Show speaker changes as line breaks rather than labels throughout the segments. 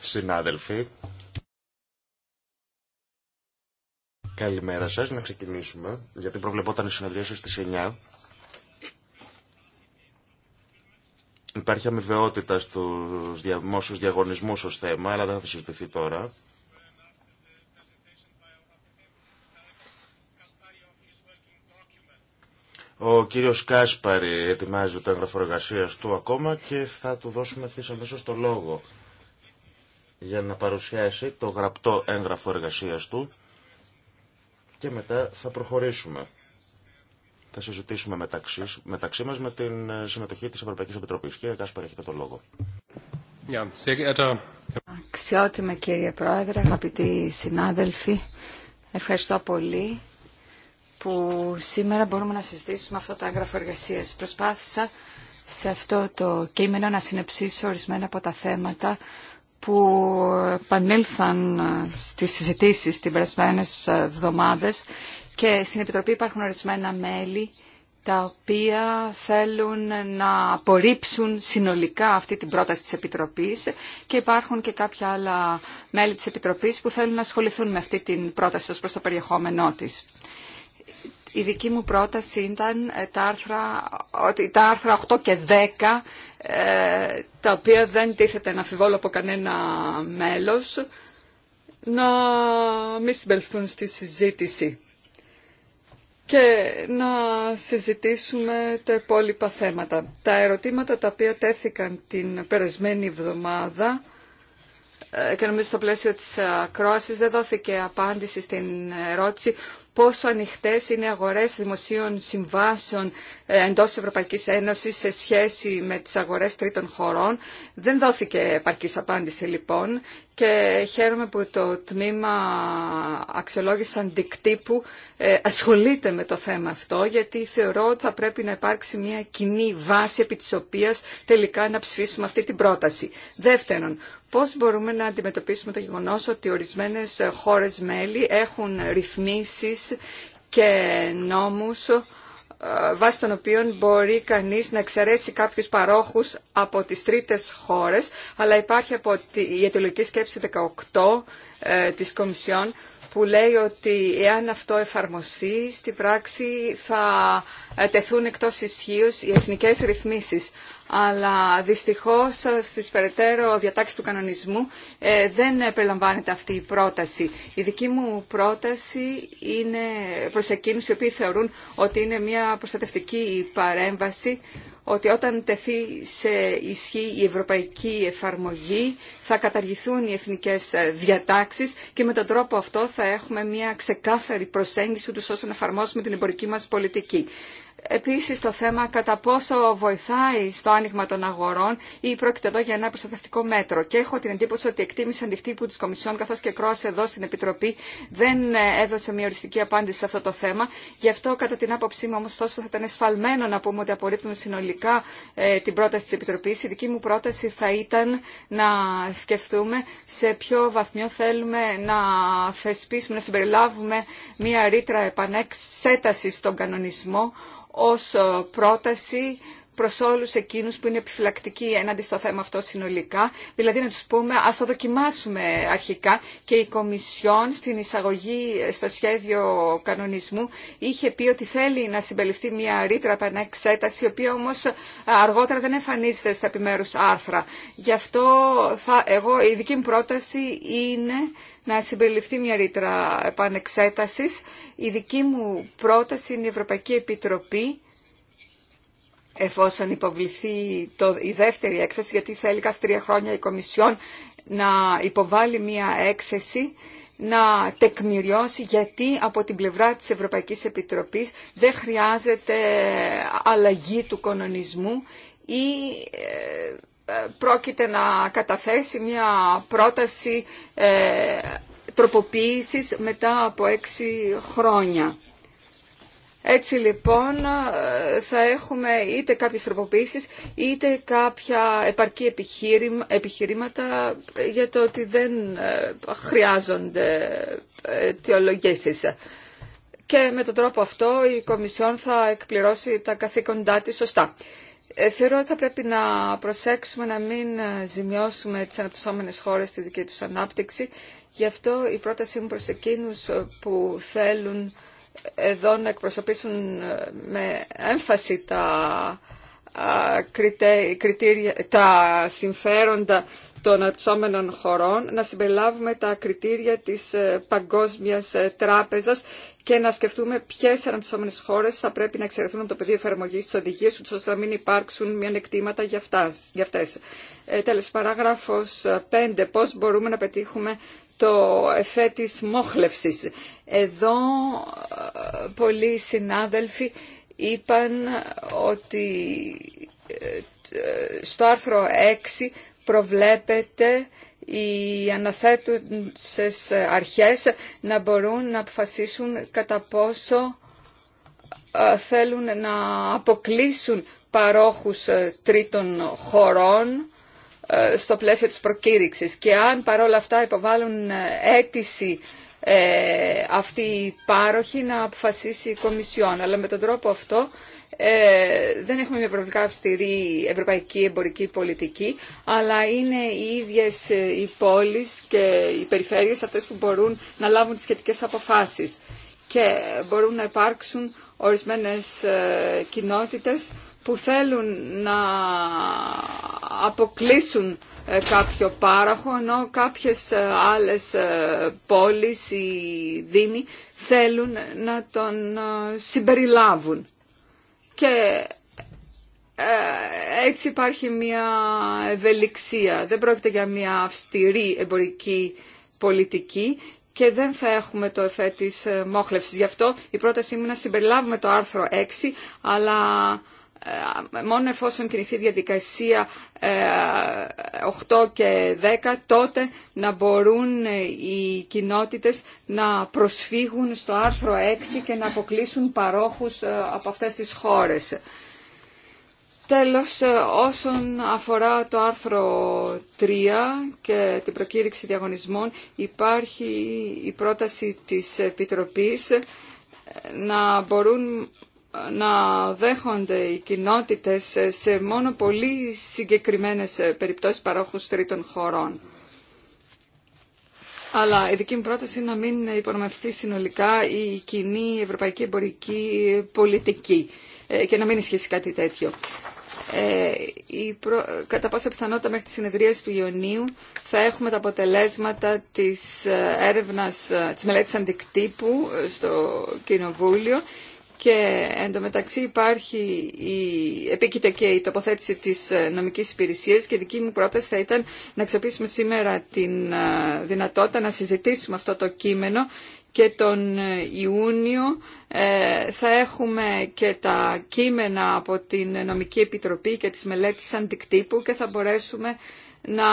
Συνάδελφοι, καλημέρα σας. Να ξεκινήσουμε, γιατί προβλεπόταν η σα στις 9. Υπάρχει αμοιβαιότητα στους διαμόσου διαγωνισμούς ως θέμα, αλλά δεν θα συζητηθεί τώρα. Ο κύριος Κάσπαρη ετοιμάζει το έγγραφο εργασία του ακόμα και θα του δώσουμε ευθύ αμέσω το λόγο για να παρουσιάσει το γραπτό έγγραφο εργασία του και μετά θα προχωρήσουμε. Θα συζητήσουμε μεταξύ, μεταξύ μας με την ε, συμμετοχή της Ευρωπαϊκής Επιτροπής. Κύριε Κάσπαρη, έχετε το λόγο.
Αξιότιμε κύριε Πρόεδρε, αγαπητοί συνάδελφοι, ευχαριστώ πολύ που σήμερα μπορούμε να συζητήσουμε αυτό το έγγραφο εργασία. Προσπάθησα σε αυτό το κείμενο να συνεψίσω ορισμένα από τα θέματα που επανήλθαν στις συζητήσεις την περασμένες εβδομάδε και στην Επιτροπή υπάρχουν ορισμένα μέλη τα οποία θέλουν να απορρίψουν συνολικά αυτή την πρόταση της Επιτροπής και υπάρχουν και κάποια άλλα μέλη της Επιτροπής που θέλουν να ασχοληθούν με αυτή την πρόταση ως προς το περιεχόμενό της η δική μου πρόταση ήταν ε, τα άρθρα, ότι τα άρθρα 8 και 10 ε, τα οποία δεν τίθεται να αφιβόλω από κανένα μέλος να μην συμπελθούν στη συζήτηση και να συζητήσουμε τα υπόλοιπα θέματα. Τα ερωτήματα τα οποία τέθηκαν την περασμένη εβδομάδα ε, και νομίζω στο πλαίσιο της ακρόασης δεν δόθηκε απάντηση στην ερώτηση πόσο ανοιχτέ είναι οι αγορέ δημοσίων συμβάσεων ε, εντό Ευρωπαϊκή Ένωση σε σχέση με τι αγορέ τρίτων χωρών. Δεν δόθηκε επαρκή απάντηση λοιπόν και χαίρομαι που το τμήμα αξιολόγηση αντικτύπου ε, ασχολείται με το θέμα αυτό γιατί θεωρώ ότι θα πρέπει να υπάρξει μια κοινή βάση επί τη οποία τελικά να ψηφίσουμε αυτή την πρόταση. Δεύτερον, πώς μπορούμε να αντιμετωπίσουμε το γεγονός ότι ορισμένες χώρες μέλη έχουν ρυθμίσεις και νόμους ε, βάσει των οποίων μπορεί κανείς να εξαιρέσει κάποιους παρόχους από τις τρίτες χώρες, αλλά υπάρχει από τη, η αιτιολογική σκέψη 18 ε, της Κομισιόν που λέει ότι εάν αυτό εφαρμοστεί, στην πράξη θα ε, τεθούν εκτός ισχύω οι εθνικές ρυθμίσεις. Αλλά δυστυχώς ε, στις περαιτέρω διατάξεις του κανονισμού ε, δεν περιλαμβάνεται αυτή η πρόταση. Η δική μου πρόταση είναι προς εκείνους οι οποίοι θεωρούν ότι είναι μια προστατευτική παρέμβαση ότι όταν τεθεί σε ισχύ η ευρωπαϊκή εφαρμογή θα καταργηθούν οι εθνικές ε, διατάξεις και με τον τρόπο αυτό θα έχουμε μια ξεκάθαρη προσέγγιση του ώστε να εφαρμόσουμε την εμπορική μας πολιτική. Επίσης το θέμα κατά πόσο βοηθάει στο άνοιγμα των αγορών ή πρόκειται εδώ για ένα προστατευτικό μέτρο. Και έχω την εντύπωση ότι η εκτίμηση αντικτύπου της Κομισιόν καθώς και κρόασε εδώ στην Επιτροπή δεν ε, έδωσε μια οριστική απάντηση σε αυτό το θέμα. Γι' αυτό κατά την άποψή μου όμως τόσο θα ήταν εσφαλμένο να πούμε ότι απορρίπτουμε συνολικά ε, την πρόταση της Επιτροπής. Η δική μου πρόταση θα ήταν να σκεφτούμε σε ποιο βαθμό θέλουμε να θεσπίσουμε, να συμπεριλάβουμε μια ρήτρα επανέξέταση στον κανονισμό ως ε, πρόταση Προ όλου εκείνου που είναι επιφυλακτικοί έναντι στο θέμα αυτό συνολικά, δηλαδή να του πούμε α το δοκιμάσουμε αρχικά και η Κομισιόν στην εισαγωγή ε, στο σχέδιο κανονισμού είχε πει ότι θέλει να συμπεριληφθεί μια ρήτρα επανεξέταση, η οποία όμω ε, αργότερα δεν εμφανίζεται στα επιμέρου άρθρα. Γι' αυτό θα, εγώ, η δική μου πρόταση είναι να συμπεριληφθεί μια ρήτρα επανεξέτασης. Η δική μου πρόταση είναι η Ευρωπαϊκή Επιτροπή εφόσον υποβληθεί το, η δεύτερη έκθεση, γιατί θέλει κάθε τρία χρόνια η Κομισιόν να υποβάλει μία έκθεση να τεκμηριώσει γιατί από την πλευρά της Ευρωπαϊκής Επιτροπής δεν χρειάζεται αλλαγή του κανονισμού ή ε, ε, πρόκειται να καταθέσει μια πρόταση ε, τροποποίησης μετά από έξι χρόνια. Έτσι λοιπόν ε, θα έχουμε είτε κάποιες τροποποίησεις είτε κάποια επαρκή επιχειρήματα για το ότι δεν ε, χρειάζονται ε, αιτιολογήσεις. Και με τον τρόπο αυτό η Κομισιόν θα εκπληρώσει τα καθήκοντά της σωστά. Θεωρώ ότι θα πρέπει να προσέξουμε να μην ζημιώσουμε τις αναπτυσσόμενες χώρες στη δική τους ανάπτυξη. Γι' αυτό η πρότασή μου προς εκείνους που θέλουν εδώ να εκπροσωπήσουν ε, με έμφαση τα, κριτήρια, τα συμφέροντα των αναπτυσσόμενων χωρών, να συμπεριλάβουμε τα κριτήρια της ε, Παγκόσμιας ε, Τράπεζας και να σκεφτούμε ποιες αναπτυσσόμενες χώρες θα πρέπει να εξαιρεθούν από το πεδίο εφαρμογή τη οδηγία, του ώστε να μην υπάρξουν μειονεκτήματα για αυτές. Ε, Τέλο, 5. Πώ μπορούμε να πετύχουμε το εφέ της μόχλευσης. Εδώ ε, πολλοί συνάδελφοι είπαν ότι ε, στο άρθρο 6 προβλέπεται οι αναθέτουσες αρχές να μπορούν να αποφασίσουν κατά πόσο ε, θέλουν να αποκλείσουν παρόχους τρίτων χωρών ε, στο πλαίσιο της προκήρυξης και αν παρόλα αυτά υποβάλλουν ε, αίτηση ε, αυτή η πάροχη να αποφασίσει η Κομισιόν. Αλλά με τον τρόπο αυτό δεν έχουμε μια προβλικά αυστηρή ευρωπαϊκή εμπορική πολιτική, αλλά είναι οι ίδιες οι πόλεις και οι περιφέρειες αυτές που μπορούν να λάβουν τις σχετικές αποφάσεις και μπορούν να υπάρξουν ορισμένες ε, κοινότητες που θέλουν να αποκλείσουν ε, κάποιο πάραχο... ενώ κάποιες ε, άλλες πόλεις ή δήμοι θέλουν να τον συμπεριλάβουν. Και έτσι υπάρχει μια ευελιξία. Δεν πρόκειται για μια αυστηρή εμπορική πολιτική και δεν θα έχουμε το εφέ της ε, μόχλευσης. Γι' αυτό η πρόταση είναι να συμπεριλάβουμε το άρθρο 6, αλλά ε, μόνο εφόσον κινηθεί η διαδικασία 8 ε, και 10, τότε να μπορούν οι κοινότητες να προσφύγουν στο άρθρο 6 και να αποκλείσουν παρόχους από αυτές τις χώρες. Τέλος, ε, όσον αφορά το άρθρο 3 και την προκήρυξη διαγωνισμών, υπάρχει η πρόταση της Επιτροπής ε, να μπορούν ε, να δέχονται οι κοινότητες σε μόνο πολύ συγκεκριμένες περιπτώσεις παρόχους τρίτων χωρών. Αλλά η δική μου πρόταση είναι να μην υπονομευθεί συνολικά η κοινή ευρωπαϊκή εμπορική πολιτική και να μην ισχύσει κάτι τέτοιο. Ε, Κατά πάσα πιθανότητα μέχρι τη συνεδρίαση του Ιωνίου θα έχουμε τα αποτελέσματα της ε, έρευνας, ε, της μελέτης αντικτύπου ε, στο Κοινοβούλιο και εντωμεταξύ υπάρχει η επίκειται και η τοποθέτηση της νομικής υπηρεσίας και δική μου πρόταση θα ήταν να αξιοποιήσουμε σήμερα την δυνατότητα να συζητήσουμε αυτό το κείμενο και τον ε, Ιούνιο ε, θα έχουμε και τα κείμενα από την Νομική Επιτροπή και τις μελέτες αντικτύπου και θα μπορέσουμε να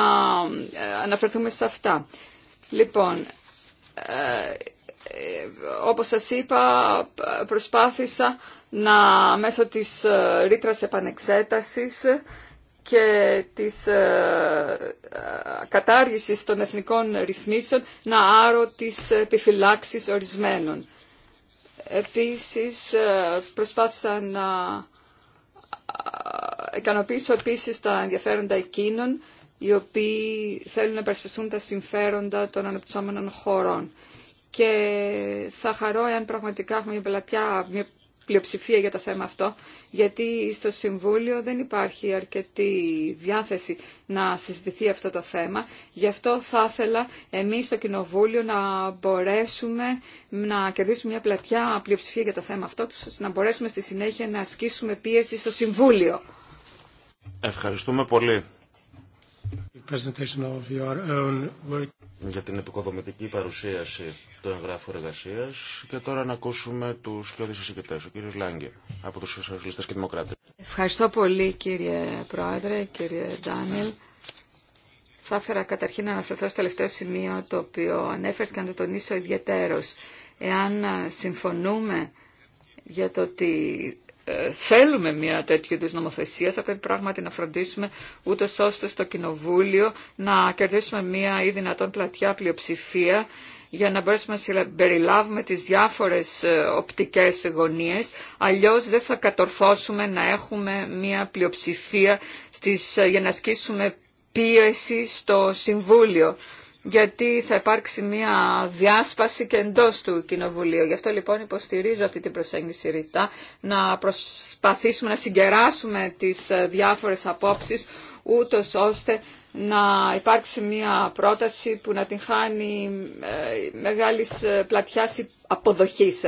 ε, αναφερθούμε σε αυτά. Λοιπόν, όπως σας είπα, προσπάθησα να μέσω της ρήτρας επανεξέτασης και της ε, ε, κατάργησης των εθνικών ρυθμίσεων να άρω τις επιφυλάξεις ορισμένων. Επίσης ε, προσπάθησα να ικανοποιήσω επίσης τα ενδιαφέροντα εκείνων οι οποίοι θέλουν να περισπιστούν τα συμφέροντα των αναπτυσσόμενων χωρών. Και θα χαρώ εάν πραγματικά έχουμε μια πλατιά, πλειοψηφία για το θέμα αυτό, γιατί στο Συμβούλιο δεν υπάρχει αρκετή διάθεση να συζητηθεί αυτό το θέμα. Γι' αυτό θα ήθελα εμείς στο Κοινοβούλιο να μπορέσουμε να κερδίσουμε μια πλατιά πλειοψηφία για το θέμα αυτό, να μπορέσουμε στη συνέχεια να ασκήσουμε πίεση στο Συμβούλιο.
Ευχαριστούμε πολύ για την επικοδομητική παρουσίαση του εγγράφου εργασία. Και τώρα να ακούσουμε του πιο συζητητέ, ο κύριο Λάγκε, από του Σοσιαλιστέ και Δημοκράτε.
Ευχαριστώ πολύ, κύριε Πρόεδρε, κύριε Ντάνιλ. Θα ήθελα καταρχήν να αναφερθώ στο τελευταίο σημείο το οποίο ανέφερε και να το τονίσω ιδιαίτερω. Εάν συμφωνούμε για το ότι ε, θέλουμε μια τέτοια είδου νομοθεσία, θα πρέπει πράγματι να φροντίσουμε ούτω ώστε στο Κοινοβούλιο να κερδίσουμε μια ή δυνατόν πλατιά πλειοψηφία για να μπορέσουμε να περιλάβουμε τις διάφορες ε, οπτικές γωνίες, αλλιώς δεν θα κατορθώσουμε να έχουμε μια πλειοψηφία στις, ε, για να ασκήσουμε πίεση στο Συμβούλιο γιατί θα υπάρξει μια διάσπαση και εντός του Κοινοβουλίου. Γι' αυτό λοιπόν υποστηρίζω αυτή την προσέγγιση ρητά, να προσπαθήσουμε να συγκεράσουμε τις ε, διάφορες απόψεις, ούτως ώστε να υπάρξει μια πρόταση που να την χάνει ε, μεγάλης ε, πλατιάς αποδοχής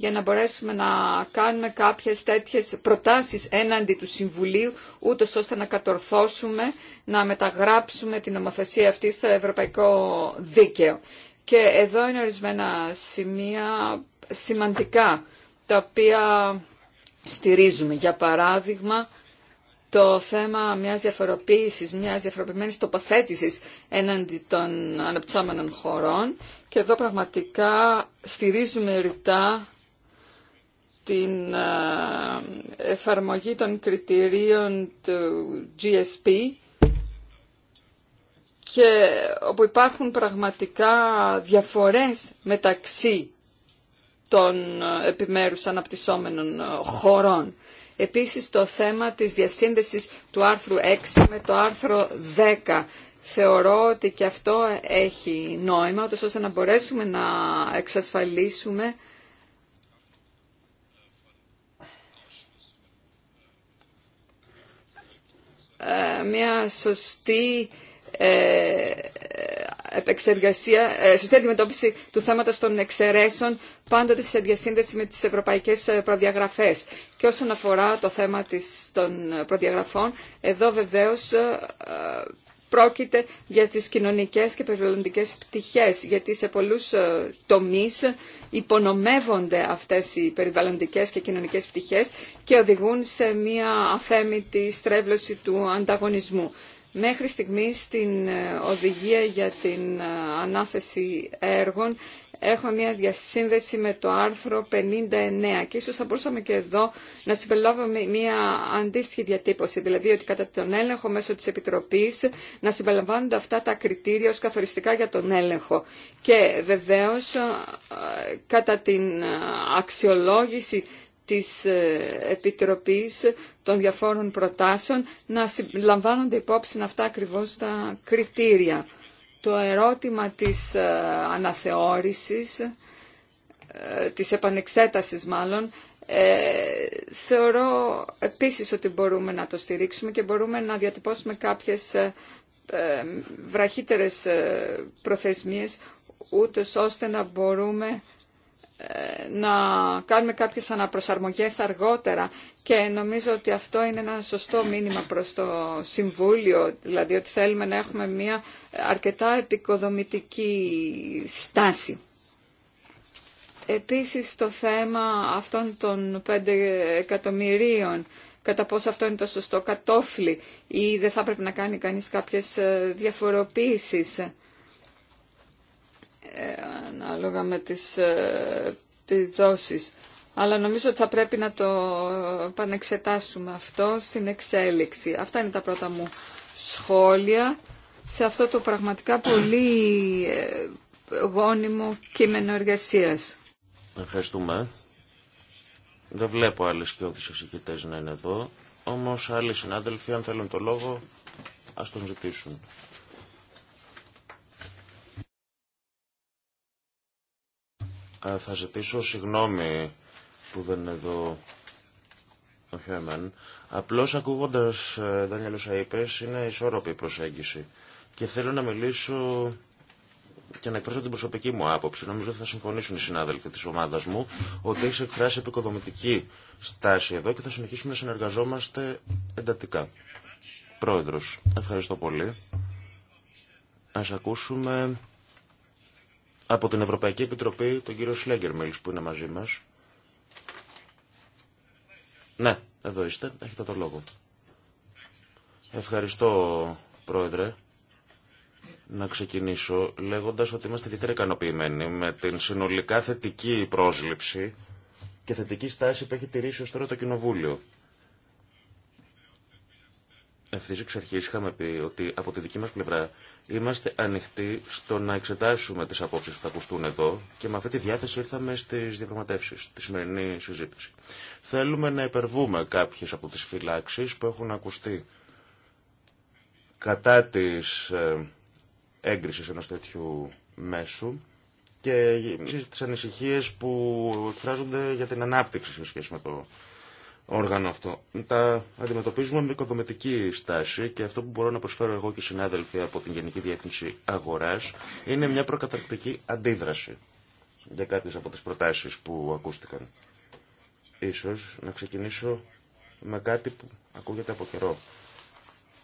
για να μπορέσουμε να κάνουμε κάποιες τέτοιες προτάσεις έναντι του Συμβουλίου, ούτω ώστε να κατορθώσουμε να μεταγράψουμε την νομοθεσία αυτή στο ευρωπαϊκό δίκαιο. Και εδώ είναι ορισμένα σημεία σημαντικά, τα οποία στηρίζουμε. Για παράδειγμα, το θέμα μιας διαφοροποίησης, μιας διαφοροποιημένης τοποθέτησης έναντι των αναπτυσσόμενων χωρών και εδώ πραγματικά στηρίζουμε ρητά την ε, εφαρμογή των κριτηρίων του GSP και όπου υπάρχουν πραγματικά διαφορές μεταξύ των ε, επιμέρους αναπτυσσόμενων ε, χωρών. Επίσης το θέμα της διασύνδεσης του άρθρου 6 με το άρθρο 10. Θεωρώ ότι και αυτό έχει νόημα, ώστε να μπορέσουμε να εξασφαλίσουμε Ε, μια σωστή ε, επεξεργασία, ε, σωστή αντιμετώπιση του θέματος των εξαιρέσεων πάντοτε σε διασύνδεση με τις ευρωπαϊκές προδιαγραφές. Και όσον αφορά το θέμα της, των προδιαγραφών, εδώ βεβαίως πρόκειται για τις κοινωνικές και περιβαλλοντικές πτυχές, γιατί σε πολλούς ε, τομείς υπονομεύονται αυτές οι περιβαλλοντικές και κοινωνικές πτυχές και οδηγούν σε μια αθέμητη στρέβλωση του ανταγωνισμού. Μέχρι στιγμής την ε, οδηγία για την ε, ανάθεση έργων έχουμε μια διασύνδεση με το άρθρο 59 και ίσως θα μπορούσαμε και εδώ να συμπεριλάβουμε μια αντίστοιχη διατύπωση, δηλαδή ότι κατά τον έλεγχο μέσω της Επιτροπής να συμπεριλαμβάνονται αυτά τα κριτήρια ως καθοριστικά για τον έλεγχο. Και βεβαίως ε, κατά την αξιολόγηση της ε, Επιτροπής των διαφόρων προτάσεων να συμπεριλαμβάνονται υπόψη αυτά ακριβώς τα κριτήρια το ερώτημα της ε, αναθεώρησης, ε, της επανεξέτασης μάλλον, ε, θεωρώ επίσης ότι μπορούμε να το στηρίξουμε και μπορούμε να διατυπώσουμε κάποιες βραχύτερες προθεσμίες, ούτως ώστε να μπορούμε να κάνουμε κάποιες αναπροσαρμογές αργότερα και νομίζω ότι αυτό είναι ένα σωστό μήνυμα προς το Συμβούλιο, δηλαδή ότι θέλουμε να έχουμε μια αρκετά επικοδομητική στάση. Επίσης το θέμα αυτών των 5 εκατομμυρίων, κατά πόσο αυτό είναι το σωστό κατόφλι ή δεν θα πρέπει να κάνει κανείς κάποιες ε, διαφοροποίησεις ανάλογα με τις επιδόσεις. Αλλά νομίζω ότι θα πρέπει να το πανεξετάσουμε αυτό στην εξέλιξη. Αυτά είναι τα πρώτα μου σχόλια σε αυτό το πραγματικά πολύ ε, γόνιμο κείμενο εργασίας.
Ευχαριστούμε. Δεν βλέπω άλλε και να είναι εδώ. Όμω άλλοι συνάδελφοι, αν θέλουν το λόγο, α τον ζητήσουν. Ε, θα ζητήσω συγγνώμη που δεν είναι εδώ ο Χέμεν. Απλώς ακούγοντας, Δανιέλος, ε, όσα είναι ισόρροπη η προσέγγιση. Και θέλω να μιλήσω και να εκφράσω την προσωπική μου άποψη. Νομίζω θα συμφωνήσουν οι συνάδελφοι της ομάδας μου ότι έχει εκφράσει επικοδομητική στάση εδώ και θα συνεχίσουμε να συνεργαζόμαστε εντατικά. Πρόεδρος, ευχαριστώ πολύ. Ας ακούσουμε από την Ευρωπαϊκή Επιτροπή, τον κύριο Σλέγκερμιλ που είναι μαζί μα. Ναι, εδώ είστε. Έχετε το λόγο. Ευχαριστώ, Πρόεδρε. Να ξεκινήσω λέγοντας ότι είμαστε ιδιαίτερα ικανοποιημένοι με την συνολικά θετική πρόσληψη και θετική στάση που έχει τηρήσει ως τώρα το Κοινοβούλιο. Ευθύς εξ αρχή είχαμε πει ότι από τη δική μας πλευρά Είμαστε ανοιχτοί στο να εξετάσουμε τις απόψει που θα ακουστούν εδώ και με αυτή τη διάθεση ήρθαμε στις διαπραγματεύσει, τη σημερινή συζήτηση. Θέλουμε να υπερβούμε κάποιες από τις φυλάξει που έχουν ακουστεί κατά τη ε, έγκρισης ενό τέτοιου μέσου και τις ανησυχίες που εκφράζονται για την ανάπτυξη σε σχέση με το όργανο αυτό. Τα αντιμετωπίζουμε με οικοδομητική στάση και αυτό που μπορώ να προσφέρω εγώ και οι συνάδελφοι από την Γενική Διεύθυνση Αγοράς είναι μια προκαταρκτική αντίδραση για κάποιες από τις προτάσεις που ακούστηκαν. Ίσως να ξεκινήσω με κάτι που ακούγεται από καιρό.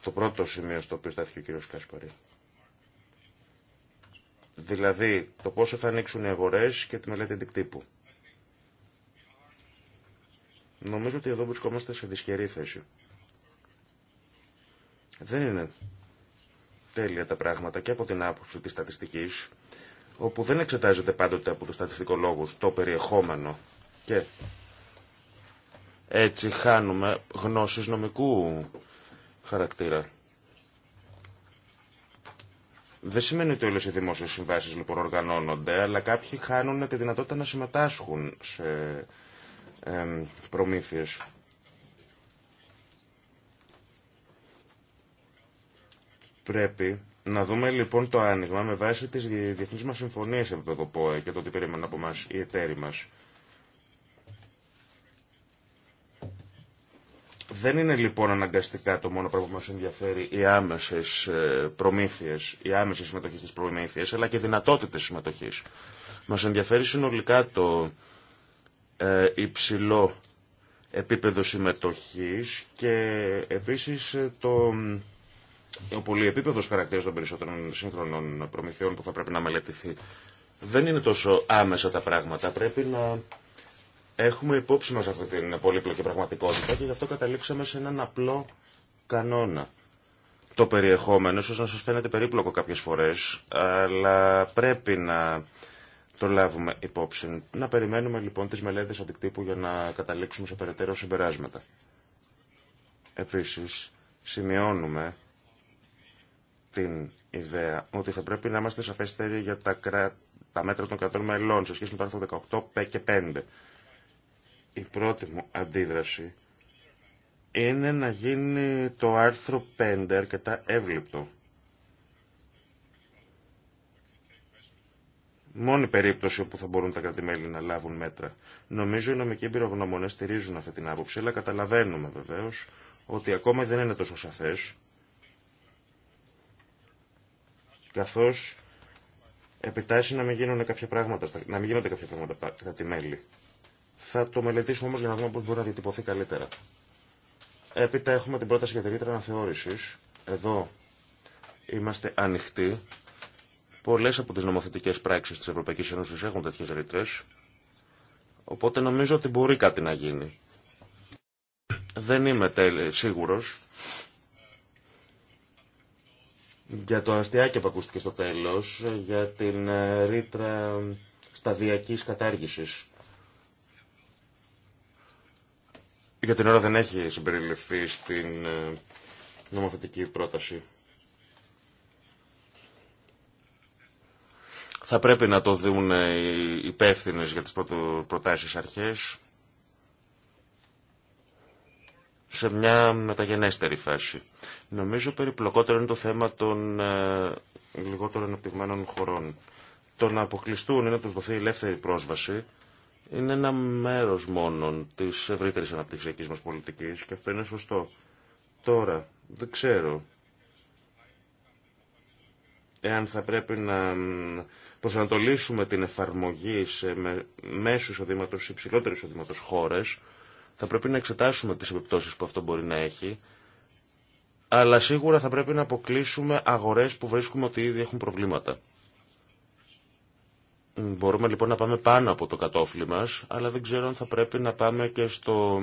Το πρώτο σημείο στο οποίο στάθηκε ο κ. Κάσπαρη. Δηλαδή το πόσο θα ανοίξουν οι αγορές και τη μελέτη αντικτύπου. Νομίζω ότι εδώ βρισκόμαστε σε δυσχερή θέση. Δεν είναι τέλεια τα πράγματα και από την άποψη της στατιστικής, όπου δεν εξετάζεται πάντοτε από τους στατιστικολόγους το περιεχόμενο και έτσι χάνουμε γνώσεις νομικού χαρακτήρα. Δεν σημαίνει ότι όλες οι δημόσιες συμβάσεις λοιπόν οργανώνονται, αλλά κάποιοι χάνουν τη δυνατότητα να συμμετάσχουν σε προμήθειες. Πρέπει να δούμε λοιπόν το άνοιγμα με βάση τις διεθνείς μας συμφωνίες από το ΠΟΕ και το τι περίμεναν από μας οι εταίροι μας. Δεν είναι λοιπόν αναγκαστικά το μόνο πράγμα που μας ενδιαφέρει οι άμεσες ε, προμήθειες, οι άμεσες συμμετοχή στις προμήθειες, αλλά και δυνατότητες συμμετοχής. Μας ενδιαφέρει συνολικά το ε, υψηλό επίπεδο συμμετοχής και επίσης ε, το, ε, ο πολυεπίπεδος χαρακτήρας των περισσότερων σύγχρονων προμηθειών που θα πρέπει να μελετηθεί. Δεν είναι τόσο άμεσα τα πράγματα. Πρέπει να έχουμε υπόψη μας αυτή την πολύπλοκη πραγματικότητα και γι' αυτό καταλήξαμε σε έναν απλό κανόνα. Το περιεχόμενο, ίσως να σας φαίνεται περίπλοκο κάποιες φορές, αλλά πρέπει να το λάβουμε υπόψη. Να περιμένουμε λοιπόν τις μελέτες αντικτύπου για να καταλήξουμε σε περαιτέρω συμπεράσματα. Επίσης, σημειώνουμε την ιδέα ότι θα πρέπει να είμαστε σαφέστεροι για τα, τα μέτρα των κρατών μελών σε σχέση με το άρθρο 18 και 5. Η πρώτη μου αντίδραση είναι να γίνει το άρθρο 5 αρκετά εύληπτο μόνη περίπτωση όπου θα μπορούν τα κρατημέλη να λάβουν μέτρα. Νομίζω οι νομικοί εμπειρογνωμονές στηρίζουν αυτή την άποψη, αλλά καταλαβαίνουμε βεβαίως ότι ακόμα δεν είναι τόσο σαφές, καθώς επιτάσσει να μην, γίνονται κάποια πράγματα, να μην γίνονται κάποια πράγματα κρατημέλη. Θα το μελετήσουμε όμως για να δούμε πώς μπορεί να διατυπωθεί καλύτερα. Έπειτα έχουμε την πρόταση για τη ρήτρα αναθεώρησης. Εδώ είμαστε ανοιχτοί Πολλέ από τι νομοθετικές πράξεις της Ευρωπαϊκής Ένωσης έχουν τέτοιε ρήτρε, οπότε νομίζω ότι μπορεί κάτι να γίνει. Δεν είμαι σίγουρο. σίγουρος. Για το αστιάκι που ακούστηκε στο τέλος, για την ε, ρήτρα σταδιακής κατάργησης. Για την ώρα δεν έχει συμπεριληφθεί στην ε, νομοθετική πρόταση. Θα πρέπει να το δουν οι υπεύθυνε για τις προτάσεις αρχές σε μια μεταγενέστερη φάση. Νομίζω περιπλοκότερο είναι το θέμα των ε, λιγότερο αναπτυγμένων χωρών. Το να αποκλειστούν ή να τους δοθεί ελεύθερη πρόσβαση είναι ένα μέρος μόνο της ευρύτερης αναπτυξιακής μας πολιτικής και αυτό είναι σωστό. Τώρα, δεν ξέρω εάν θα πρέπει να προσανατολίσουμε την εφαρμογή σε μέσου εισοδήματο ή ψηλότερου εισοδήματο χώρε, θα πρέπει να εξετάσουμε τι επιπτώσει που αυτό μπορεί να έχει. Αλλά σίγουρα θα πρέπει να αποκλείσουμε αγορέ που βρίσκουμε ότι ήδη έχουν προβλήματα. Μπορούμε λοιπόν να πάμε πάνω από το κατόφλι μα, αλλά δεν ξέρω αν θα πρέπει να πάμε και στο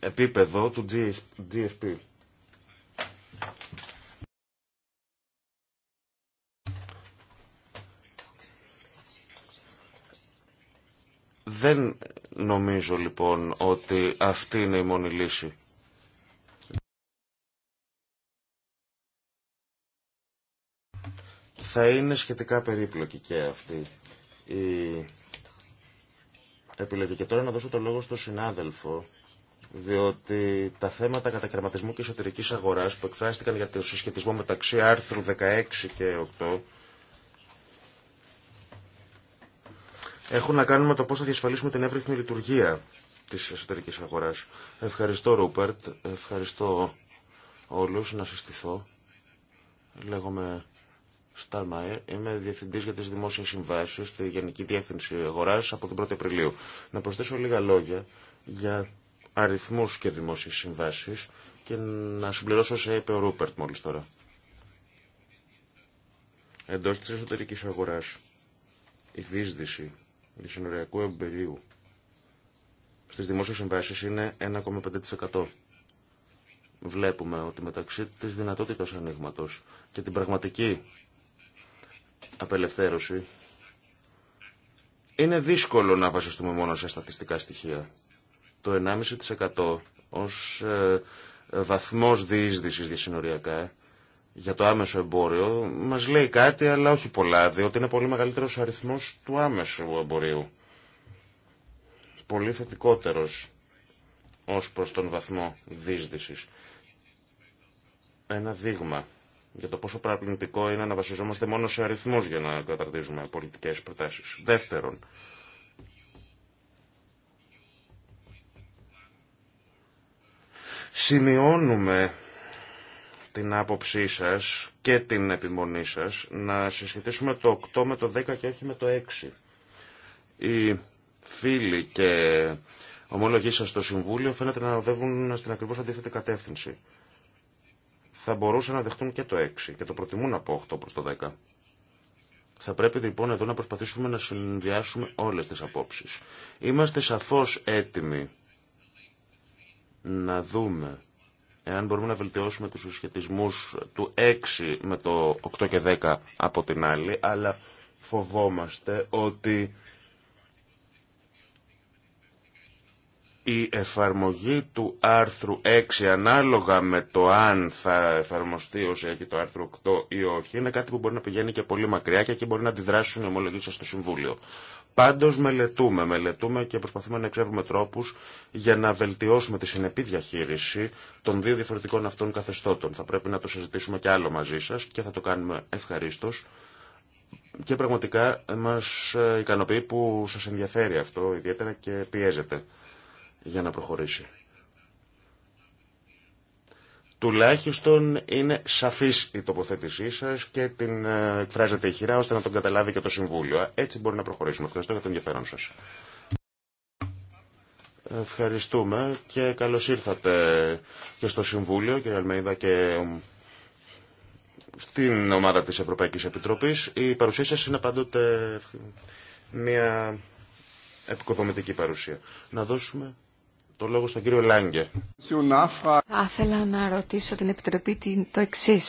επίπεδο του GSP. Δεν νομίζω λοιπόν ότι αυτή είναι η μόνη λύση. Θα είναι σχετικά περίπλοκη και αυτή η επιλογή. Και τώρα να δώσω το λόγο στον συνάδελφο, διότι τα θέματα κατακραματισμού και εσωτερικής αγοράς που εκφράστηκαν για το συσχετισμό μεταξύ άρθρου 16 και 8 έχουν να κάνουν με το πώ θα διασφαλίσουμε την εύρυθμη λειτουργία της εσωτερικής αγοράς. Ευχαριστώ Ρούπερτ, ευχαριστώ όλους να συστηθώ. Λέγομαι Σταρμαέρ, είμαι διευθυντή για τις δημόσιες συμβάσει στη Γενική Διεύθυνση Αγοράς από την 1η Απριλίου. Να προσθέσω λίγα λόγια για αριθμούς και δημόσιες συμβάσει και να συμπληρώσω σε είπε ο Ρούπερτ μόλι τώρα. Εντό τη εσωτερική αγορά, η δίσδυση διασυνοριακού εμπειρίου στις δημόσιες συμβάσεις είναι 1,5%. Βλέπουμε ότι μεταξύ της δυνατότητα ανοίγματο και την πραγματική απελευθέρωση είναι δύσκολο να βασιστούμε μόνο σε στατιστικά στοιχεία. Το 1,5% ως ε, ε, βαθμός διείσδυσης διασυνοριακά για το άμεσο εμπόριο μας λέει κάτι αλλά όχι πολλά διότι είναι πολύ μεγαλύτερος ο αριθμός του άμεσου εμπορίου. Πολύ θετικότερος ως προς τον βαθμό δίσδυσης. Ένα δείγμα για το πόσο παραπληκτικό είναι να βασιζόμαστε μόνο σε αριθμούς για να καταρτίζουμε πολιτικές προτάσεις. Δεύτερον, σημειώνουμε την άποψή σας και την επιμονή σας να συσχετήσουμε το 8 με το 10 και όχι με το 6. Οι φίλοι και ομολογοί σας στο Συμβούλιο φαίνεται να οδεύουν στην ακριβώς αντίθετη κατεύθυνση. Θα μπορούσαν να δεχτούν και το 6 και το προτιμούν από 8 προς το 10. Θα πρέπει λοιπόν εδώ να προσπαθήσουμε να συνδυάσουμε όλες τις απόψεις. Είμαστε σαφώς έτοιμοι να δούμε εάν μπορούμε να βελτιώσουμε τους συσχετισμούς του 6 με το 8 και 10 από την άλλη, αλλά φοβόμαστε ότι η εφαρμογή του άρθρου 6 ανάλογα με το αν θα εφαρμοστεί όσοι έχει το άρθρο 8 ή όχι είναι κάτι που μπορεί να πηγαίνει και πολύ μακριά και εκεί μπορεί να αντιδράσουν οι ομολογίες στο Συμβούλιο. Πάντως μελετούμε, μελετούμε και προσπαθούμε να εξεύρουμε τρόπους για να βελτιώσουμε τη συνεπή διαχείριση των δύο διαφορετικών αυτών καθεστώτων. Θα πρέπει να το συζητήσουμε και άλλο μαζί σας και θα το κάνουμε ευχαρίστως. Και πραγματικά μας ε, ικανοποιεί που σας ενδιαφέρει αυτό ιδιαίτερα και πιέζεται για να προχωρήσει. Τουλάχιστον είναι σαφής η τοποθέτησή σας και την ε, η χειρά ώστε να τον καταλάβει και το Συμβούλιο. Έτσι μπορεί να προχωρήσουμε. Ευχαριστώ για το ενδιαφέρον σας. Ευχαριστούμε και καλώς ήρθατε και στο Συμβούλιο, κύριε Αλμέιδα, και ε, στην ομάδα της Ευρωπαϊκής Επιτροπής. Η παρουσία σας είναι πάντοτε μια επικοδομητική παρουσία. Να δώσουμε το λόγο στον κύριο Λάγκε.
Θα ήθελα να ρωτήσω την Επιτροπή το εξή.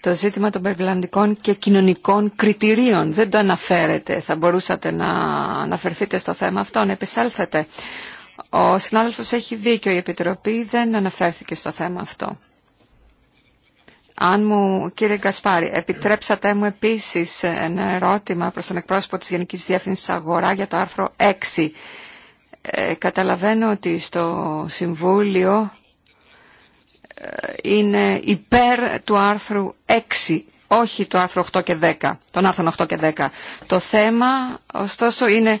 Το ζήτημα των περιβαλλοντικών και κοινωνικών κριτηρίων δεν το αναφέρετε. Θα μπορούσατε να αναφερθείτε στο θέμα αυτό, να επισέλθετε. Ο συνάδελφος έχει δίκιο. Η Επιτροπή δεν αναφέρθηκε στο θέμα αυτό. Αν μου, κύριε Γκασπάρη, επιτρέψατε μου επίσης ένα ερώτημα προς τον εκπρόσωπο της Γενικής Διεύθυνσης Αγορά για το άρθρο 6 ε, καταλαβαίνω ότι στο Συμβούλιο ε, είναι υπέρ του άρθρου 6, όχι του άρθρου 8 και 10, των άρθρων 8 και 10. Το θέμα, ωστόσο, είναι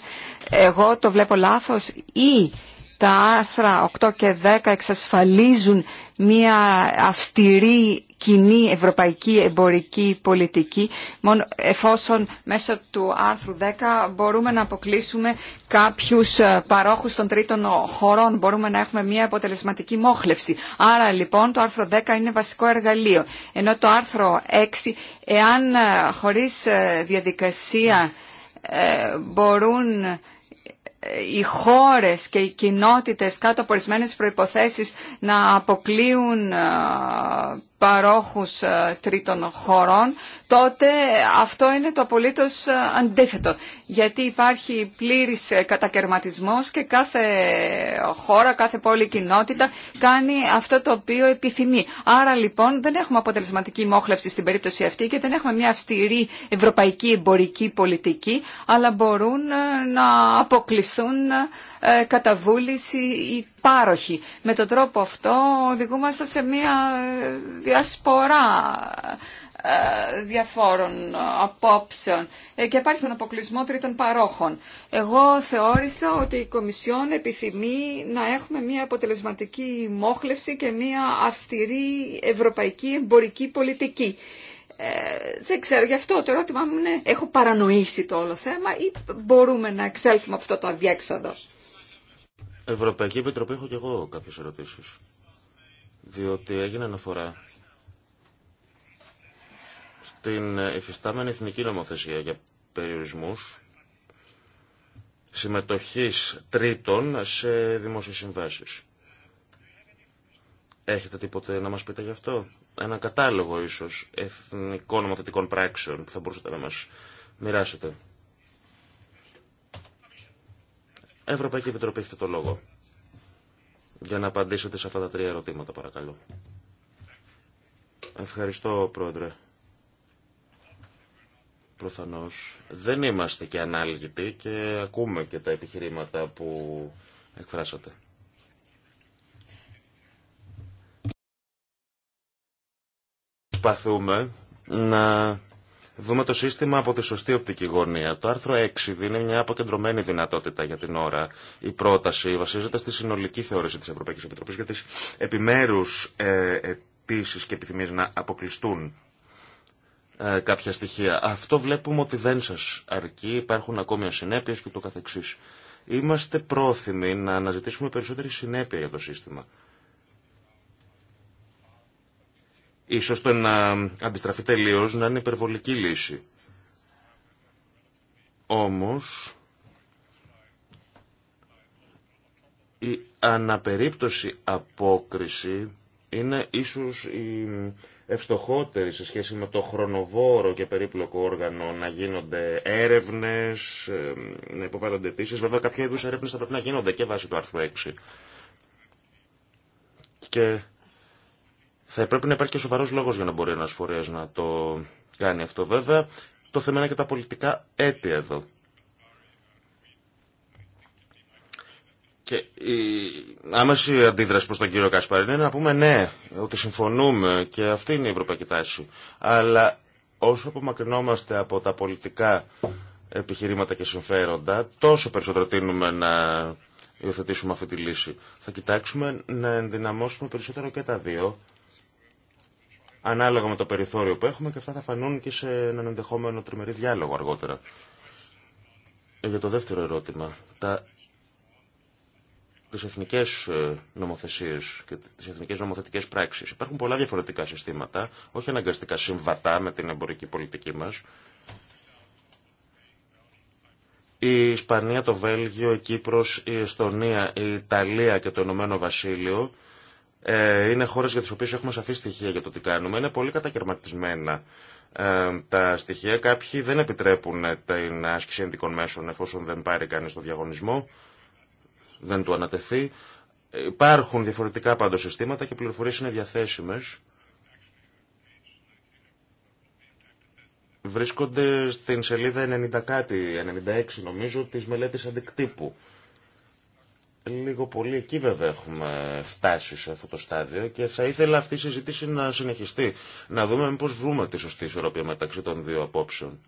εγώ το βλέπω λάθος ή τα άρθρα 8 και 10 εξασφαλίζουν μια αυστηρή κοινή ευρωπαϊκή εμπορική πολιτική μόνο εφόσον μέσω του άρθρου 10 μπορούμε να αποκλείσουμε κάποιους ε, παρόχους των τρίτων χωρών, μπορούμε να έχουμε μια αποτελεσματική μόχλευση. Άρα λοιπόν το άρθρο 10 είναι βασικό εργαλείο, ενώ το άρθρο 6 εάν ε, χωρίς ε, διαδικασία μπορούν οι χώρες και οι κοινότητες κάτω από ορισμένες προϋποθέσεις να αποκλείουν παρόχους ε, τρίτων χωρών, τότε αυτό είναι το απολύτως ε, αντίθετο. Γιατί υπάρχει πλήρης ε, κατακαιρματισμός και κάθε χώρα, κάθε πόλη κοινότητα κάνει αυτό το οποίο επιθυμεί. Άρα λοιπόν δεν έχουμε αποτελεσματική μόχλευση στην περίπτωση αυτή και δεν έχουμε μια αυστηρή ευρωπαϊκή εμπορική πολιτική, αλλά μπορούν να αποκλειστούν κατά βούληση οι πάροχοι. Με τον τρόπο αυτό οδηγούμαστε σε μια ε, διασπορά ε, διαφόρων ε, απόψεων και υπάρχει τον αποκλεισμό τρίτων παρόχων. Εγώ θεώρησα ότι η Κομισιόν επιθυμεί να έχουμε μια αποτελεσματική μόχλευση και μια αυστηρή ευρωπαϊκή εμπορική πολιτική. δεν ξέρω, γι' αυτό το ερώτημα μου είναι έχω παρανοήσει το όλο θέμα ή μπορούμε να εξέλθουμε αυτό το αδιέξοδο.
Ευρωπαϊκή Επιτροπή έχω και εγώ κάποιες ερωτήσεις. Διότι έγινε αναφορά στην εφιστάμενη εθνική νομοθεσία για περιορισμούς συμμετοχής τρίτων σε δημόσιες συμβάσεις. Έχετε τίποτε να μας πείτε γι' αυτό. Ένα κατάλογο ίσως εθνικών νομοθετικών πράξεων που θα μπορούσατε να μας μοιράσετε. Ευρωπαϊκή Επιτροπή, έχετε το λόγο. Για να απαντήσετε σε αυτά τα τρία ερωτήματα, παρακαλώ. Ευχαριστώ, Πρόεδρε. Προφανώς δεν είμαστε και ανάλγητοι και ακούμε και τα επιχειρήματα που εκφράσατε. Προσπαθούμε να δούμε το σύστημα από τη σωστή οπτική γωνία. Το άρθρο 6 δίνει μια αποκεντρωμένη δυνατότητα για την ώρα. Η πρόταση βασίζεται στη συνολική θεώρηση της Ευρωπαϊκής Επιτροπής για τις επιμέρους ε, αιτήσει και επιθυμίες να αποκλειστούν ε, κάποια στοιχεία. Αυτό βλέπουμε ότι δεν σας αρκεί, υπάρχουν ακόμη ασυνέπειες και το καθεξής. Είμαστε πρόθυμοι να αναζητήσουμε περισσότερη συνέπεια για το σύστημα. Ίσως το να αντιστραφεί τελείω να είναι υπερβολική λύση. Όμως, η αναπερίπτωση απόκριση είναι ίσως η ευστοχότερη σε σχέση με το χρονοβόρο και περίπλοκο όργανο να γίνονται έρευνες, να υποβάλλονται αιτήσεις. Βέβαια κάποια είδους έρευνες θα πρέπει να γίνονται και βάσει το άρθρου 6. Και θα πρέπει να υπάρχει και σοβαρό λόγο για να μπορεί ένα φορέα να το κάνει αυτό. Βέβαια, το θέμα είναι και τα πολιτικά αίτια εδώ. Και η άμεση αντίδραση προς τον κύριο Κασπάρη είναι να πούμε ναι, ότι συμφωνούμε και αυτή είναι η ευρωπαϊκή τάση. Αλλά όσο απομακρυνόμαστε από τα πολιτικά επιχειρήματα και συμφέροντα, τόσο περισσότερο τίνουμε να υιοθετήσουμε αυτή τη λύση. Θα κοιτάξουμε να ενδυναμώσουμε περισσότερο και τα δύο ανάλογα με το περιθώριο που έχουμε και αυτά θα φανούν και σε έναν ενδεχόμενο τριμερή διάλογο αργότερα. Ε, για το δεύτερο ερώτημα, τα... τις εθνικές ε, νομοθεσίες και τις εθνικές νομοθετικές πράξεις. Υπάρχουν πολλά διαφορετικά συστήματα, όχι αναγκαστικά συμβατά με την εμπορική πολιτική μας. Η Ισπανία, το Βέλγιο, η Κύπρος, η Εστονία, η Ιταλία και το Ηνωμένο Βασίλειο ε, είναι χώρες για τις οποίες έχουμε σαφή στοιχεία για το τι κάνουμε. Είναι πολύ κατακαιρματισμένα ε, τα στοιχεία. Κάποιοι δεν επιτρέπουν την άσκηση ενδικών μέσων εφόσον δεν πάρει κανείς το διαγωνισμό, δεν του ανατεθεί. Υπάρχουν διαφορετικά πάντως συστήματα και πληροφορίες είναι διαθέσιμες. Βρίσκονται στην σελίδα 90 κάτι, 96 νομίζω, της μελέτης αντικτύπου. Λίγο πολύ εκεί βέβαια έχουμε φτάσει σε αυτό το στάδιο και θα ήθελα αυτή η συζήτηση να συνεχιστεί. Να δούμε πώ βρούμε τη σωστή ισορροπία μεταξύ των δύο απόψεων.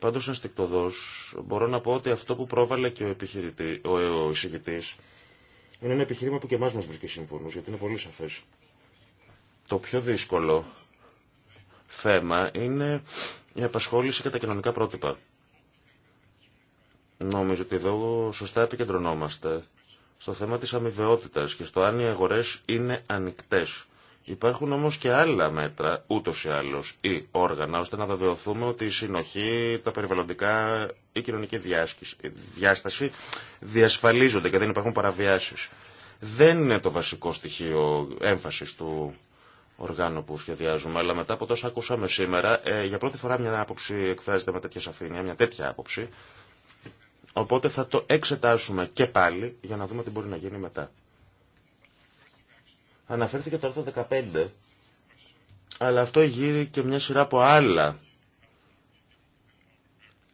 Πάντω ενστικτοδό, μπορώ να πω ότι αυτό που πρόβαλε και ο, επιχειρητή, ο, ο είναι ένα επιχείρημα που και εμά μα βρίσκει σύμφωνο, γιατί είναι πολύ σαφέ. Το πιο δύσκολο θέμα είναι η απασχόληση και τα κοινωνικά πρότυπα. Νομίζω ότι εδώ σωστά επικεντρωνόμαστε στο θέμα της αμοιβαιότητας και στο αν οι αγορές είναι ανοιχτές. Υπάρχουν όμως και άλλα μέτρα, ούτως ή άλλως, ή όργανα, ώστε να βεβαιωθούμε ότι η συνοχή, τα περιβαλλοντικά, η κοινωνική διάσκηση, διάσταση διασταση διασφαλιζονται και δεν υπάρχουν παραβιάσεις. Δεν είναι το βασικό στοιχείο έμφασης του οργάνου που σχεδιάζουμε, αλλά μετά από τόσα ακούσαμε σήμερα, ε, για πρώτη φορά μια άποψη εκφράζεται με τέτοια σαφήνεια, μια τέτοια άποψη, Οπότε θα το εξετάσουμε και πάλι για να δούμε τι μπορεί να γίνει μετά. Αναφέρθηκε το άρθρο 15, αλλά αυτό γύρει και μια σειρά από άλλα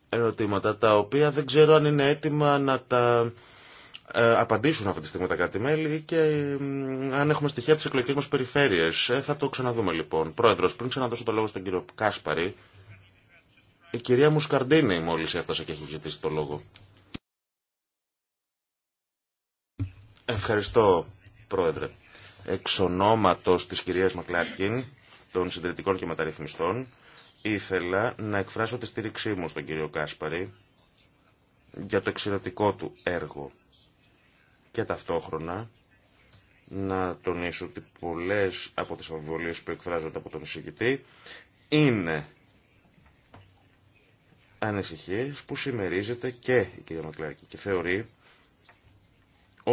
ερωτήματα, τα οποία δεν ξέρω αν είναι έτοιμα να τα ε, απαντήσουν αυτή τη στιγμή τα κράτη-μέλη και αν έχουμε στοιχεία της τι μας μα Ε, θα το ξαναδούμε λοιπόν. Πρόεδρος, πριν ξαναδώσω το λόγο στον κύριο Κάσπαρη, η κυρία Μουσκαρντίνη μόλι έφτασε και έχει ζητήσει το λόγο. Ευχαριστώ, Πρόεδρε. Εξ ονόματος της κυρίας Μακλάρκιν, των συντηρητικών και μεταρρυθμιστών, ήθελα να εκφράσω τη στήριξή μου στον κύριο Κάσπαρη για το εξαιρετικό του έργο και ταυτόχρονα να τονίσω ότι πολλές από τις αμφιβολίες που εκφράζονται από τον εισηγητή είναι ανησυχίες που συμμερίζεται και η κυρία Μακλάρκιν και θεωρεί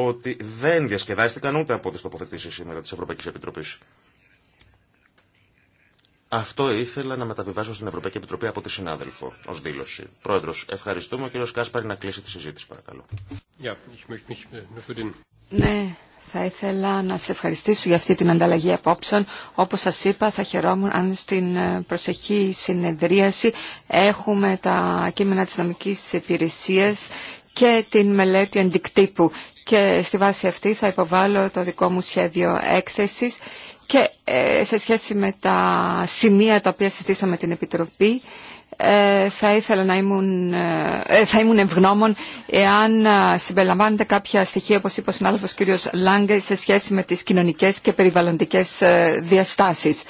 ότι δεν διασκεδάστηκαν ούτε από τις τοποθετήσεις σήμερα της Ευρωπαϊκής Επιτροπής. Αυτό ήθελα να μεταβιβάσω στην Ευρωπαϊκή Επιτροπή από τη συνάδελφο ω δήλωση. Πρόεδρο, ευχαριστούμε. Ο κύριο Κάσπαρη να κλείσει τη συζήτηση, παρακαλώ. Äh,
ναι, θα ήθελα να σα ευχαριστήσω για αυτή την ανταλλαγή απόψεων. Όπω σα είπα, θα χαιρόμουν αν στην ε, προσεχή συνεδρίαση έχουμε τα κείμενα τη νομική υπηρεσία και την μελέτη αντικτύπου και στη βάση αυτή θα υποβάλω το δικό μου σχέδιο έκθεσης και ε, σε σχέση με τα σημεία τα οποία συζητήσαμε την Επιτροπή ε, θα ήθελα να ήμουν, ε, θα ήμουν ευγνώμων εάν συμπεριλαμβάνεται κάποια στοιχεία όπως είπε ο συνάδελφος κ. Λάγκε σε σχέση με τις κοινωνικές και περιβαλλοντικές διαστάσεις.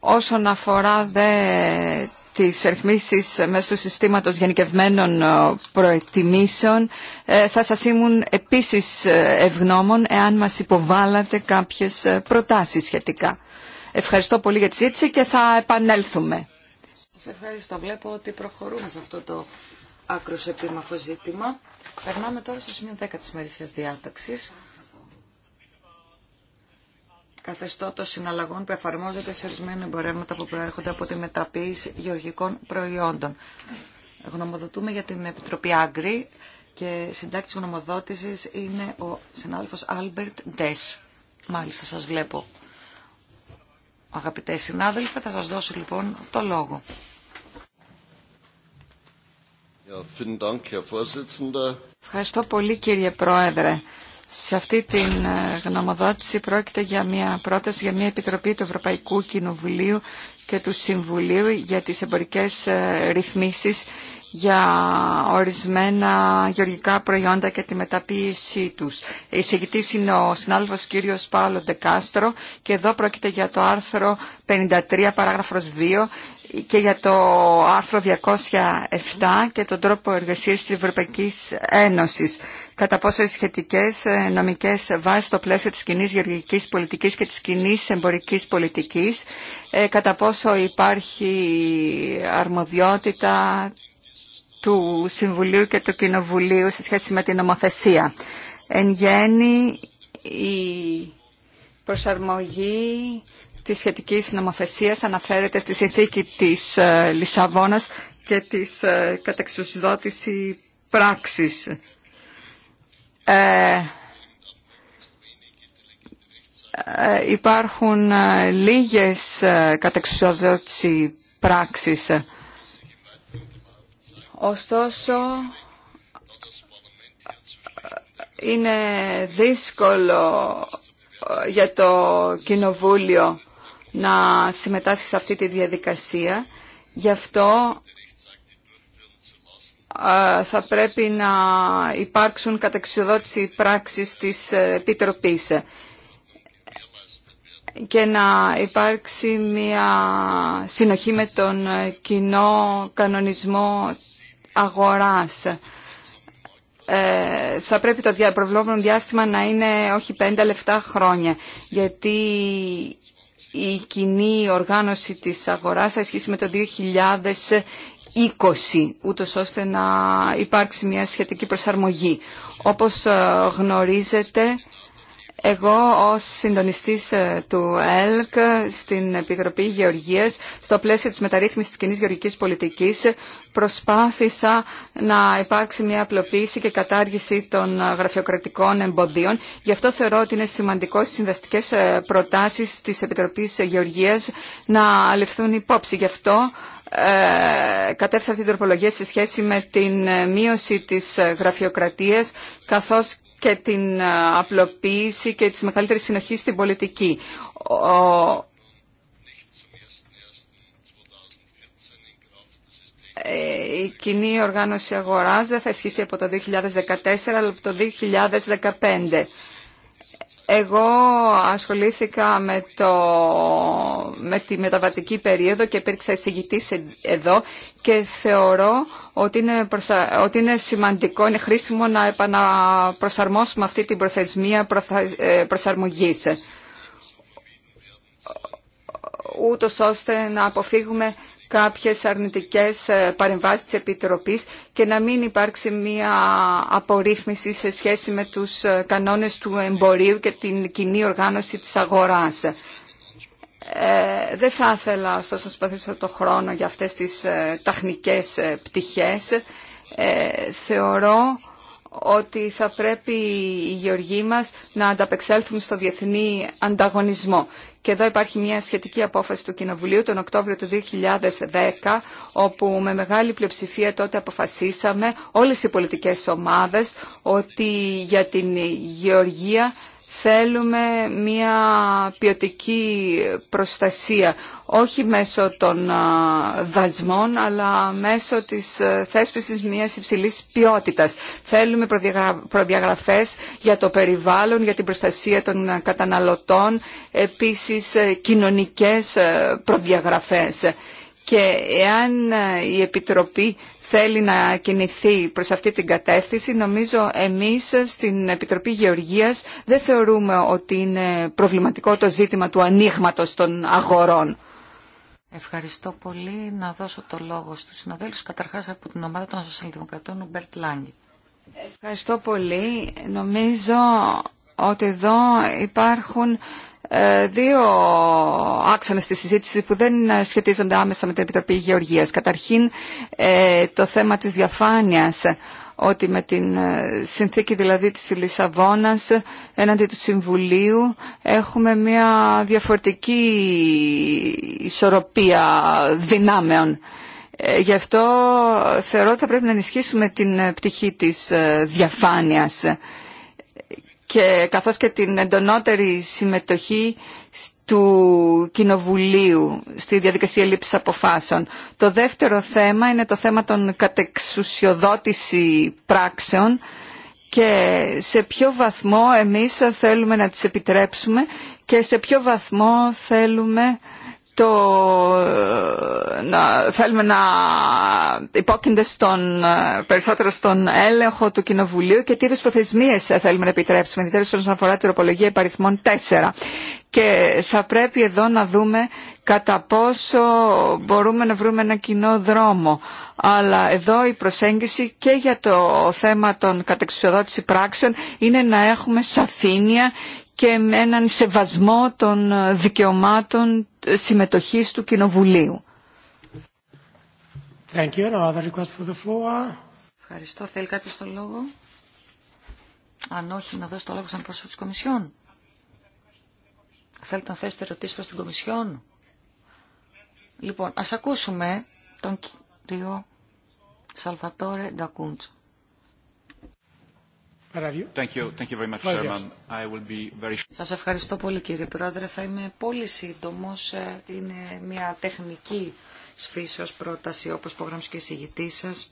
Όσον αφορά δε τις ρυθμίσεις μέσω του συστήματος γενικευμένων ε, προετοιμήσεων ε, θα σας ήμουν επίσης ε, ευγνώμων εάν μας υποβάλατε κάποιες προτάσεις σχετικά. Ευχαριστώ πολύ για τη ζήτηση και θα επανέλθουμε.
Σας ευχαριστώ. Βλέπω ότι προχωρούμε σε αυτό το άκρος επίμαχο ζήτημα. Περνάμε τώρα στο σημείο 10 της μερίσιας διάταξης καθεστώτος συναλλαγών που εφαρμόζεται σε ορισμένα εμπορεύματα που προέρχονται από τη μεταποίηση γεωργικών προϊόντων. Γνωμοδοτούμε για την Επιτροπή Άγκρη και συντάκτη γνωμοδότησης είναι ο συνάδελφο Άλμπερτ Ντε. Μάλιστα σας βλέπω. Αγαπητέ συνάδελφοι, θα σας δώσω λοιπόν το λόγο.
Ευχαριστώ πολύ κύριε Πρόεδρε. Σε αυτή την ε, γνωμοδότηση πρόκειται για μια πρόταση για μια επιτροπή του Ευρωπαϊκού Κοινοβουλίου και του Συμβουλίου για τις εμπορικές ε, ρυθμίσεις για ορισμένα γεωργικά προϊόντα και τη μεταποίησή τους. Η συγκητής είναι ο συνάδελφος κύριος Πάολο Ντεκάστρο και εδώ πρόκειται για το άρθρο 53 παράγραφος 2 και για το άρθρο 207 και τον τρόπο εργασίας της Ευρωπαϊκής Ένωσης κατά πόσο οι σχετικές ε, νομικές βάσεις στο πλαίσιο τη κοινή γεωργική πολιτική και της κοινή εμπορική πολιτική, ε, κατά πόσο υπάρχει αρμοδιότητα του Συμβουλίου και του Κοινοβουλίου σε σχέση με την νομοθεσία. Εν γέννη, η προσαρμογή της σχετικής νομοθεσίας αναφέρεται στη συνθήκη της ε, Λισαβόνας και της κατεξουσιδότηση πράξης ε, ε, υπάρχουν ε, λίγες κατεξουσιοδότηση πράξεις. Ωστόσο, είναι δύσκολο για το Κοινοβούλιο να συμμετάσχει σε αυτή τη διαδικασία. Γι' αυτό θα πρέπει να υπάρξουν καταξιοδότηση πράξης της ε, Επιτροπής και να υπάρξει μια συνοχή με τον ε, κοινό κανονισμό αγοράς. Ε, θα πρέπει το προβλεπόμενο διάστημα να είναι όχι 5 λεφτά χρόνια, γιατί η κοινή οργάνωση της αγοράς θα ισχύσει με το 2000. 20, ούτως ώστε να υπάρξει μια σχετική προσαρμογή. Όπως ε, γνωρίζετε, εγώ ως συντονιστής ε, του ΕΛΚ στην Επιτροπή Γεωργίας, στο πλαίσιο της μεταρρύθμισης της κοινή γεωργικής πολιτικής, προσπάθησα να υπάρξει μια απλοποίηση και κατάργηση των ε, γραφειοκρατικών εμποδίων. Γι' αυτό θεωρώ ότι είναι σημαντικό στις συνδαστικές ε, προτάσεις της Επιτροπής Γεωργίας να αλευθούν υπόψη. Γι' αυτό ε, την τροπολογία σε σχέση με την μείωση της γραφειοκρατίας καθώς και την απλοποίηση και τη μεγαλύτερη συνοχή στην πολιτική. Ε, η κοινή οργάνωση αγοράς δεν θα ισχύσει από το 2014 αλλά από το 2015. Εγώ ασχολήθηκα με, το, με τη μεταβατική περίοδο και υπήρξα εισηγητής εδώ και θεωρώ ότι είναι, ότι είναι σημαντικό, είναι χρήσιμο να επαναπροσαρμόσουμε αυτή την προθεσμία προθα... Ε, προσαρμογής ούτως ώστε να αποφύγουμε κάποιες αρνητικές ε, παρεμβάσεις της Επιτροπής και να μην υπάρξει μία απορρίθμιση σε σχέση με τους ε, κανόνες του εμπορίου και την κοινή οργάνωση της αγοράς. Ε, δεν θα ήθελα ωστόσο να σπαθήσω το χρόνο για αυτές τις ε, τεχνικές πτυχές. Ε, θεωρώ ότι θα πρέπει οι γεωργοί μας να ανταπεξέλθουν στο διεθνή ανταγωνισμό. Και εδώ υπάρχει μια σχετική απόφαση του Κοινοβουλίου τον Οκτώβριο του 2010, όπου με μεγάλη πλειοψηφία τότε αποφασίσαμε όλες οι πολιτικές ομάδες ότι για την γεωργία Θέλουμε μια ποιοτική προστασία, όχι μέσω των δασμών, αλλά μέσω της θέσπισης μιας υψηλής ποιότητας. Θέλουμε προδιαγραφές για το περιβάλλον, για την προστασία των καταναλωτών, επίσης ε, κοινωνικές ε, προδιαγραφές. Και εάν ε, η Επιτροπή θέλει να κινηθεί προς αυτή την κατεύθυνση. Νομίζω εμείς στην Επιτροπή Γεωργίας δεν θεωρούμε ότι είναι προβληματικό το ζήτημα του ανοίγματο των αγορών.
Ευχαριστώ πολύ. Να δώσω το λόγο στους συναδέλφους, καταρχάς από την ομάδα των Σοσιαλδημοκρατών, ο Μπερτ Λάγκη.
Ευχαριστώ πολύ. Νομίζω ότι εδώ υπάρχουν ε, δύο άξονες της συζήτηση που δεν σχετίζονται άμεσα με την Επιτροπή Γεωργίας. Καταρχήν ε, το θέμα της διαφάνειας ότι με την ε, συνθήκη δηλαδή της Λισαβόνας έναντι του Συμβουλίου έχουμε μια διαφορετική ισορροπία δυνάμεων. Γι' αυτό θεωρώ ότι θα πρέπει να ενισχύσουμε την πτυχή της διαφάνειας και καθώς και την εντονότερη συμμετοχή του Κοινοβουλίου στη διαδικασία λήψης αποφάσεων. Το δεύτερο θέμα είναι το θέμα των κατεξουσιοδότηση πράξεων και σε ποιο βαθμό εμείς θέλουμε να τις επιτρέψουμε και σε ποιο βαθμό θέλουμε το θέλουμε να υπόκεινται στον, ε, περισσότερο στον έλεγχο του Κοινοβουλίου και τι είδους προθεσμίες θέλουμε να επιτρέψουμε, ιδιαίτερα όσον αφορά τη ροπολογία υπαριθμών 4. Και θα πρέπει εδώ να δούμε κατά πόσο μπορούμε να βρούμε ένα κοινό δρόμο. Αλλά εδώ η προσέγγιση και για το θέμα των κατεξουσιοδότηση πράξεων είναι να έχουμε σαφήνεια και με έναν σεβασμό των δικαιωμάτων συμμετοχής του Κοινοβουλίου.
Thank you. other request for the floor. Ευχαριστώ. Θέλει κάποιο το λόγο. Αν όχι, να δώσω το λόγο σαν πρόσωπο της Κομισιόν. Θέλετε να θέσετε ερωτήσεις προς την Κομισιόν. Λοιπόν, ας ακούσουμε τον κύριο Σαλβατόρε Ντακούντσο. Σας ευχαριστώ πολύ κύριε Πρόεδρε. Θα είμαι πολύ σύντομος. Ε, είναι μια τεχνική σφίσεως πρόταση όπως υπογράμμισε και η συγητή σας.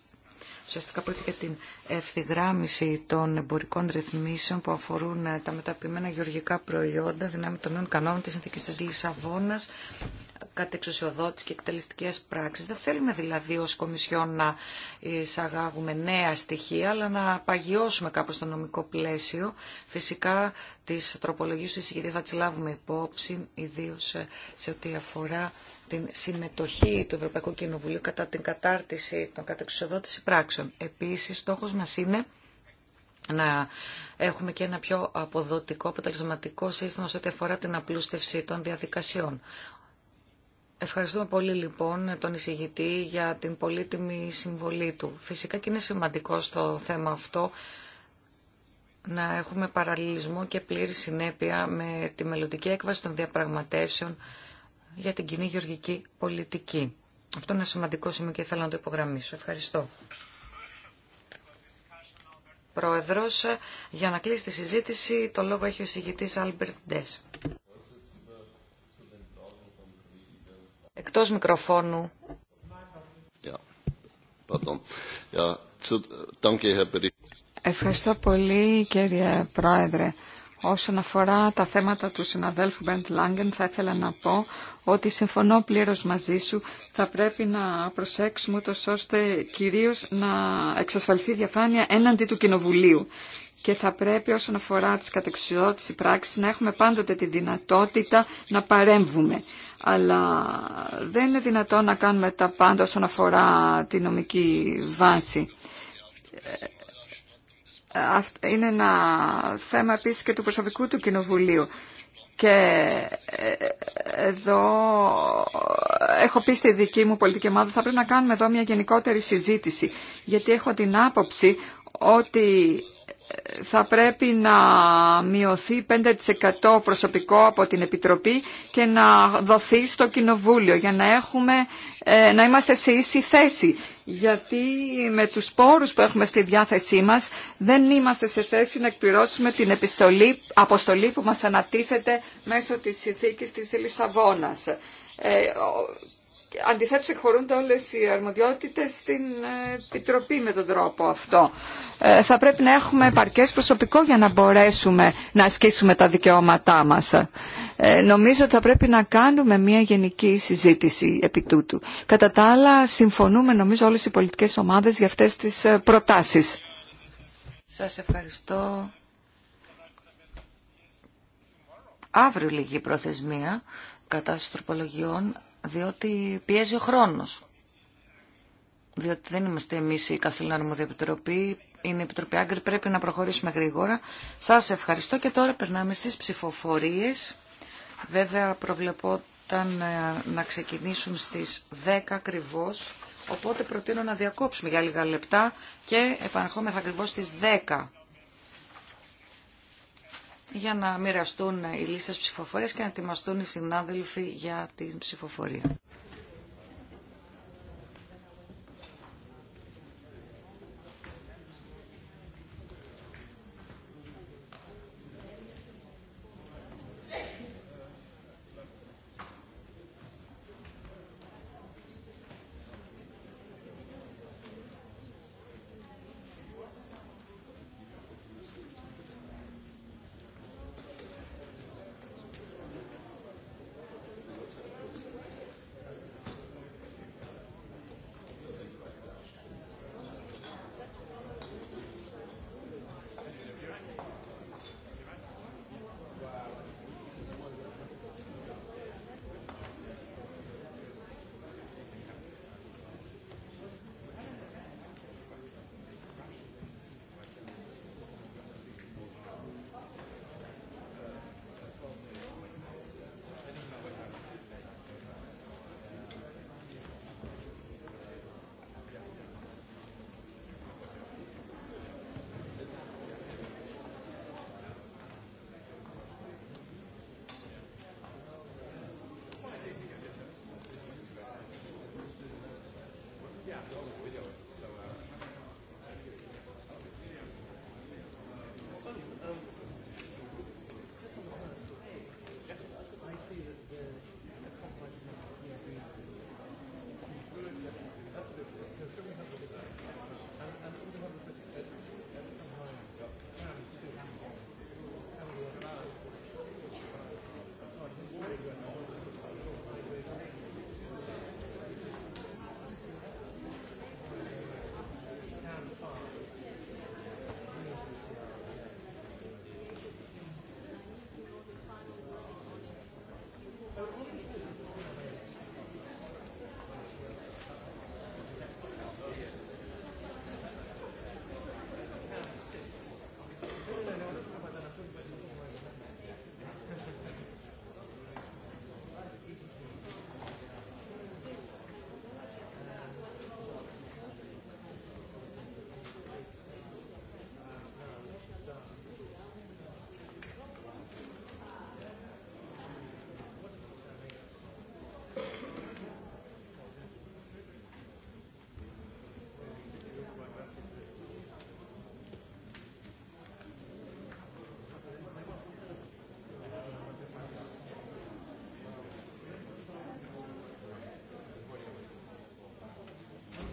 Ουσιαστικά πρόκειται για την ευθυγράμμιση των εμπορικών ρυθμίσεων που αφορούν ε, τα μεταποιημένα γεωργικά προϊόντα δυνάμει των νέων κανόνων της συνθήκη της Λισαβόνας κατεξουσιοδότηση και εκτελεστικές πράξεις. Δεν θέλουμε δηλαδή ως Κομισιόν να εισαγάγουμε νέα στοιχεία, αλλά να παγιώσουμε κάπως το νομικό πλαίσιο. Φυσικά τι τροπολογίες του εισηγητή θα τις λάβουμε υπόψη, ιδίω σε ό,τι αφορά την συμμετοχή του Ευρωπαϊκού Κοινοβουλίου κατά την κατάρτιση των κατεξουσιοδότηση πράξεων. Επίσης, στόχος μας είναι να έχουμε και ένα πιο αποδοτικό, αποτελεσματικό σύστημα σε ό,τι αφορά την απλούστευση των διαδικασιών. Ευχαριστούμε πολύ λοιπόν τον εισηγητή για την πολύτιμη συμβολή του. Φυσικά και είναι σημαντικό στο θέμα αυτό να έχουμε παραλληλισμό και πλήρη συνέπεια με τη μελλοντική έκβαση των διαπραγματεύσεων για την κοινή γεωργική πολιτική. Αυτό είναι σημαντικό σημείο και ήθελα να το υπογραμμίσω. Ευχαριστώ. Πρόεδρος, για να κλείσει τη συζήτηση, το λόγο έχει ο εισηγητής Άλμπερντ Ντέσ. Εκτός μικροφώνου.
Ευχαριστώ πολύ κύριε Πρόεδρε. Όσον αφορά τα θέματα του συναδέλφου Μπεντ Λάγκεν, θα ήθελα να πω ότι συμφωνώ πλήρως μαζί σου. Θα πρέπει να προσέξουμε ούτως ώστε κυρίως να εξασφαλθεί διαφάνεια έναντι του Κοινοβουλίου και θα πρέπει όσον αφορά τις κατεξιδότηση πράξεις να έχουμε πάντοτε τη δυνατότητα να παρέμβουμε. Αλλά δεν είναι δυνατόν να κάνουμε τα πάντα όσον αφορά τη νομική βάση. Ε, είναι ένα θέμα επίσης και του προσωπικού του Κοινοβουλίου. Και ε, εδώ έχω πει στη δική μου πολιτική ομάδα θα πρέπει να κάνουμε εδώ μια γενικότερη συζήτηση. Γιατί έχω την άποψη ότι θα πρέπει να μειωθεί 5% προσωπικό από την Επιτροπή και να δοθεί στο Κοινοβούλιο για να, έχουμε, ε, να είμαστε σε ίση θέση. Γιατί με τους πόρους που έχουμε στη διάθεσή μας δεν είμαστε σε θέση να εκπληρώσουμε την επιστολή, αποστολή που μας ανατίθεται μέσω της συνθήκη της Λισαβόνας. Ε, αντιθέτως εκχωρούνται όλες οι αρμοδιότητες στην ε, Επιτροπή με τον τρόπο αυτό. Ε, θα πρέπει να έχουμε επαρκές προσωπικό για να μπορέσουμε να ασκήσουμε τα δικαιώματά μας. Ε, νομίζω ότι θα πρέπει να κάνουμε μια γενική συζήτηση επί τούτου. Κατά τα άλλα, συμφωνούμε νομίζω όλες οι πολιτικές ομάδες για αυτές τις προτάσεις.
Σας ευχαριστώ. Αύριο λίγη προθεσμία κατάσταση τροπολογιών διότι πιέζει ο χρόνος. Διότι δεν είμαστε εμείς η καθήλυνα νομοδιαπιτροπή, είναι η Επιτροπή Άγκρη, πρέπει να προχωρήσουμε γρήγορα. Σας ευχαριστώ και τώρα περνάμε στις ψηφοφορίες. Βέβαια προβλεπόταν ε, να ξεκινήσουν στις 10 ακριβώ. οπότε προτείνω να διακόψουμε για λίγα λεπτά και επαναρχόμεθα ακριβώς στις 10 για να μοιραστούν οι λίστες ψηφοφορίας και να ετοιμαστούν οι συνάδελφοι για την ψηφοφορία.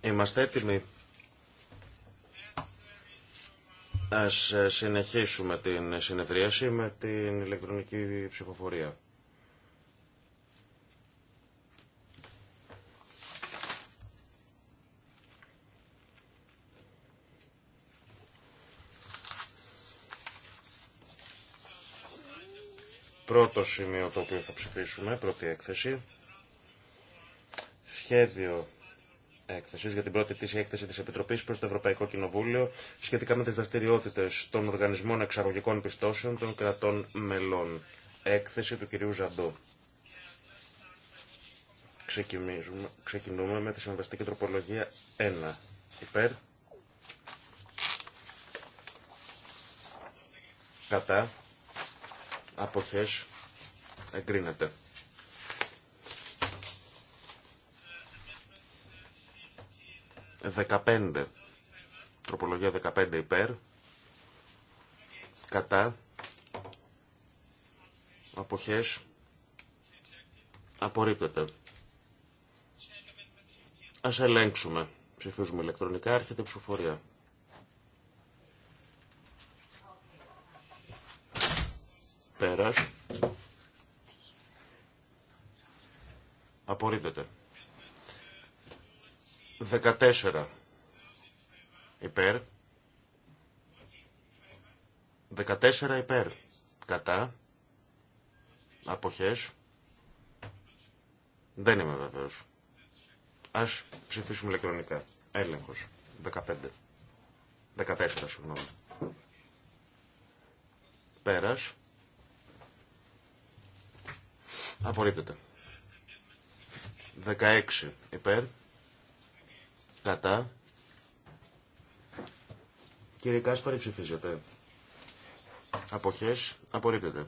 Είμαστε έτοιμοι. Ας ε, συνεχίσουμε την συνεδρίαση με την ηλεκτρονική ψηφοφορία. Πρώτο σημείο το οποίο θα ψηφίσουμε, πρώτη έκθεση σχέδιο έκθεση για την πρώτη ετήσια έκθεση τη Επιτροπή προ το Ευρωπαϊκό Κοινοβούλιο σχετικά με τι δραστηριότητε των οργανισμών εξαγωγικών πιστώσεων των κρατών μελών. Έκθεση του κυρίου Ζαντό. Ξεκινούμε με τη συμβαστική τροπολογία 1. Υπέρ. Κατά. Αποχές. Εγκρίνεται. 15. Τροπολογία 15 υπέρ. Κατά. Αποχές. Απορρίπτεται. Ας ελέγξουμε. Ψηφίζουμε ηλεκτρονικά. Έρχεται η ψηφοφορία. Πέρας. 14 υπέρ. 14 υπέρ. Κατά. Αποχές. Δεν είμαι βεβαίως. Ας ψηφίσουμε ηλεκτρονικά. Έλεγχος. 15. 14 συγγνώμη. Πέρας. Απορρίπτεται. 16 υπέρ. Κατά. Κύριε Κάσπαρη ψηφίζετε. Αποχές απορρίπτεται.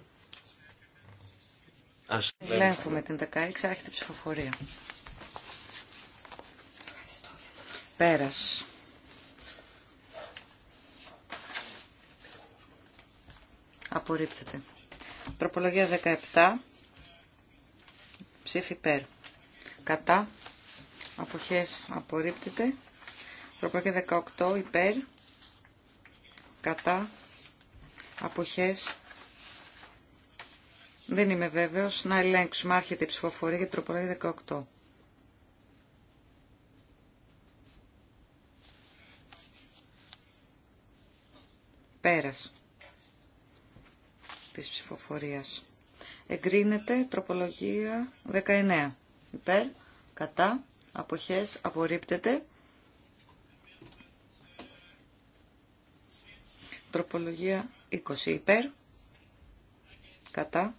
Ας... Ελέγχουμε
την 16, άρχεται ψηφοφορία. Πέρας. Απορρίπτεται. Προπολογία 17. Ψήφι υπέρ. Κατά αποχές απορρίπτεται. Τροπολογία 18 υπέρ, κατά, αποχές. Δεν είμαι βέβαιος να ελέγξουμε. Άρχεται η ψηφοφορία για τροπολογία 18. Πέρας της ψηφοφορίας. Εγκρίνεται τροπολογία 19. Υπέρ, κατά, αποχές απορρίπτεται. Τροπολογία 20 υπέρ, κατά,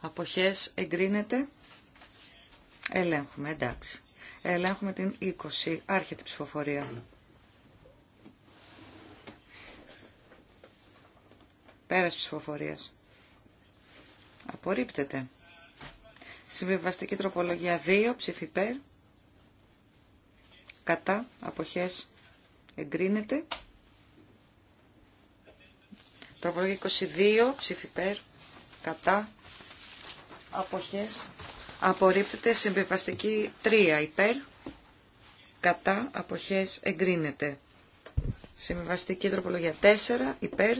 αποχές εγκρίνεται, ελέγχουμε, εντάξει. Ελέγχουμε την 20, άρχεται η ψηφοφορία. Πέρας ψηφοφορίας. Απορρίπτεται. Συμβιβαστική τροπολογία 2, ψήφι υπέρ. Κατά, αποχές, εγκρίνεται. Τροπολογία 22, ψήφι υπέρ. Κατά, αποχές, απορρίπτεται. Συμβιβαστική 3, υπέρ. Κατά, αποχές, εγκρίνεται. Συμβιβαστική τροπολογία 4, υπέρ.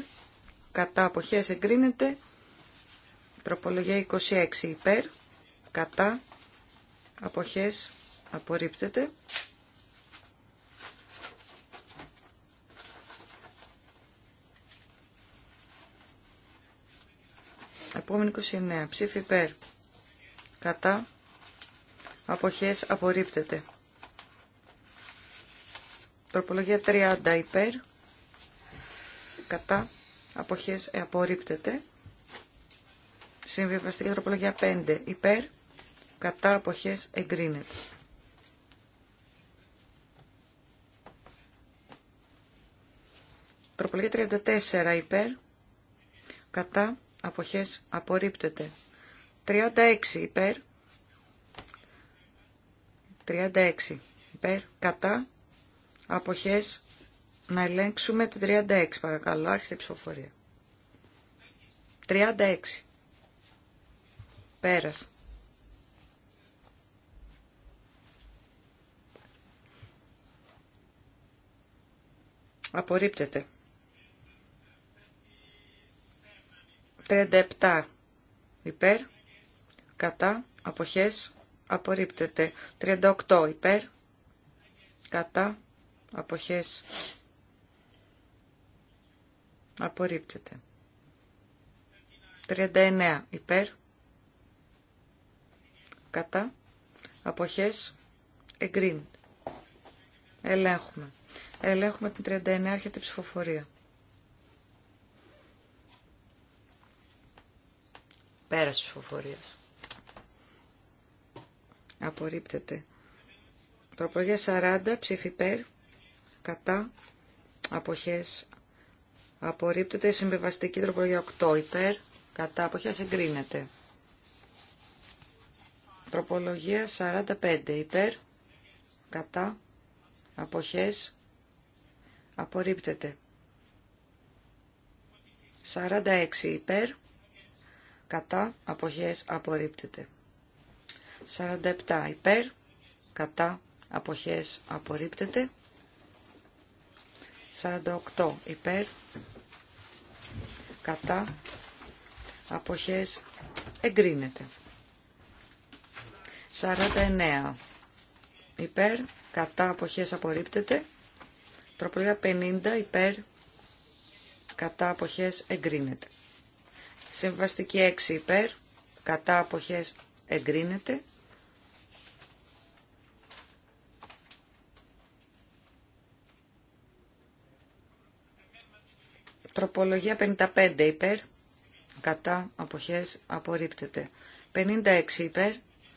Κατά, αποχές, εγκρίνεται. Τροπολογία 26, υπέρ κατά αποχές απορρίπτεται. Επόμενη 29. Ψήφι υπέρ. Κατά. Αποχές απορρίπτεται. Τροπολογία 30 υπέρ. Κατά. Αποχές ε, απορρίπτεται. Συμβιβαστική τροπολογία 5 υπέρ κατά αποχές εγκρίνεται. Τροπολογία 34 υπέρ, κατά αποχές απορρίπτεται. 36 υπέρ, 36 υπέρ, κατά αποχές να ελέγξουμε την 36 παρακαλώ, άρχισε η ψηφοφορία. 36. Πέρασε. Απορρίπτεται. 37 υπέρ, κατά, αποχές, απορρίπτεται. 38 υπέρ, κατά, αποχές, απορρίπτεται. 39 υπέρ, κατά, αποχές, εγκρίνεται. Ελέγχουμε. Ελέγχουμε την 39 η ψηφοφορία. Πέρας ψηφοφορίας. Απορρίπτεται. Τροπολογία 40, ψήφι υπέρ, κατά, αποχές, απορρίπτεται. Συμβιβαστική τροπολογία 8, υπέρ, κατά, αποχές, εγκρίνεται. Τροπολογία 45, υπέρ, κατά, αποχές, Απορρίπτεται. 46 υπέρ. Κατά αποχές απορρίπτεται. 47 υπέρ. Κατά αποχές απορρίπτεται. 48 υπέρ. Κατά αποχές εγκρίνεται. 49 υπέρ. Κατά αποχές απορρίπτεται. Τροπολογία 50 υπέρ κατά αποχές εγκρίνεται. Συμβαστική 6 υπέρ κατά αποχές εγκρίνεται. Τροπολογία 55 υπέρ κατά αποχές απορρίπτεται. 56 υπέρ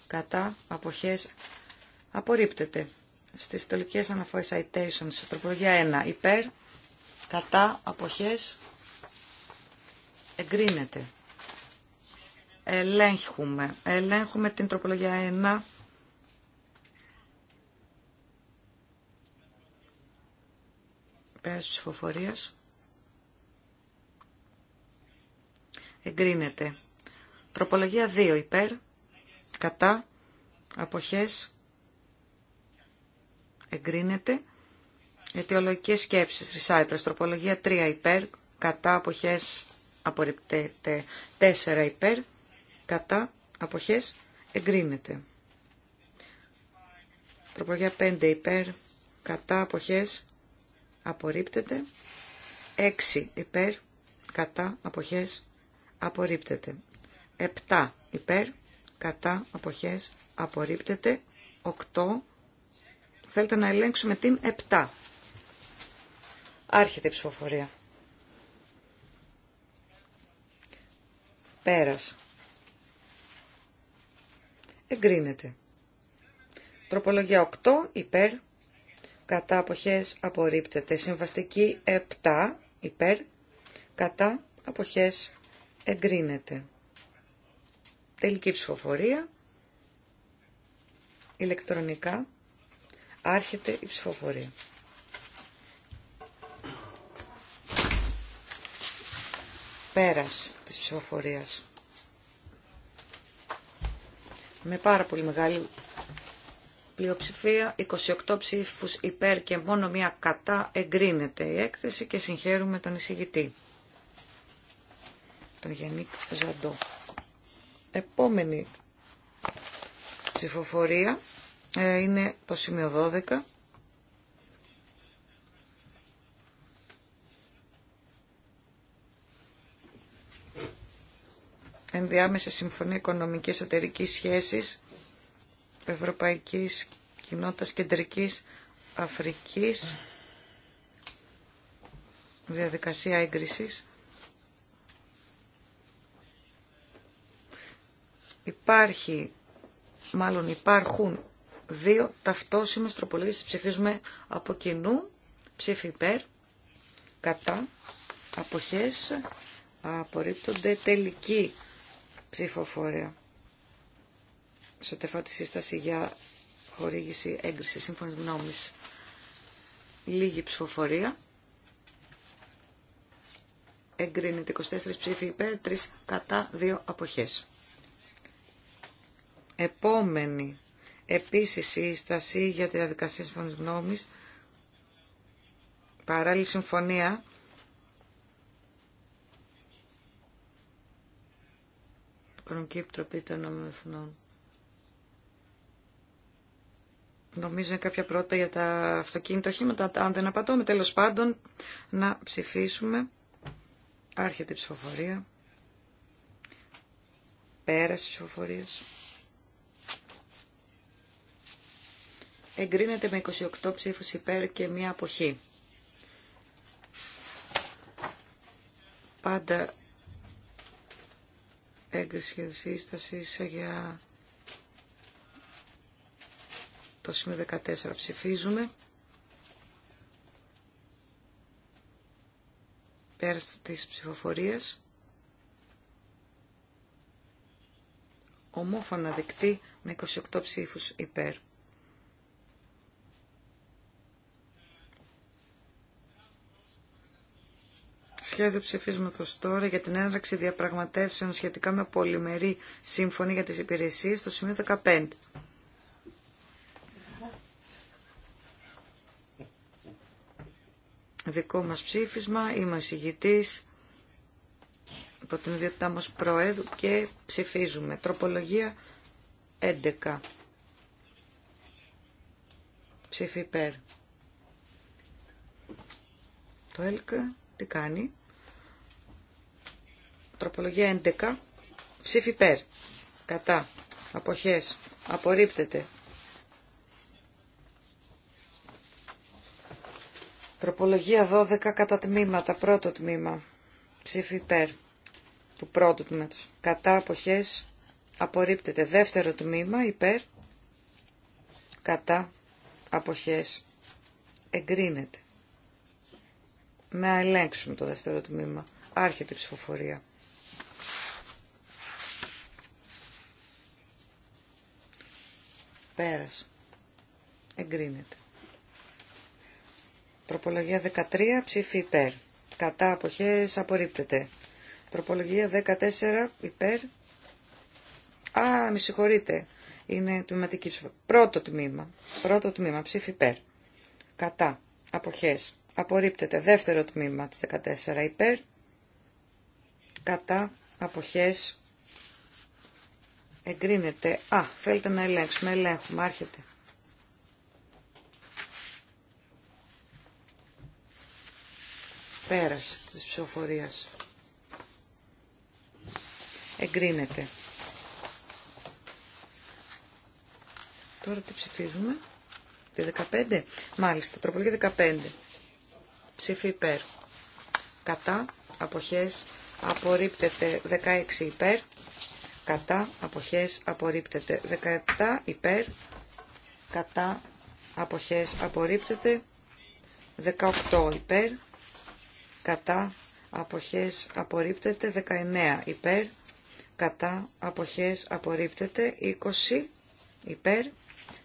κατά αποχές απορρίπτεται στις συστολικές αναφορές citation, τροπολογία 1, υπέρ, κατά, αποχές, εγκρίνεται. Ελέγχουμε. Ελέγχουμε την τροπολογία 1. Πέρας ψηφοφορίας. Εγκρίνεται. Τροπολογία 2 υπέρ, κατά, αποχές, εγκρίνεται. Αιτιολογικές σκέψεις, τροπολογία 3 υπέρ, κατά αποχές απορριπτέται 4 υπέρ, κατά αποχές εγκρίνεται. Τροπολογία 5 υπέρ, κατά αποχές απορρίπτεται. 6 υπέρ, κατά αποχές απορρίπτεται. 7 υπέρ, κατά αποχές απορρίπτεται. 8 Θέλετε να ελέγξουμε την 7. Άρχεται η ψηφοφορία. Πέρας. Εγκρίνεται. Τροπολογία 8 υπέρ. Κατά αποχές απορρίπτεται. Συμβαστική 7 υπέρ. Κατά αποχές εγκρίνεται. Τελική ψηφοφορία. Ηλεκτρονικά. Άρχεται η ψηφοφορία. Πέρας της ψηφοφορίας. Με πάρα πολύ μεγάλη πλειοψηφία, 28 ψήφους υπέρ και μόνο μία κατά εγκρίνεται η έκθεση και συγχαίρουμε τον εισηγητή, τον Γιάννη Ζαντό. Επόμενη ψηφοφορία ε, είναι το σημείο 12. Ενδιάμεση Συμφωνία Οικονομικής Εταιρικής Σχέσης Ευρωπαϊκής Κοινότητας Κεντρικής Αφρικής Διαδικασία έγκρισης Υπάρχει, μάλλον υπάρχουν δύο ταυτόσιμες τροπολογίες ψηφίζουμε από κοινού. Ψήφι υπέρ, κατά, αποχές, απορρίπτονται τελική ψηφοφορία. Στο τεφά τη σύσταση για χορήγηση έγκριση σύμφωνης γνώμη. Λίγη ψηφοφορία. Εγκρίνεται 24 ψήφι υπέρ, 3 κατά, 2 αποχές. Επόμενη Επίσης, η στάση για τη διαδικασία συμφωνής γνώμης, παράλληλη συμφωνία, Οικονομική Επιτροπή των Εθνών. Νομίζω είναι κάποια πρώτα για τα αυτοκίνητα οχήματα. Αν δεν απατώμε, τέλος πάντων, να ψηφίσουμε. Άρχεται η ψηφοφορία. Πέραση ψηφοφορίας. ψηφοφορία. εγκρίνεται με 28 ψήφους υπέρ και μία αποχή. Πάντα έγκριση σύσταση για το σημείο 14 ψηφίζουμε. Πέρας της ψηφοφορίας. Ομόφωνα δεκτή με 28 ψήφους υπέρ. Σχέδιο ψηφίσματο τώρα για την έναρξη διαπραγματεύσεων σχετικά με πολυμερή σύμφωνη για τις υπηρεσίες στο σημείο 15. Δικό μας ψήφισμα, είμαι ο εισηγητής από την ιδιότητά μας Προέδρου και ψηφίζουμε. Τροπολογία 11. Ψήφι υπέρ. Το ΕΛΚΑ τι κάνει. Τροπολογία 11. Ψήφι υπέρ. Κατά. Αποχές. Απορρίπτεται. Τροπολογία 12 κατά τμήματα. Πρώτο τμήμα. Ψήφι υπέρ. Του πρώτου τμήματος. Κατά. Αποχές. Απορρίπτεται. Δεύτερο τμήμα. Υπέρ. Κατά. Αποχές. Εγκρίνεται. Να ελέγξουμε το δεύτερο τμήμα. Άρχεται η ψηφοφορία. Πέρας. Εγκρίνεται. Τροπολογία 13, ψήφι υπέρ. Κατά αποχές απορρίπτεται. Τροπολογία 14, υπέρ. Α, με συγχωρείτε. Είναι τμηματική ψήφα. Πρώτο τμήμα. Πρώτο τμήμα, ψήφι υπέρ. Κατά. Αποχές. Απορρίπτεται. Δεύτερο τμήμα της 14, υπέρ. Κατά. Αποχές. Εγκρίνεται. Α, θέλετε να ελέγξουμε. Ελέγχουμε. Άρχεται. Πέρας της ψηφοφορίας. Εγκρίνεται. Τώρα τι ψηφίζουμε. Τη 15. Μάλιστα. Τροπολογία 15. Ψήφι υπέρ. Κατά. Αποχές. Απορρίπτεται 16 υπέρ κατά αποχές απορρίπτεται. 17 υπέρ κατά αποχές απορρίπτεται. 18 υπέρ κατά αποχές απορρίπτεται. 19 υπέρ κατά αποχές απορρίπτεται. 20 υπέρ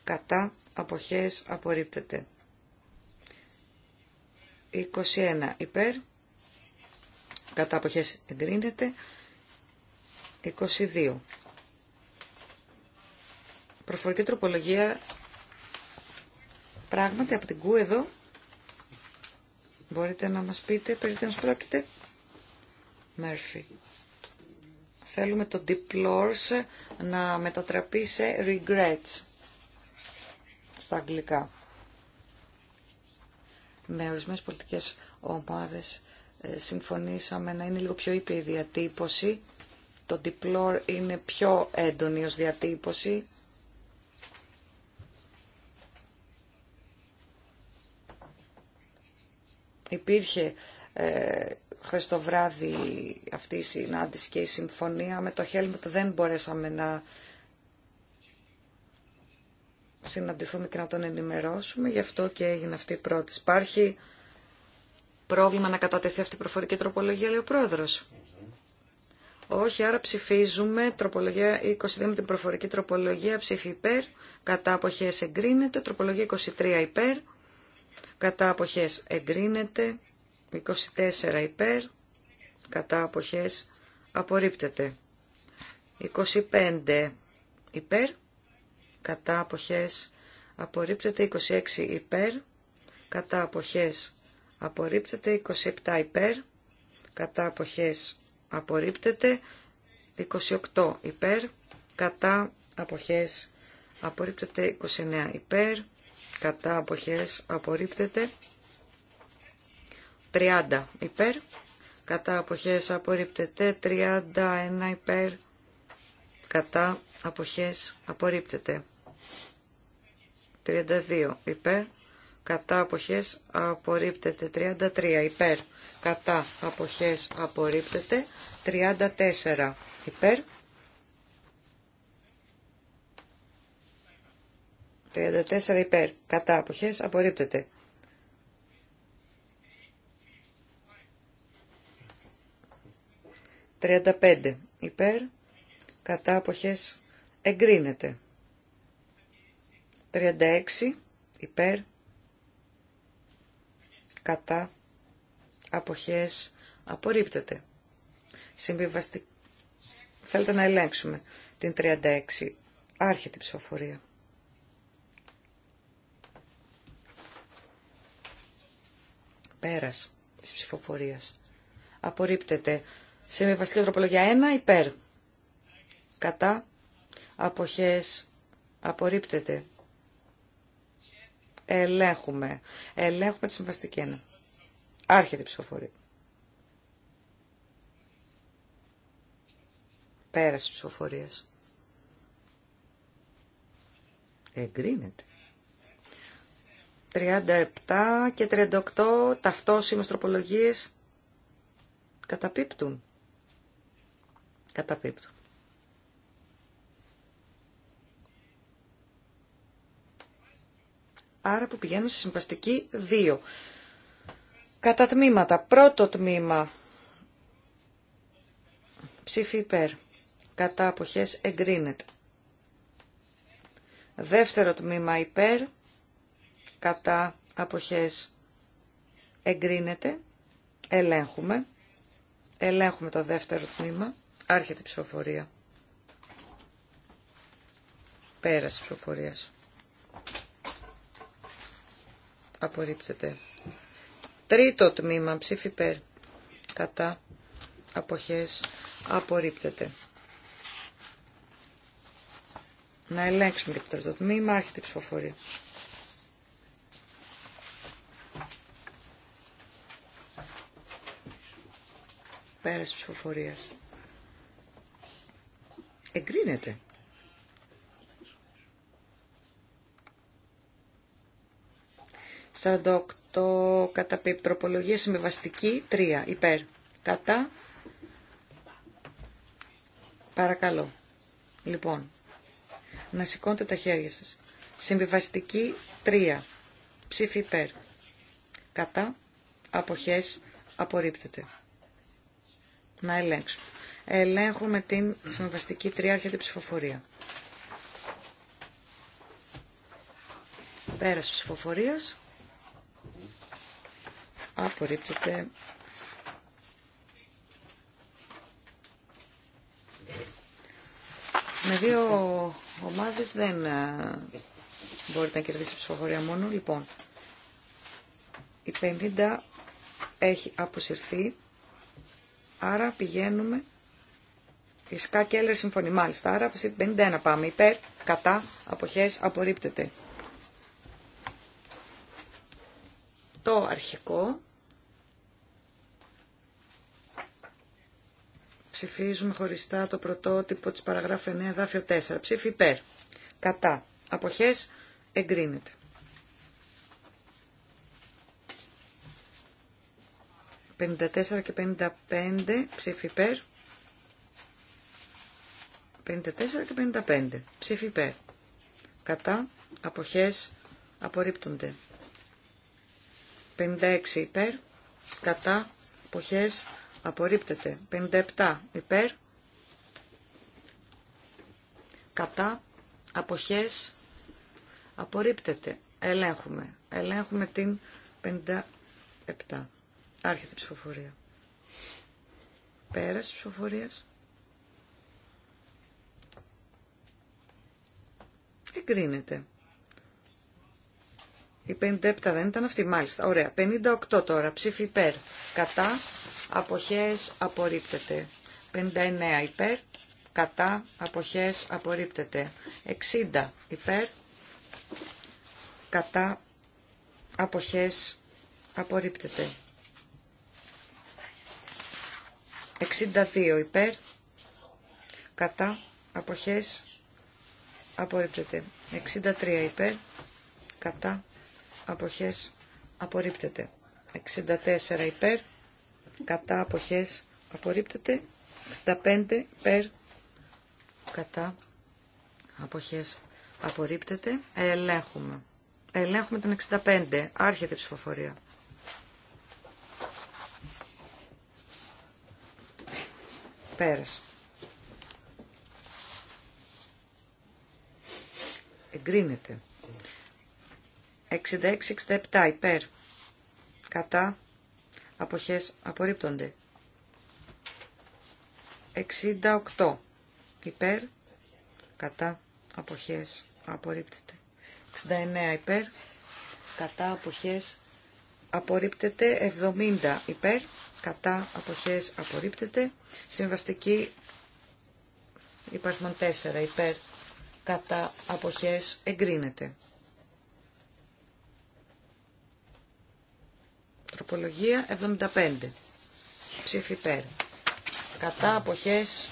κατά αποχές απορρίπτεται. 21 υπέρ κατά αποχές εγκρίνεται. 22. Προφορική τροπολογία πράγματι από την κου εδώ. Μπορείτε να μας πείτε περί τίνος πρόκειται. Μέρφυ Θέλουμε το deplores να μετατραπεί σε regrets στα αγγλικά. Με ορισμένες πολιτικές ομάδες ε, συμφωνήσαμε να είναι λίγο πιο ήπια η διατύπωση το diplore είναι πιο έντονη ως διατύπωση. Υπήρχε ε, χθες το βράδυ αυτή η συνάντηση και η συμφωνία με το Χέλμουτ δεν μπορέσαμε να συναντηθούμε και να τον ενημερώσουμε, γι' αυτό και έγινε αυτή η πρώτη. Υπάρχει πρόβλημα να κατατεθεί αυτή η προφορική τροπολογία, λέει ο πρόεδρος. Όχι, άρα ψηφίζουμε τροπολογία 22 με την προφορική τροπολογία ψήφι υπέρ, κατά αποχές εγκρίνεται, τροπολογία 23 υπέρ, κατά αποχές εγκρίνεται, 24 υπέρ, κατά αποχές απορρίπτεται. 25 υπέρ, κατά αποχές απορρίπτεται, 26 υπέρ, κατά αποχές απορρίπτεται, 27 υπέρ, κατά αποχές απορρίπτεται 28 υπέρ κατά αποχές απορρίπτεται 29 υπέρ κατά αποχές απορρίπτεται 30 υπέρ κατά αποχές απορρίπτεται 31 υπέρ κατά αποχές απορρίπτεται 32 υπέρ κατά αποχές απορρίπτεται 33 υπέρ κατά αποχές απορρίπτεται 34 υπέρ 34 υπέρ κατά αποχές απορρίπτεται 35 υπέρ κατά αποχές εγκρίνεται 36 υπέρ κατά αποχές απορρίπτεται. Θέλετε να ελέγξουμε την 36. Άρχεται ψηφοφορία. Πέρας της ψηφοφορίας. Απορρίπτεται. Συμβιβαστική τροπολογία 1 υπέρ. Κατά αποχές απορρίπτεται. Ελέγχουμε. Ελέγχουμε τη συμβαστική 1. Άρχεται η ψηφοφορία. Πέραση ψηφοφορία. Εγκρίνεται. 37 και 38 ταυτόσιμες τροπολογίε καταπίπτουν. Καταπίπτουν. άρα που πηγαίνουν στη συμπαστική 2. Κατά τμήματα. Πρώτο τμήμα. Ψήφι υπέρ. Κατά αποχές εγκρίνεται. Δεύτερο τμήμα υπέρ. Κατά αποχές εγκρίνεται. Ελέγχουμε. Ελέγχουμε το δεύτερο τμήμα. Άρχεται η ψηφοφορία. Πέραση ψηφοφορίας απορρίπτεται. Τρίτο τμήμα, ψήφι περ, κατά, αποχές, απορρίπτεται. Να ελέγξουμε και το τρίτο τμήμα, άρχεται η ψηφοφορία. Πέρας ψηφοφορίας. Εγκρίνεται. 48 κατά πιπτροπολογία, συμβιβαστική 3 υπέρ. Κατά. Παρακαλώ. Λοιπόν, να σηκώνετε τα χέρια σας. Συμβιβαστική 3. Ψήφι υπέρ. Κατά. Αποχές. Απορρίπτεται. Να ελέγξουμε. Ελέγχουμε την συμβαστική 3 την ψηφοφορία. Πέρας ψηφοφορίας απορρίπτεται. Με δύο ομάδες δεν ε, μπορείτε να κερδίσει ψηφοφορία μόνο. Λοιπόν, η 50 έχει αποσυρθεί, άρα πηγαίνουμε... Η Σκά Κέλλερ συμφωνεί μάλιστα, άρα από 51 πάμε. Υπέρ, κατά, αποχές, απορρίπτεται. Το αρχικό Ψηφίζουμε χωριστά το πρωτότυπο της παραγράφου 9, δάφιο 4. Ψήφι υπέρ. Κατά. Αποχές εγκρίνεται. ...54 και 55 ψήφι υπέρ. 54 και 55 ψήφι υπέρ. Κατά. Αποχές απορρίπτονται. 56 υπέρ. Κατά. Αποχές απορρίπτεται. 57 υπέρ, κατά, αποχές, απορρίπτεται. Ελέγχουμε. Ελέγχουμε την 57. Άρχεται η ψηφοφορία. Πέρας ψηφοφορίας. Εγκρίνεται. Η 57 δεν ήταν αυτή, μάλιστα. Ωραία. 58 τώρα. Ψήφι υπέρ. Κατά αποχές απορρίπτεται. 59 υπέρ, κατά, αποχές απορρίπτεται. 60 υπέρ, κατά, αποχές απορρίπτεται. 62 υπέρ, κατά, αποχές απορρίπτεται. 63 υπέρ, κατά, αποχές απορρίπτεται. 64 υπέρ, κατά αποχές απορρίπτεται 65 περ κατά αποχές απορρίπτεται ελέγχουμε ελέγχουμε τον 65 άρχεται η ψηφοφορία πέρας εγκρίνεται 66-67 υπέρ κατά αποχές απορρίπτονται. 68 υπέρ κατά αποχές απορρίπτεται. 69 υπέρ κατά αποχές απορρίπτεται. 70 υπέρ κατά αποχές απορρίπτεται. Συμβαστική υπάρχουν 4 υπέρ κατά αποχές εγκρίνεται. Τοπολογία 75. Ψήφι υπέρ. Κατά αποχές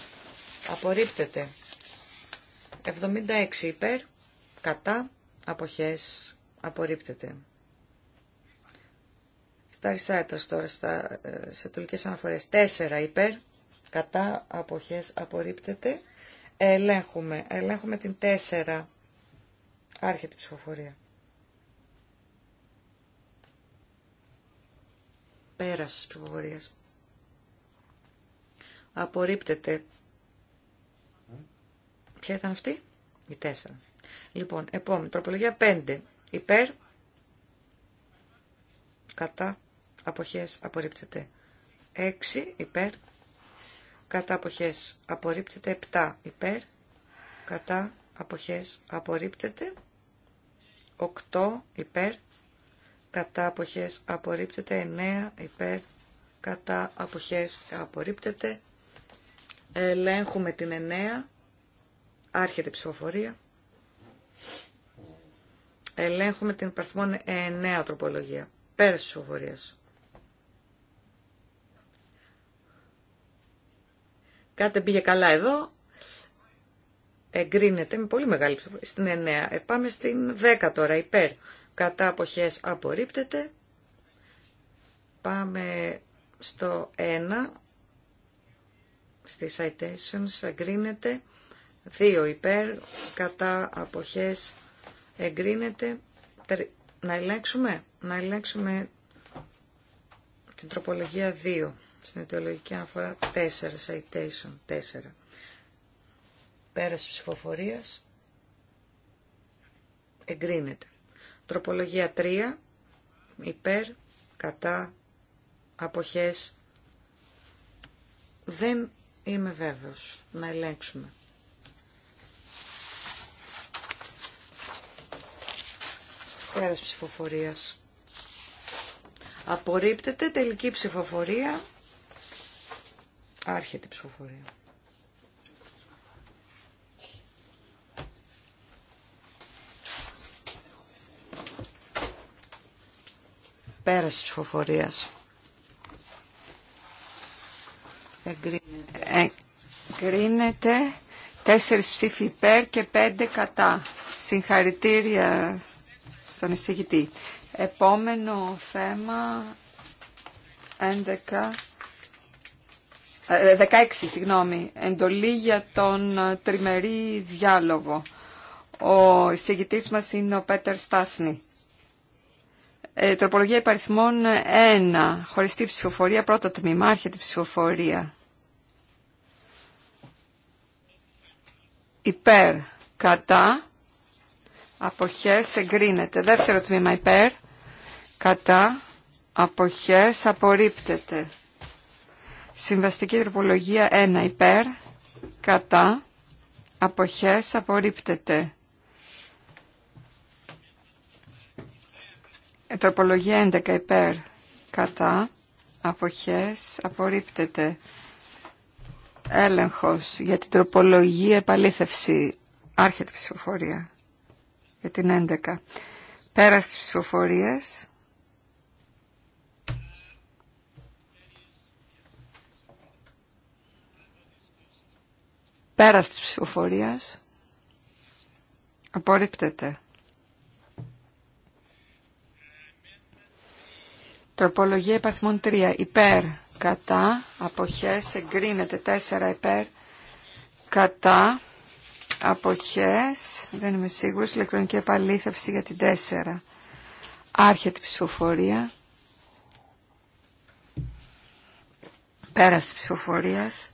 απορρίπτεται. 76 υπέρ. Κατά αποχές απορρίπτεται. Στα ρισάιτας τώρα, ε, σε τουλικές αναφορές. 4 υπέρ. Κατά αποχές απορρίπτεται. Ελέγχουμε. Ελέγχουμε την 4. Άρχεται η ψηφοφορία. Πέρασης της ψηφοφορίας. Απορρίπτεται. Ποια ήταν αυτή? Η 4. Λοιπόν, επόμενη. Τροπολογία 5. Υπέρ. Κατά. Αποχές. Απορρίπτεται. 6. Υπέρ. Κατά αποχές. Απορρίπτεται. 7. Υπέρ. Κατά αποχές. Απορρίπτεται. 8. Υπέρ κατά αποχές απορρίπτεται 9 υπέρ κατά αποχές απορρίπτεται ελέγχουμε την 9 άρχεται η ψηφοφορία ελέγχουμε την υπαρθμόν 9 τροπολογία πέρας ψηφοφορίας κάτι πήγε καλά εδώ εγκρίνεται με πολύ μεγάλη ψηφοφορία στην 9 ε, πάμε στην 10 τώρα υπέρ κατά αποχές απορρίπτεται. Πάμε στο 1, στις citations εγκρίνεται, 2 υπέρ, κατά αποχές εγκρίνεται. Να ελέγξουμε, να ελέγξουμε την τροπολογία 2, στην αιτιολογική αναφορά 4, citation 4. Πέραση ψηφοφορίας εγκρίνεται. Τροπολογία 3. Υπέρ, κατά, αποχές. Δεν είμαι βέβαιος να ελέγξουμε. Πέρας ψηφοφορίας. Απορρίπτεται τελική ψηφοφορία. Άρχεται η ψηφοφορία.
Πέραση της Εγκρίνεται. Εγκρίνεται. Τέσσερις ψήφοι υπέρ και πέντε κατά. Συγχαρητήρια στον εισηγητή. Επόμενο θέμα 16, ε, συγγνώμη, εντολή για τον τριμερή διάλογο. Ο εισηγητής μας είναι ο Πέτερ Στάσνη. Ε, τροπολογία υπαριθμών 1. Χωριστή ψηφοφορία. Πρώτο τμήμα. Άρχεται ψηφοφορία. Υπέρ. Κατά. Αποχές εγκρίνεται. Δεύτερο τμήμα υπέρ. Κατά. Αποχές απορρίπτεται. Συμβαστική τροπολογία 1 υπέρ. Κατά. Αποχές απορρίπτεται. Τροπολογία 11 υπέρ κατά αποχές απορρίπτεται. Έλεγχος για την τροπολογία επαλήθευση. Άρχεται ψηφοφορία για την 11. Πέρα της ψηφοφορίας. Πέρα της ψηφοφορίας. Απορρίπτεται. Τροπολογία επαθμών 3. Υπέρ. Κατά. Αποχές. Εγκρίνεται. 4. Υπέρ. Κατά. Αποχές. Δεν είμαι σίγουρος. Ηλεκτρονική επαλήθευση για την 4. Άρχεται ψηφοφορία. Πέραση ψηφοφορίας.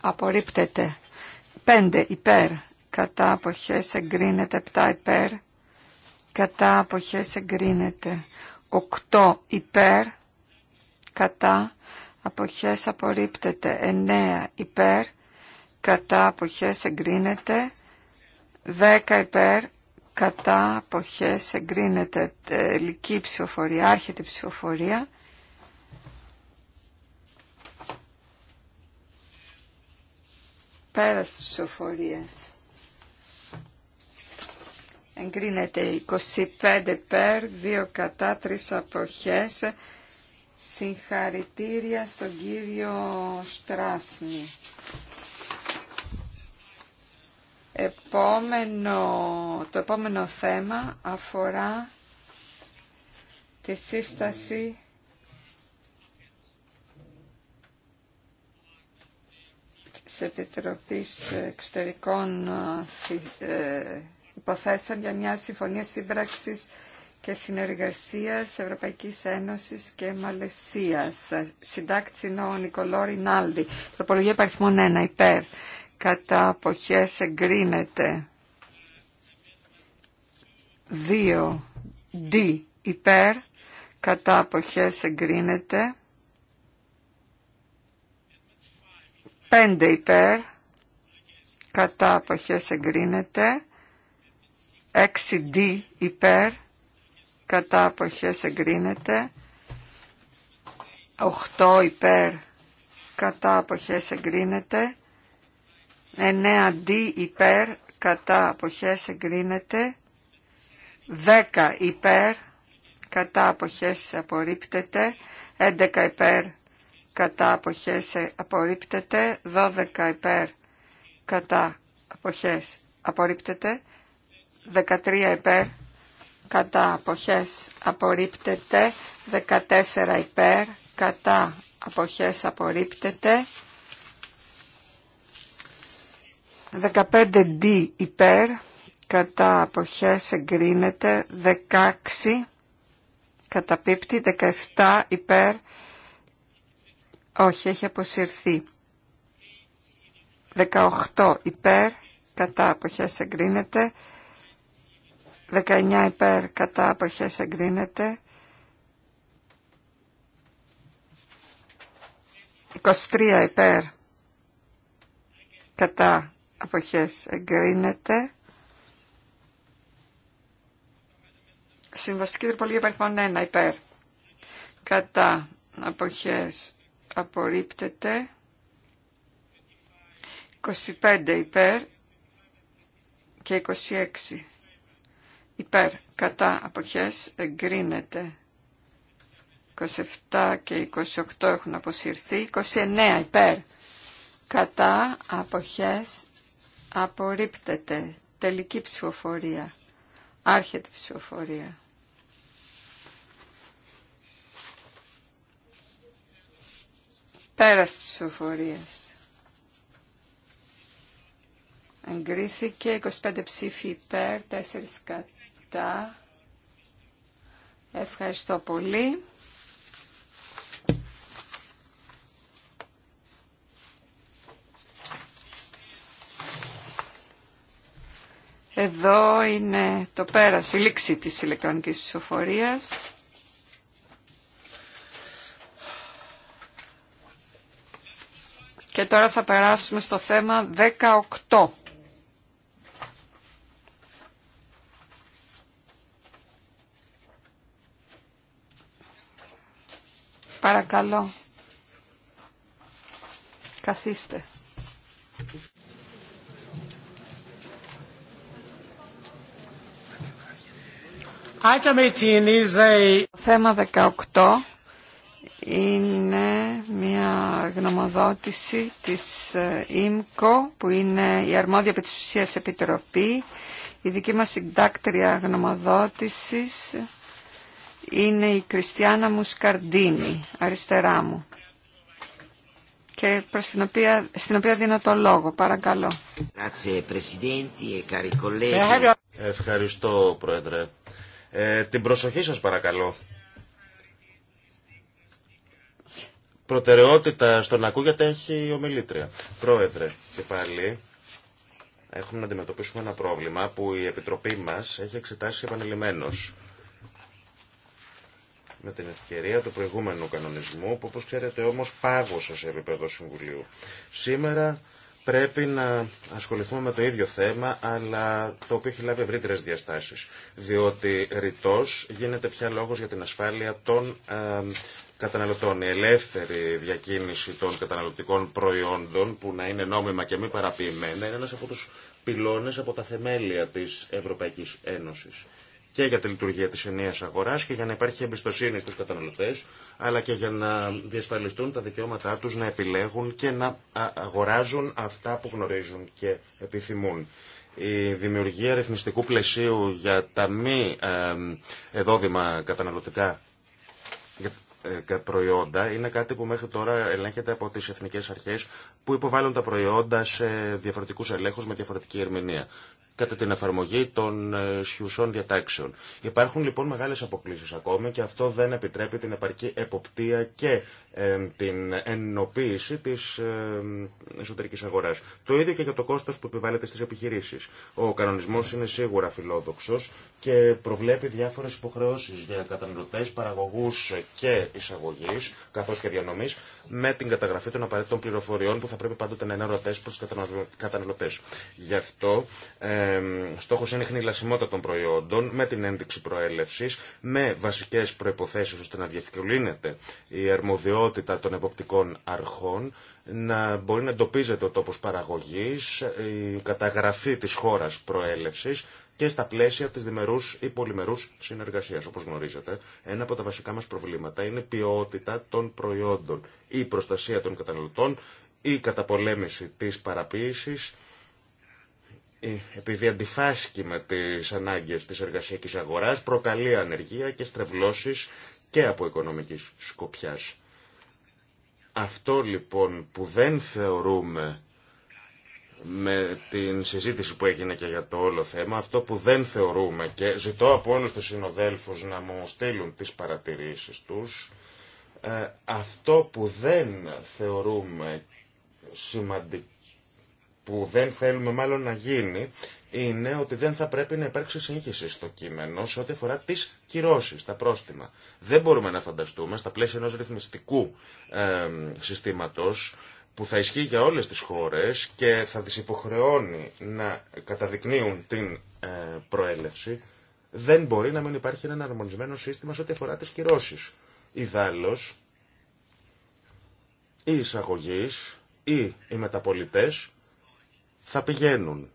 Απορρίπτεται. 5. Υπέρ. Κατά. Αποχές. Εγκρίνεται. 7. Υπέρ. Κατά. Αποχές. Εγκρίνεται. 8 υπέρ, κατά, αποχές απορρίπτεται. 9 υπέρ, κατά, αποχές εγκρίνεται. 10 υπέρ, κατά, αποχές εγκρίνεται. Τελική ψηφοφορία, άρχεται ψηφοφορία. Πέρας ψηφοφορίας εγκρίνεται 25 περ, 2 κατά, 3 αποχές. Συγχαρητήρια στον κύριο Στράσνη. Επόμενο, το επόμενο θέμα αφορά τη σύσταση της Επιτροπής Εξωτερικών ε, υποθέσεων για μια συμφωνία σύμπραξης και συνεργασίας Ευρωπαϊκής Ένωσης και Μαλαισίας. Συντάκτη είναι ο Νικολό Ρινάλδη. Τροπολογία υπαριθμών 1 υπέρ. Κατά αποχές εγκρίνεται. 2. D υπέρ. Κατά αποχές εγκρίνεται. 5 υπέρ. Κατά αποχές εγκρίνεται. 6D υπέρ κατά αποχές εγκρίνεται 8 υπέρ κατά αποχές εγκρίνεται 9D υπέρ κατά αποχές εγκρίνεται 10 υπέρ κατά αποχές απορρίπτεται 11 υπέρ κατά αποχές απορρίπτεται 12 υπέρ κατά αποχές απορρίπτεται 13 υπέρ κατά αποχές απορρίπτεται 14 υπέρ κατά αποχές απορρίπτεται 15 D υπέρ κατά αποχές εγκρίνεται 16 καταπίπτει 17 υπέρ όχι έχει αποσυρθεί 18 υπέρ κατά αποχές εγκρίνεται 19 υπέρ κατά αποχές εγκρίνεται. 23 υπέρ κατά αποχές εγκρίνεται. Συμβαστική τροπολογία μόνο 1 υπέρ κατά αποχές απορρίπτεται. 25 υπέρ και 26 υπέρ κατά αποχές εγκρίνεται 27 και 28 έχουν αποσυρθεί 29 υπέρ κατά αποχές απορρίπτεται τελική ψηφοφορία άρχεται ψηφοφορία πέρας της ψηφοφορίας εγκρίθηκε 25 ψήφοι υπέρ 4 κατά Ευχαριστώ πολύ. Εδώ είναι το πέρας, η λήξη της ηλεκτρονικής ψηφοφορίας. Και τώρα θα περάσουμε στο θέμα 18. Παρακαλώ. Καθίστε. Το θέμα 18 είναι μια γνωμοδότηση της ε, ΙΜΚΟ που είναι η αρμόδια επί της επιτροπή. Η δική μας συντάκτρια γνωμοδότησης είναι η Κριστιάνα Μουσκαρντίνη, αριστερά μου, και στην οποία δίνω το λόγο. Παρακαλώ.
E Ευχαριστώ, Πρόεδρε. Ε, την προσοχή σας παρακαλώ. Προτεραιότητα στον ακούγεται έχει η ομιλήτρια. Πρόεδρε, και πάλι έχουμε να αντιμετωπίσουμε ένα πρόβλημα που η Επιτροπή μας έχει εξετάσει επανειλημμένως με την ευκαιρία του προηγούμενου κανονισμού που όπως ξέρετε όμως πάγωσε σε επίπεδο Συμβουλίου. Σήμερα πρέπει να ασχοληθούμε με το ίδιο θέμα, αλλά το οποίο έχει λάβει ευρύτερε διαστάσει. Διότι ρητό γίνεται πια λόγο για την ασφάλεια των ε, καταναλωτών. Η ελεύθερη διακίνηση των καταναλωτικών προϊόντων, που να είναι νόμιμα και μη παραποιημένα, είναι ένα από του πυλώνε από τα θεμέλια τη Ευρωπαϊκή Ένωση και για τη λειτουργία της ενιαίας αγοράς και για να υπάρχει εμπιστοσύνη στους καταναλωτές, αλλά και για να διασφαλιστούν τα δικαιώματά τους να επιλέγουν και να αγοράζουν αυτά που γνωρίζουν και επιθυμούν. Η δημιουργία ρυθμιστικού πλαισίου για τα μη εδόδημα καταναλωτικά ε, προϊόντα είναι κάτι που μέχρι τώρα ελέγχεται από τις εθνικές αρχές που υποβάλλουν τα προϊόντα σε διαφορετικούς ελέγχους με διαφορετική ερμηνεία κατά την εφαρμογή των ε, σχιουσών διατάξεων. Υπάρχουν λοιπόν μεγάλες αποκλήσεις ακόμη και αυτό δεν επιτρέπει την επαρκή εποπτεία και την ενοποίηση της εσωτερική αγορά. Το ίδιο και για το κόστο που επιβάλλεται στι επιχειρήσει. Ο κανονισμό είναι σίγουρα φιλόδοξο και προβλέπει διάφορε υποχρεώσει για καταναλωτέ, παραγωγού και εισαγωγή, καθώ και διανομή, με την καταγραφή των απαραίτητων πληροφοριών που θα πρέπει πάντοτε να είναι ερωτές προ του καταναλωτέ. Γι' αυτό ε, στόχος είναι η χνηλασιμότητα των προϊόντων με την ένδειξη προέλευση με βασικέ προποθέσει ώστε να διευκολύνεται η αρμοδιότητα ποιότητα των εποπτικών αρχών να μπορεί να εντοπίζεται ο τόπος παραγωγής, η καταγραφή της χώρας προέλευσης και στα πλαίσια της διμερούς ή πολυμερούς συνεργασίας. Όπως γνωρίζετε, ένα από τα βασικά μας προβλήματα είναι η ποιότητα των προϊόντων, η προστασία των καταναλωτών, η καταπολέμηση της παραποίησης, επειδή αντιφάσκει με τις ανάγκες της εργασιακής αγοράς, προκαλεί ανεργία και στρεβλώσεις και από οικονομικής σκοπιάς. Αυτό λοιπόν που δεν θεωρούμε με την συζήτηση που έγινε και για το όλο θέμα, αυτό που δεν θεωρούμε και ζητώ από όλους τους συνοδέλφους να μου στείλουν τις παρατηρήσεις τους, ε, αυτό που δεν θεωρούμε σημαντικό, που δεν θέλουμε μάλλον να γίνει, είναι ότι δεν θα πρέπει να υπάρξει σύγχυση στο κείμενο σε ό,τι αφορά τι κυρώσει, τα πρόστιμα. Δεν μπορούμε να φανταστούμε στα πλαίσια ενό ρυθμιστικού ε, συστήματο που θα ισχύει για όλες τις χώρες και θα τις υποχρεώνει να καταδεικνύουν την ε, προέλευση, δεν μπορεί να μην υπάρχει ένα αρμονισμένο σύστημα σε ό,τι αφορά τις κυρώσεις. Ιδάλλως, οι εισαγωγείς ή οι μεταπολιτές θα πηγαίνουν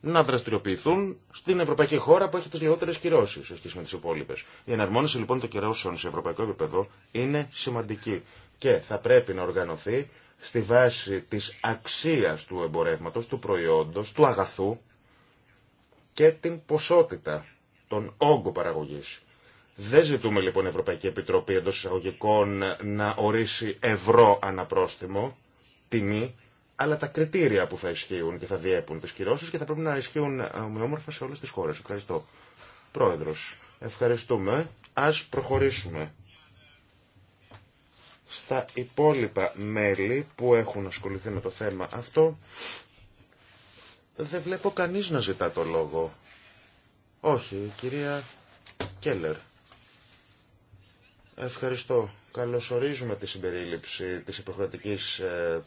να δραστηριοποιηθούν στην ευρωπαϊκή χώρα που έχει τι λιγότερε κυρώσει σε σχέση με τι υπόλοιπε. Η εναρμόνιση λοιπόν των κυρώσεων σε ευρωπαϊκό επίπεδο είναι σημαντική και θα πρέπει να οργανωθεί στη βάση της αξίας του εμπορεύματος, του προϊόντος, του αγαθού και την ποσότητα, των όγκο παραγωγή. Δεν ζητούμε λοιπόν η Ευρωπαϊκή Επιτροπή εντό εισαγωγικών να ορίσει ευρώ αναπρόστιμο, τιμή, αλλά τα κριτήρια που θα ισχύουν και θα διέπουν τι κυρώσεις και θα πρέπει να ισχύουν ομοιόμορφα σε όλες τις χώρε. Ευχαριστώ. Πρόεδρος, ευχαριστούμε. α προχωρήσουμε στα υπόλοιπα μέλη που έχουν ασχοληθεί με το θέμα αυτό. Δεν βλέπω κανείς να ζητά το λόγο. Όχι, κυρία Κέλλερ. Ευχαριστώ. Καλωσορίζουμε τη συμπερίληψη της υποχρεωτικής ε,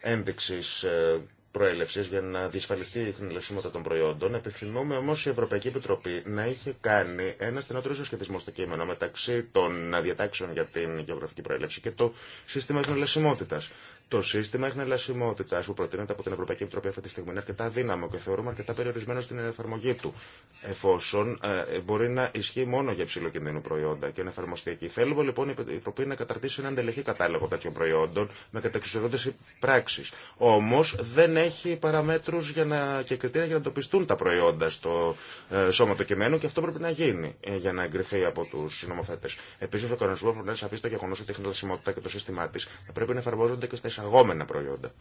ένδειξη ε, προέλευση για να διασφαλιστεί η χνηλευσιμότητα των προϊόντων. Επιθυμούμε όμως η Ευρωπαϊκή Επιτροπή να είχε κάνει ένα στενότερο σχετισμό στο κείμενο μεταξύ των διατάξεων για την γεωγραφική προέλευση και το σύστημα χνηλευσιμότητας. Το σύστημα εχνελασιμότητα που προτείνεται από την Ευρωπαϊκή Επιτροπή αυτή τη στιγμή είναι αρκετά δύναμο και θεωρούμε αρκετά περιορισμένο στην εφαρμογή του, εφόσον ε, μπορεί να ισχύει μόνο για υψηλοκινδύνου προϊόντα και να εφαρμοστεί εκεί. Θέλουμε λοιπόν η Επιτροπή να καταρτήσει έναν τελεχή κατάλογο τέτοιων προϊόντων με κατεξουσιοδότε πράξει. Όμω δεν έχει παραμέτρου να... και κριτήρια για να εντοπιστούν τα προϊόντα στο ε, σώμα του κειμένου και αυτό πρέπει να γίνει ε, για να εγκριθεί από του νομοθέτε. Επίση, ο κανονισμό πρέπει να σαφεί το γεγονό ότι η εχνηλασιμότητα και το σύστημά τη θα πρέπει να εφαρμόζονται και στα εισαγόμενα προϊόντα.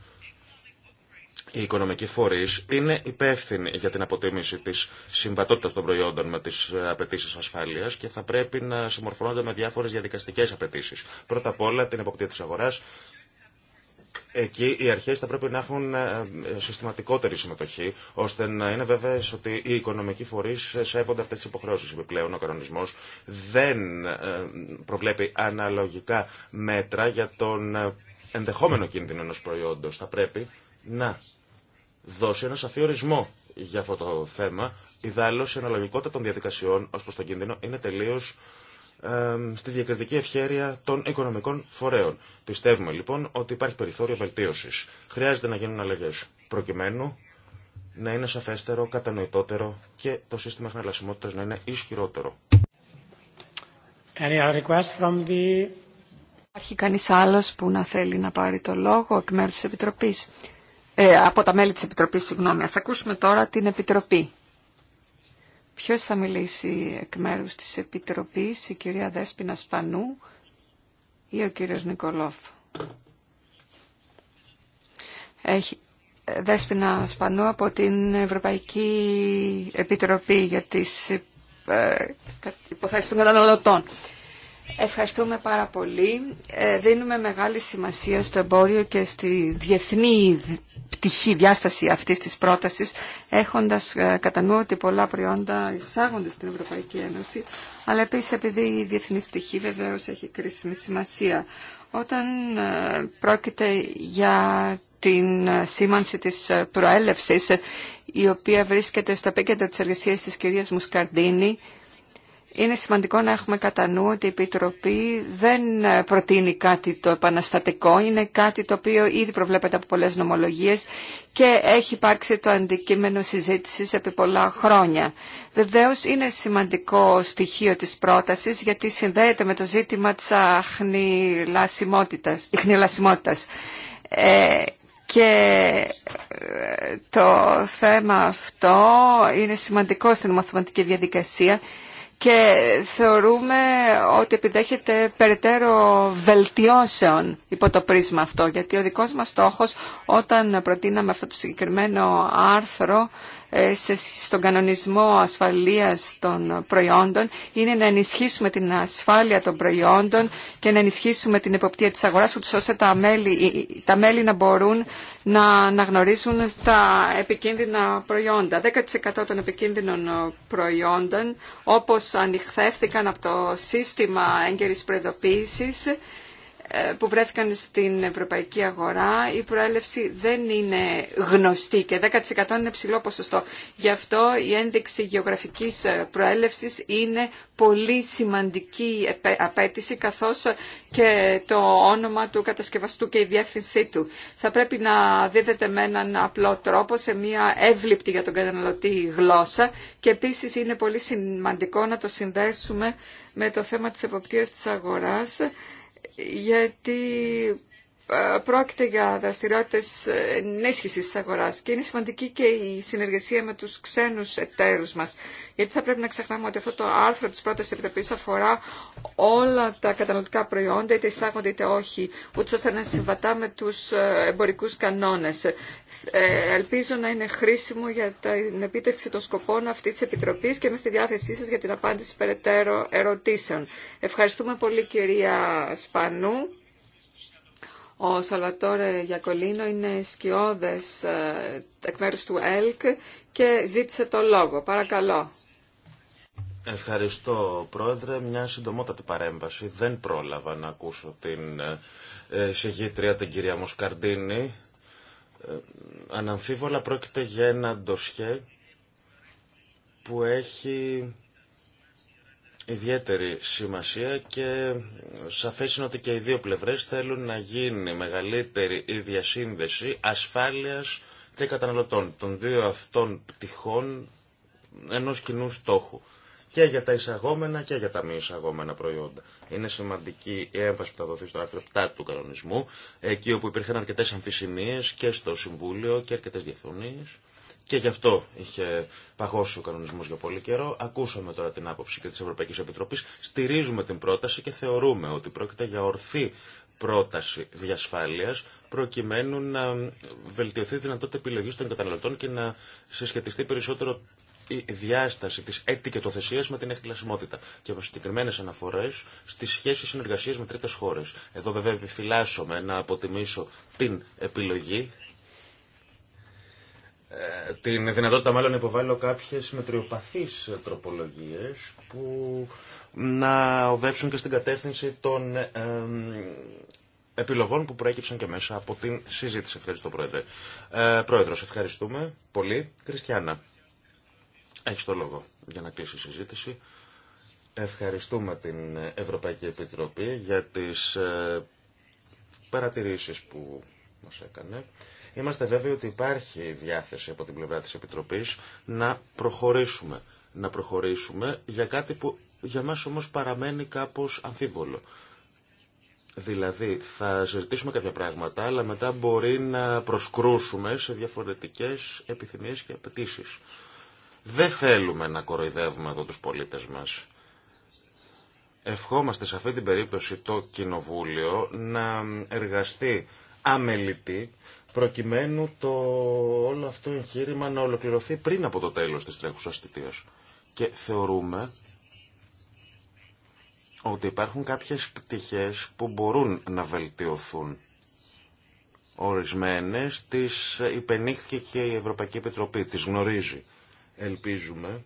Οι οικονομικοί φορεί είναι υπεύθυνοι για την αποτίμηση τη συμβατότητα των προϊόντων με τι ε, απαιτήσει ασφάλεια και θα πρέπει να συμμορφώνονται με διάφορε διαδικαστικέ απαιτήσει. Πρώτα απ' όλα την εποπτεία τη αγορά. Εκεί οι αρχέ θα πρέπει να έχουν ε, ε, συστηματικότερη συμμετοχή, ώστε να είναι βέβαιε ότι οι οικονομικοί φορεί σέβονται αυτέ τι υποχρεώσει. Επιπλέον, ο κανονισμό δεν προβλέπει αναλογικά μέτρα για τον ενδεχόμενο κίνδυνο ενό προϊόντο, Θα πρέπει να δώσει ένα σαφή ορισμό για αυτό το θέμα. Ιδάλλως η αναλογικότητα των διαδικασιών ω προ τον κίνδυνο είναι τελείω ε, στη διακριτική ευχέρεια των οικονομικών φορέων. Πιστεύουμε λοιπόν ότι υπάρχει περιθώριο βελτίωση. Χρειάζεται να γίνουν αλλαγέ. προκειμένου να είναι σαφέστερο, κατανοητότερο και το σύστημα εχνελασιμότητας να είναι ισχυρότερο.
Any request Υπάρχει κανείς άλλος που να θέλει να πάρει το λόγο εκ μέρους Επιτροπής. Ε, από τα μέλη της Επιτροπής, συγγνώμη. Ας ακούσουμε τώρα την Επιτροπή. Ποιος θα μιλήσει εκ μέρους της Επιτροπής, η κυρία Δέσποινα Σπανού ή ο κύριος Νικολόφ. Έχει, ε, Δέσποινα Σπανού από την Ευρωπαϊκή Επιτροπή για τις ε, υποθέσεις των καταναλωτών. Ευχαριστούμε πάρα πολύ. Ε, δίνουμε μεγάλη σημασία στο εμπόριο και στη διεθνή πτυχή διάσταση αυτής της πρότασης, έχοντας ε, κατά νου ότι πολλά προϊόντα εισάγονται στην Ευρωπαϊκή Ένωση, αλλά επίσης επειδή η διεθνής πτυχή βεβαίως έχει κρίσιμη σημασία. Όταν ε, πρόκειται για την σήμανση της προέλευσης, η οποία βρίσκεται στο επίκεντρο της εργασίας της κυρίας Μουσκαρντίνη, είναι σημαντικό να έχουμε κατά νου ότι η Επιτροπή δεν προτείνει κάτι το επαναστατικό, είναι κάτι το οποίο ήδη προβλέπεται από πολλές νομολογίες και έχει υπάρξει το αντικείμενο συζήτησης επί πολλά χρόνια. Βεβαίως είναι σημαντικό στοιχείο της πρότασης γιατί συνδέεται με το ζήτημα της αχνηλασιμότητας. Ε, και ε, το θέμα αυτό είναι σημαντικό στην μαθηματική διαδικασία και θεωρούμε ότι επιδέχεται περαιτέρω βελτιώσεων υπό το πρίσμα αυτό, γιατί ο δικός μας στόχος όταν προτείναμε αυτό το συγκεκριμένο άρθρο ε, στον κανονισμό ασφαλείας των προϊόντων είναι να ενισχύσουμε την ασφάλεια των προϊόντων και να ενισχύσουμε την εποπτεία της αγοράς ώστε τα μέλη, τα μέλη να μπορούν να αναγνωρίζουν τα επικίνδυνα προϊόντα. 10% των επικίνδυνων προϊόντων όπως ανοιχθεύθηκαν από το σύστημα έγκαιρης προειδοποίησης ε, που βρέθηκαν στην ευρωπαϊκή αγορά η προέλευση δεν είναι γνωστή και 10% είναι ψηλό ποσοστό. Γι' αυτό η ένδειξη γεωγραφικής ε, προέλευσης είναι πολύ σημαντική απέτηση καθώς ε, και το όνομα του κατασκευαστού και η διεύθυνσή του. Θα πρέπει να δίδεται με έναν απλό τρόπο σε μια εύληπτη για τον καταναλωτή γλώσσα και επίσης είναι πολύ σημαντικό να το συνδέσουμε με το θέμα της εποπτείας της αγοράς γιατί ε, πρόκειται για δραστηριότητε ενίσχυση τη αγορά και είναι σημαντική και η συνεργασία με του ξένου εταίρου μα, Γιατί θα πρέπει να ξεχνάμε ότι αυτό το άρθρο τη πρώτη επιτροπή αφορά όλα τα καταναλωτικά προϊόντα, είτε εισάγονται είτε όχι, ούτω ώστε να συμβατά με τους ε, εμπορικούς κανόνες. Ε, ελπίζω να είναι χρήσιμο για την επίτευξη των σκοπών αυτή τη επιτροπή και είμαι στη διάθεσή σα για την απάντηση περαιτέρω ερωτήσεων. Ευχαριστούμε πολύ κυρία Σπανού. Ο Σαλβατόρε Γιακολίνο είναι σκιώδες ε, εκ μέρους του ΕΛΚ και ζήτησε το λόγο. Παρακαλώ.
Ευχαριστώ, Πρόεδρε. Μια συντομότατη παρέμβαση. Δεν πρόλαβα να ακούσω την ε, συγγήτρια, την κυρία Μοσκαρντίνη. Ε, αναμφίβολα πρόκειται για ένα ντοσιέ που έχει ιδιαίτερη σημασία και σαφές είναι ότι και οι δύο πλευρές θέλουν να γίνει μεγαλύτερη η διασύνδεση ασφάλειας και καταναλωτών των δύο αυτών πτυχών ενός κοινού στόχου και για τα εισαγόμενα και για τα μη εισαγόμενα προϊόντα. Είναι σημαντική η έμφαση που θα δοθεί στο άρθρο 7 του κανονισμού, εκεί όπου υπήρχαν αρκετέ αμφισημίες και στο Συμβούλιο και αρκετές διαφωνίες. Και γι' αυτό είχε παγώσει ο κανονισμό για πολύ καιρό. Ακούσαμε τώρα την άποψη και τη Ευρωπαϊκή Επιτροπή. Στηρίζουμε την πρόταση και θεωρούμε ότι πρόκειται για ορθή πρόταση διασφάλεια προκειμένου να βελτιωθεί η δυνατότητα επιλογή των καταναλωτών και να συσχετιστεί περισσότερο η διάσταση τη ετικετοθεσία με την εκκλασιμότητα και με συγκεκριμένε αναφορέ στι σχέσει συνεργασία με τρίτε χώρε. Εδώ βέβαια επιφυλάσσομαι να αποτιμήσω την επιλογή την δυνατότητα μάλλον να υποβάλω κάποιες μετριοπαθείς τροπολογίες που να οδεύσουν και στην κατεύθυνση των επιλογών που προέκυψαν και μέσα από την συζήτηση. Ευχαριστώ, Πρόεδρε. Ε, πρόεδρος, ευχαριστούμε πολύ. Κριστιανά, έχεις το λόγο για να κλείσει η συζήτηση. Ευχαριστούμε την Ευρωπαϊκή Επιτροπή για τις ε, παρατηρήσεις που μας έκανε. Είμαστε βέβαιοι ότι υπάρχει διάθεση από την πλευρά της Επιτροπής να προχωρήσουμε. Να προχωρήσουμε για κάτι που για μας όμως παραμένει κάπως αμφίβολο. Δηλαδή θα ζητήσουμε κάποια πράγματα, αλλά μετά μπορεί να προσκρούσουμε σε διαφορετικές επιθυμίες και απαιτήσει. Δεν θέλουμε να κοροϊδεύουμε εδώ τους πολίτες μας. Ευχόμαστε σε αυτή την περίπτωση το Κοινοβούλιο να εργαστεί αμελητή, προκειμένου το όλο αυτό εγχείρημα να ολοκληρωθεί πριν από το τέλος της τρέχουσας θητείας. Και θεωρούμε ότι υπάρχουν κάποιες πτυχές που μπορούν να βελτιωθούν. Ορισμένες τις υπενήχθηκε και η Ευρωπαϊκή Επιτροπή, τις γνωρίζει. Ελπίζουμε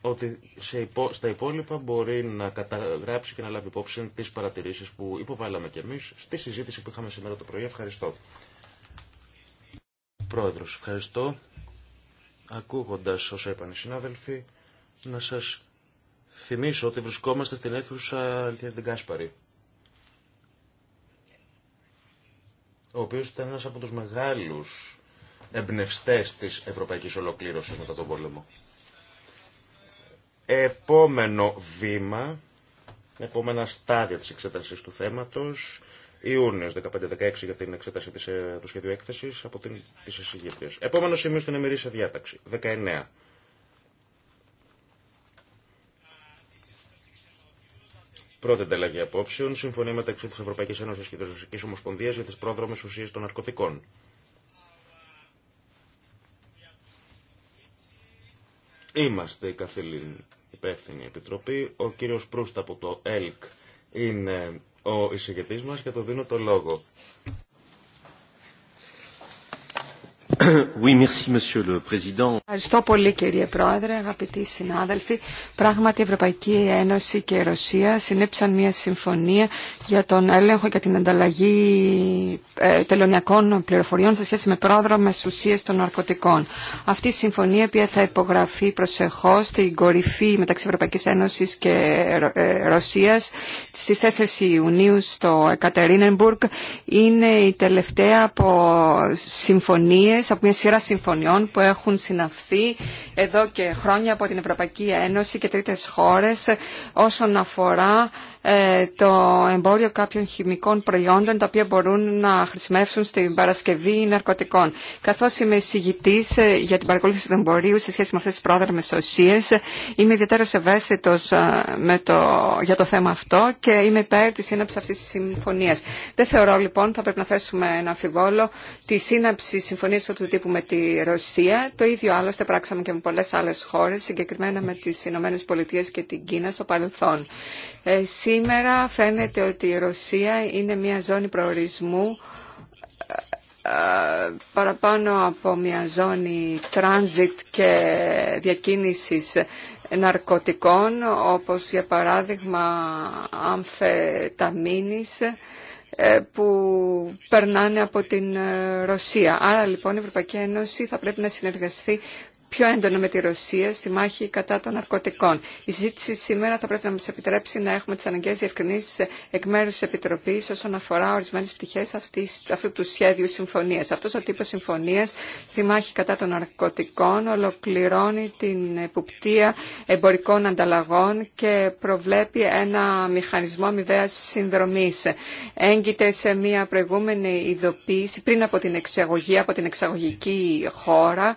ότι σε στα υπόλοιπα μπορεί να καταγράψει και να λάβει υπόψη τις παρατηρήσεις που υποβάλαμε κι εμείς στη συζήτηση που είχαμε σήμερα το πρωί. Ευχαριστώ. Πρόεδρος, ευχαριστώ. Ακούγοντας όσα είπαν οι συνάδελφοι, να σας θυμίσω ότι βρισκόμαστε στην αίθουσα Αλτιάς Κάσπαρη. ο οποίος ήταν ένας από τους μεγάλους εμπνευστέ της ευρωπαϊκής ολοκλήρωσης μετά τον πόλεμο. Επόμενο βήμα, επόμενα στάδια της εξέτασης του θέματος, Ιούνιο 15-16 για την εξέταση της, ε, του σχεδίου έκθεση από την τη Επόμενο σημείο στην εμερήσια διάταξη. 19. Πρώτη ανταλλαγή απόψεων, συμφωνία μεταξύ τη Ευρωπαϊκή Ένωση και τη Ρωσική Ομοσπονδία για τι πρόδρομε ουσίε των ναρκωτικών. Είμαστε η καθήλυν υπεύθυνη επιτροπή. Ο κύριο Προύστα από το ΕΛΚ είναι ο εισηγητής μας και το δίνω το λόγο.
Ευχαριστώ πολύ κύριε Πρόεδρε, αγαπητοί συνάδελφοι. Πράγματι η Ευρωπαϊκή Ένωση και η Ρωσία συνέψαν μια συμφωνία για τον έλεγχο και την ανταλλαγή ε, τελωνιακών πληροφοριών σε σχέση με πρόδρομες ουσίε των ναρκωτικών. Αυτή η συμφωνία η οποία θα υπογραφεί προσεχώ στην κορυφή μεταξύ Ευρωπαϊκή Ένωση και ε, Ρωσία, στι 4 Ιουνίου στο Κατερίνενμπουργκ, είναι η τελευταία από συμφωνίε από μια σειρά συμφωνιών που έχουν συναυθεί εδώ και χρόνια από την Ευρωπαϊκή Ένωση και τρίτες χώρες όσον αφορά ε, το εμπόριο κάποιων χημικών προϊόντων τα οποία μπορούν να χρησιμεύσουν στην παρασκευή ναρκωτικών. Καθώς είμαι εισηγητής ε, για την παρακολούθηση του εμπορίου σε σχέση με αυτές τις πρόδρομες ουσίες, είμαι ιδιαίτερος ευαίσθητος ε, με το, για το θέμα αυτό και είμαι υπέρ της σύναψης αυτής της συμφωνίας. Δεν θεωρώ λοιπόν θα πρέπει να θέσουμε ένα αμφιβόλο τη σύναψη συμφωνίας του του τύπου με τη Ρωσία. Το ίδιο άλλωστε πράξαμε και με πολλές άλλες χώρες, συγκεκριμένα με τις Ηνωμένε Πολιτείε και την Κίνα στο παρελθόν. Ε, σήμερα φαίνεται ότι η Ρωσία είναι μια ζώνη προορισμού ε, ε, παραπάνω από μια ζώνη τράνζιτ και διακίνησης ναρκωτικών όπως για παράδειγμα αμφεταμίνης ε, που περνάνε από την ε, Ρωσία. Άρα λοιπόν η Ευρωπαϊκή Ένωση θα πρέπει να συνεργαστεί πιο έντονο με τη Ρωσία στη μάχη κατά των ναρκωτικών. Η συζήτηση σήμερα θα πρέπει να μα επιτρέψει να έχουμε τι αναγκαίε διευκρινήσει εκ μέρου τη Επιτροπή όσον αφορά ορισμένε πτυχέ αυτού του σχέδιου συμφωνία. Αυτό ο τύπο συμφωνία στη μάχη κατά των ναρκωτικών ολοκληρώνει την εποπτεία εμπορικών ανταλλαγών και προβλέπει ένα μηχανισμό αμοιβαία συνδρομή. Έγκυται σε μια προηγούμενη ειδοποίηση πριν από την εξαγωγή, από την εξαγωγική χώρα,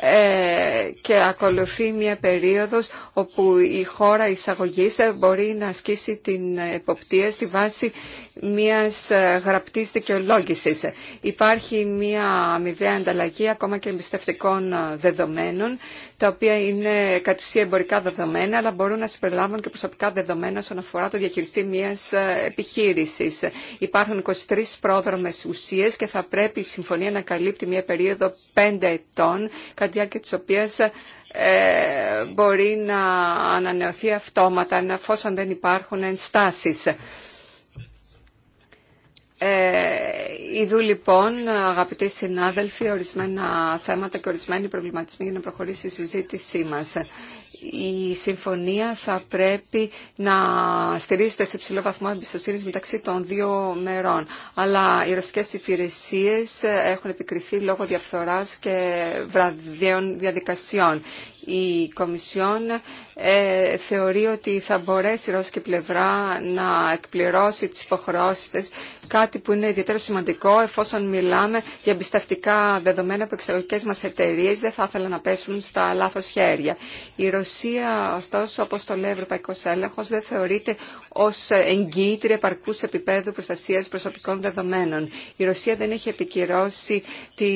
ε, και ακολουθεί μια περίοδος όπου η χώρα εισαγωγής μπορεί να ασκήσει την εποπτεία στη βάση μιας ε, γραπτής δικαιολόγησης. Υπάρχει μια αμοιβαία ανταλλαγή ακόμα και εμπιστευτικών ε, δεδομένων, τα οποία είναι κατ' ουσία εμπορικά δεδομένα, αλλά μπορούν να συμπεριλάβουν και προσωπικά δεδομένα όσον αφορά το διαχειριστή μιας ε, επιχείρησης. Υπάρχουν 23 πρόδρομες ουσίες και θα πρέπει η συμφωνία να καλύπτει μια περίοδο 5 ετών, κατά τη διάρκεια της οποίας ε, μπορεί να ανανεωθεί αυτόματα, εφόσον δεν υπάρχουν ενστάσεις. Ε, Ιδού λοιπόν, αγαπητοί συνάδελφοι, ορισμένα θέματα και ορισμένοι προβληματισμοί για να προχωρήσει η συζήτησή μας. Η συμφωνία θα πρέπει να στηρίζεται σε ψηλό βαθμό εμπιστοσύνη μεταξύ των δύο μερών. Αλλά οι ρωσικές υπηρεσίε έχουν επικριθεί λόγω διαφθοράς και βραδιών διαδικασιών. Η Κομισιόν ε, θεωρεί ότι θα μπορέσει η Ρώσικη πλευρά να εκπληρώσει τις υποχρεώσεις της, κάτι που είναι ιδιαίτερα σημαντικό εφόσον μιλάμε για εμπιστευτικά δεδομένα που εξαγωγικές μας εταιρείε δεν θα ήθελα να πέσουν στα λάθος χέρια. Η Ρωσία, ωστόσο, όπως το λέει ο Ευρωπαϊκός Έλεγχος, δεν θεωρείται ως εγγύητρια επαρκούς επίπεδου προστασίας προσωπικών δεδομένων. Η Ρωσία δεν έχει επικυρώσει τη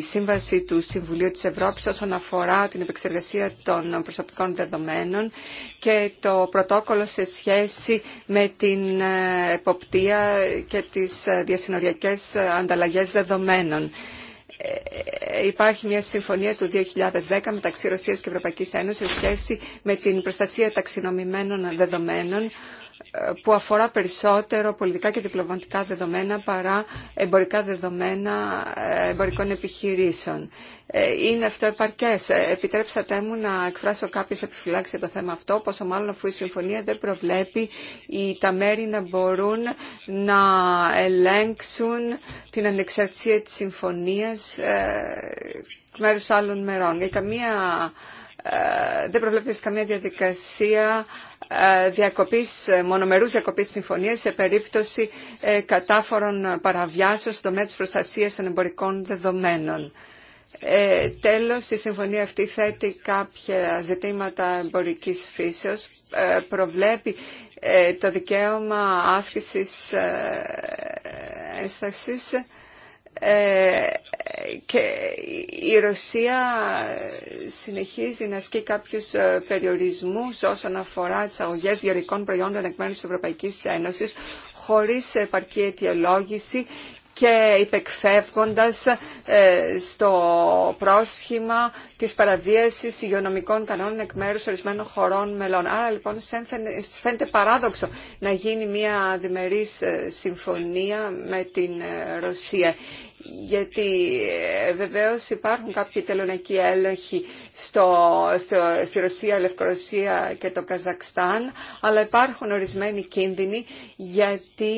σύμβαση του Συμβουλίου της Ευρώπης όσον αφορά την επεξεργασία των προσωπικών δεδομένων και το πρωτόκολλο σε σχέση με την ε, εποπτεία και τις ε, διασυνοριακές ανταλλαγές δεδομένων ε, υπάρχει μια συμφωνία του 2010 μεταξύ Ρωσίας και Ευρωπαϊκής Ένωσης σε σχέση με την προστασία ταξινομημένων δεδομένων που αφορά περισσότερο πολιτικά και διπλωματικά δεδομένα παρά εμπορικά δεδομένα ε, εμπορικών επιχειρήσεων. Ε, είναι αυτό επαρκέ. Ε, επιτρέψατε μου να εκφράσω κάποιε επιφυλάξει για το θέμα αυτό, πόσο μάλλον αφού η συμφωνία δεν προβλέπει οι, τα μέρη να μπορούν να ελέγξουν την ανεξαρτησία της συμφωνίας μέρου άλλων μερών. καμία, δεν προβλέπει καμία διαδικασία ε, διακοπής, ε, μονομερούς διακοπής συμφωνίας σε περίπτωση ε, κατάφορων παραβιάσεων στον τομέα της προστασίας των εμπορικών δεδομένων. τέλος, η συμφωνία αυτή θέτει κάποια ζητήματα εμπορικής φύσεως, προβλέπει το δικαίωμα άσκησης έσταξης ε, και η Ρωσία συνεχίζει να ασκεί κάποιους ε, περιορισμούς όσον αφορά τις αγωγές γεωρικών προϊόντων εκ μέρους της Ευρωπαϊκής Ένωσης χωρίς επαρκή αιτιολόγηση και υπεκφεύγοντας ε, στο πρόσχημα της παραβίασης υγειονομικών κανόνων εκ μέρους ορισμένων χωρών μελών. Άρα λοιπόν φαίνεται παράδοξο να γίνει μια διμερής ε, συμφωνία με την ε, Ρωσία γιατί ε, βεβαίως υπάρχουν κάποιοι τελωνακοί έλεγχοι στο, στο, στη Ρωσία, Λευκορωσία και το Καζακστάν, αλλά υπάρχουν ορισμένοι κίνδυνοι γιατί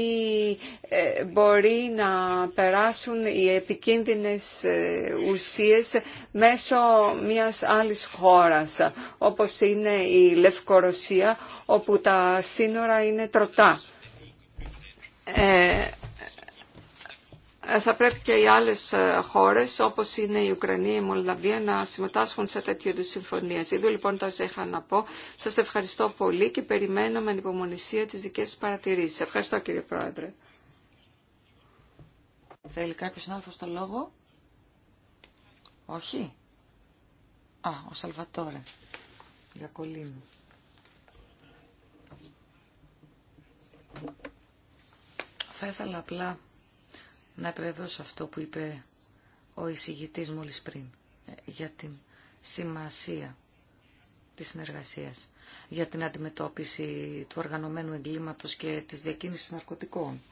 ε, μπορεί να περάσουν οι επικίνδυνες ε, ουσίες μέσω μιας άλλης χώρας, όπως είναι η Λευκορωσία, όπου τα σύνορα είναι τροτά. Ε, θα πρέπει και οι άλλες ε, χώρες όπως είναι η Ουκρανία, η Μολδαβία να συμμετάσχουν σε τέτοιου είδους συμφωνίες. Ήδη λοιπόν τα είχα να πω. Σας ευχαριστώ πολύ και περιμένω με ανυπομονησία τις δικές σας παρατηρήσεις. Ευχαριστώ κύριε Πρόεδρε.
Θέλει κάποιος συνάδελφος στο λόγο. Όχι. Α, ο Σαλβατόρε. Για Θα ήθελα απλά να επιβεβαιώσω αυτό που είπε ο εισηγητής μόλις πριν ε, για την σημασία της συνεργασίας, για την αντιμετώπιση του οργανωμένου εγκλήματος και της διακίνησης ναρκωτικών.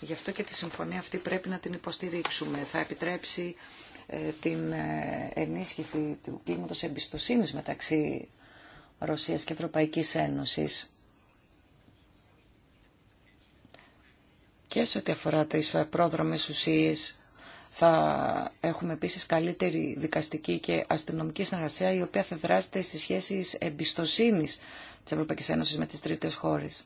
Γι' αυτό και τη συμφωνία αυτή πρέπει να την υποστηρίξουμε. Θα επιτρέψει ε, την ε, ενίσχυση του κλίματος εμπιστοσύνης μεταξύ Ρωσίας και Ευρωπαϊκής Ένωσης. και σε ό,τι αφορά τις ε, πρόδρομες ουσίες θα έχουμε επίσης καλύτερη δικαστική και αστυνομική συνεργασία η οποία θα δράσει στις σχέσεις εμπιστοσύνης της Ευρωπαϊκής Ένωσης με τις τρίτες χώρες.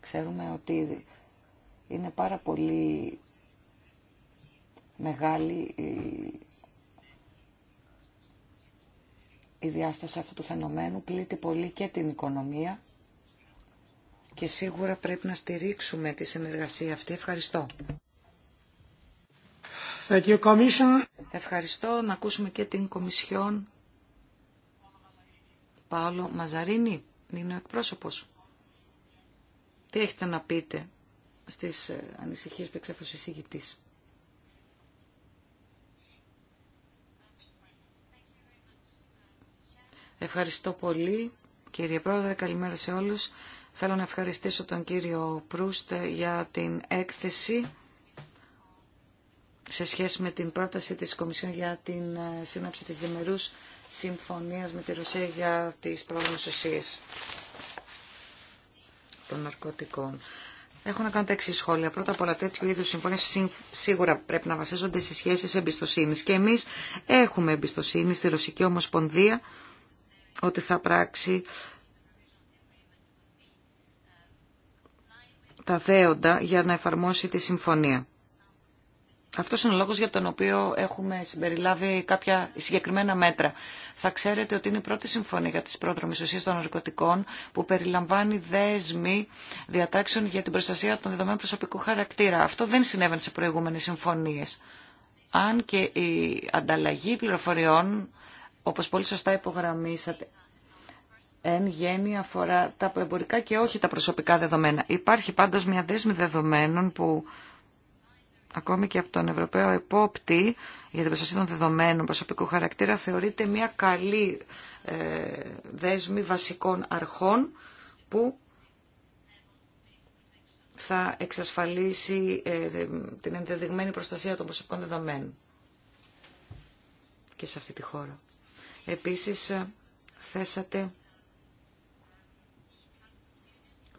Ξέρουμε ότι είναι πάρα πολύ μεγάλη η διάσταση αυτού του φαινομένου πλήττει πολύ και την οικονομία και σίγουρα πρέπει να στηρίξουμε τη συνεργασία αυτή. Ευχαριστώ. Thank you, Commission. Ευχαριστώ. Να ακούσουμε και την Κομισιόν. Παόλο Μαζαρίνη είναι ο εκπρόσωπος. Τι έχετε να πείτε στις ε, ανησυχίες που εξέφρασε η Ευχαριστώ πολύ κύριε Πρόεδρε, καλημέρα σε όλους. Θέλω να ευχαριστήσω τον κύριο Προύστ για την έκθεση σε σχέση με την πρόταση της Κομισιόν για την ε, σύναψη της Δημερούς Συμφωνίας με τη Ρωσία για τις πρόγραμμα των ναρκωτικών. Έχω να κάνω τα σχόλια. Πρώτα απ' όλα, τέτοιου είδου συμφωνίε σίγουρα πρέπει να βασίζονται σε σχέσει εμπιστοσύνη. Και εμεί έχουμε εμπιστοσύνη στη Ρωσική Ομοσπονδία ότι θα πράξει τα δέοντα για να εφαρμόσει τη συμφωνία. Αυτό είναι ο λόγος για τον οποίο έχουμε συμπεριλάβει κάποια συγκεκριμένα μέτρα. Θα ξέρετε ότι είναι η πρώτη συμφωνία για τις πρόδρομες ουσίες των ορκωτικών που περιλαμβάνει δέσμοι διατάξεων για την προστασία των δεδομένων προσωπικού χαρακτήρα. Αυτό δεν συνέβαινε σε προηγούμενες συμφωνίες. Αν και η ανταλλαγή πληροφοριών όπως πολύ σωστά υπογραμμίσατε, εν γέννη αφορά τα εμπορικά και όχι τα προσωπικά δεδομένα. Υπάρχει πάντως μια δέσμη δεδομένων που ακόμη και από τον Ευρωπαίο Επόπτη για την προστασία των δεδομένων προσωπικού χαρακτήρα θεωρείται μια καλή ε, δέσμη βασικών αρχών που θα εξασφαλίσει ε, την ενδεδειγμένη προστασία των προσωπικών δεδομένων και σε αυτή τη χώρα. Επίσης ε, θέσατε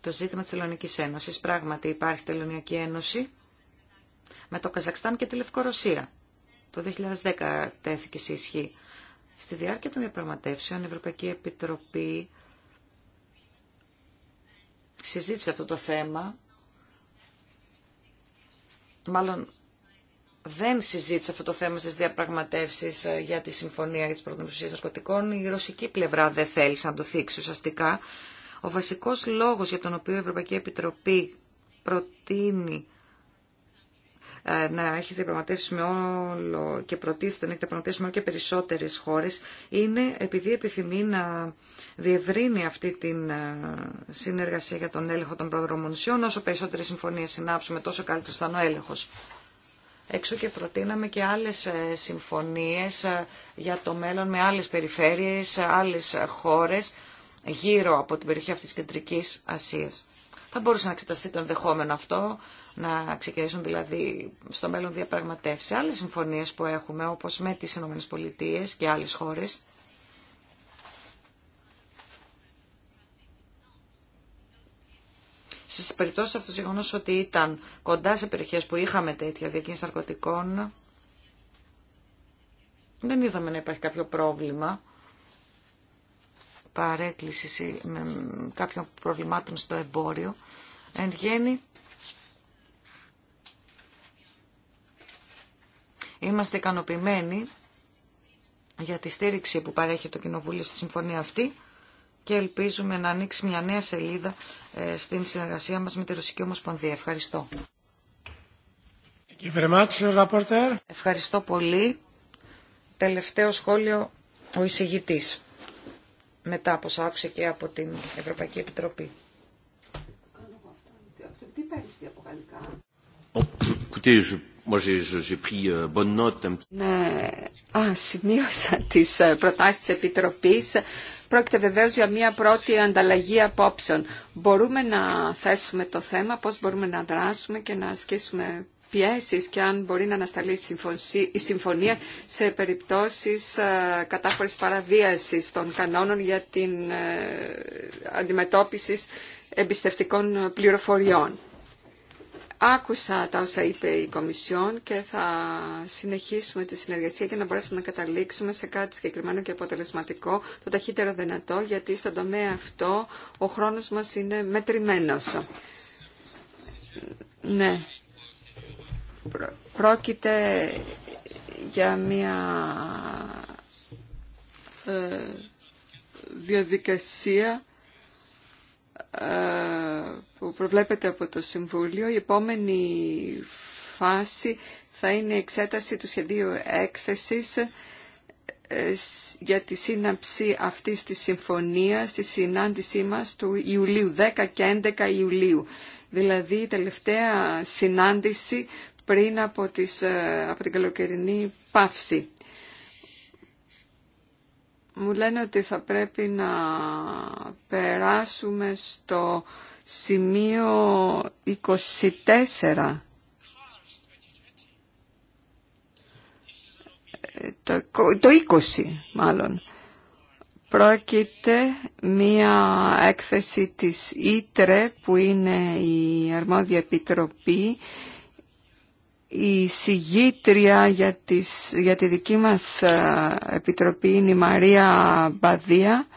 το ζήτημα της Τελωνικής Ένωσης. Πράγματι υπάρχει Τελωνιακή Ένωση με το Καζακστάν και τη Λευκορωσία. Το 2010 τέθηκε σε ισχύ. Στη διάρκεια των διαπραγματεύσεων η Ευρωπαϊκή Επιτροπή συζήτησε αυτό το θέμα. Μάλλον δεν συζήτησε αυτό το θέμα στι διαπραγματεύσει ε, για τη συμφωνία για τι πρωτομουσίες ναρκωτικών. Η ρωσική πλευρά δεν θέλησε να το θίξει ουσιαστικά. Ο βασικό λόγο για τον οποίο η Ευρωπαϊκή Επιτροπή προτείνει ε, να έχει διαπραγματεύσει με όλο και προτίθεται να έχει διαπραγματεύσει με όλο και περισσότερε χώρε, είναι επειδή επιθυμεί να διευρύνει αυτή την ε, συνεργασία για τον έλεγχο των προδρομονισιών. Όσο περισσότερε συμφωνίε συνάψουμε τόσο καλύτερο θα είναι ο έλεγχο. Έξω και προτείναμε και άλλες ε, συμφωνίες ε, για το μέλλον με άλλες περιφέρειες, ε, άλλες χώρες γύρω από την περιοχή αυτής της Κεντρικής Ασίας. Θα μπορούσε να εξεταστεί το ενδεχόμενο αυτό, να ξεκινήσουν δηλαδή στο μέλλον διαπραγματεύσει. Άλλες συμφωνίες που έχουμε, όπως με τις ΗΠΑ και άλλες χώρες, Στι περιπτώσει αυτού, το γεγονό ότι ήταν κοντά σε περιοχέ που είχαμε τέτοια διακίνηση ναρκωτικών, δεν είδαμε να υπάρχει κάποιο πρόβλημα παρέκκληση με κάποιων προβλημάτων στο εμπόριο. Εν γέννη, είμαστε ικανοποιημένοι για τη στήριξη που παρέχει το Κοινοβούλιο στη συμφωνία αυτή και ελπίζουμε να ανοίξει μια νέα σελίδα ε, στην συνεργασία μας με τη Ρωσική Ομοσπονδία. Ευχαριστώ. Ευχαριστώ πολύ. Τελευταίο σχόλιο ο εισηγητής. Μετά από άκουσε και από την Ευρωπαϊκή Επιτροπή.
Ναι, α, σημείωσα τις ε, προτάσεις της Επιτροπής. Πρόκειται βεβαίω για μια πρώτη ανταλλαγή απόψεων. Μπορούμε να θέσουμε το θέμα, πώς μπορούμε να δράσουμε και να ασκήσουμε πιέσεις και αν μπορεί να ανασταλεί η συμφωνία σε περιπτώσεις ε, κατάφορης παραβίασης των κανόνων για την ε, αντιμετώπιση εμπιστευτικών πληροφοριών. Άκουσα τα όσα είπε η Κομισιόν και θα συνεχίσουμε τη συνεργασία για να μπορέσουμε να καταλήξουμε σε κάτι συγκεκριμένο και αποτελεσματικό το ταχύτερο δυνατό γιατί στον τομέα αυτό ο χρόνος μας είναι μετρημένος. Ναι, πρόκειται για μια ε, διαδικασία ε, προβλέπεται από το Συμβούλιο, η επόμενη φάση θα είναι η εξέταση του σχεδίου έκθεσης ε, για τη σύναψη αυτής της συμφωνίας στη συνάντησή μας του Ιουλίου, 10 και 11 Ιουλίου. Δηλαδή η τελευταία συνάντηση πριν από, τις, ε, από την καλοκαιρινή πάυση μου λένε ότι θα πρέπει να περάσουμε στο σημείο 24. Ε, το, 20 μάλλον. Πρόκειται μία έκθεση της ΙΤΡΕ που είναι η αρμόδια επιτροπή η συγγήτρια για, τη δική μας ε, επιτροπή είναι η Μαρία Μπαδία,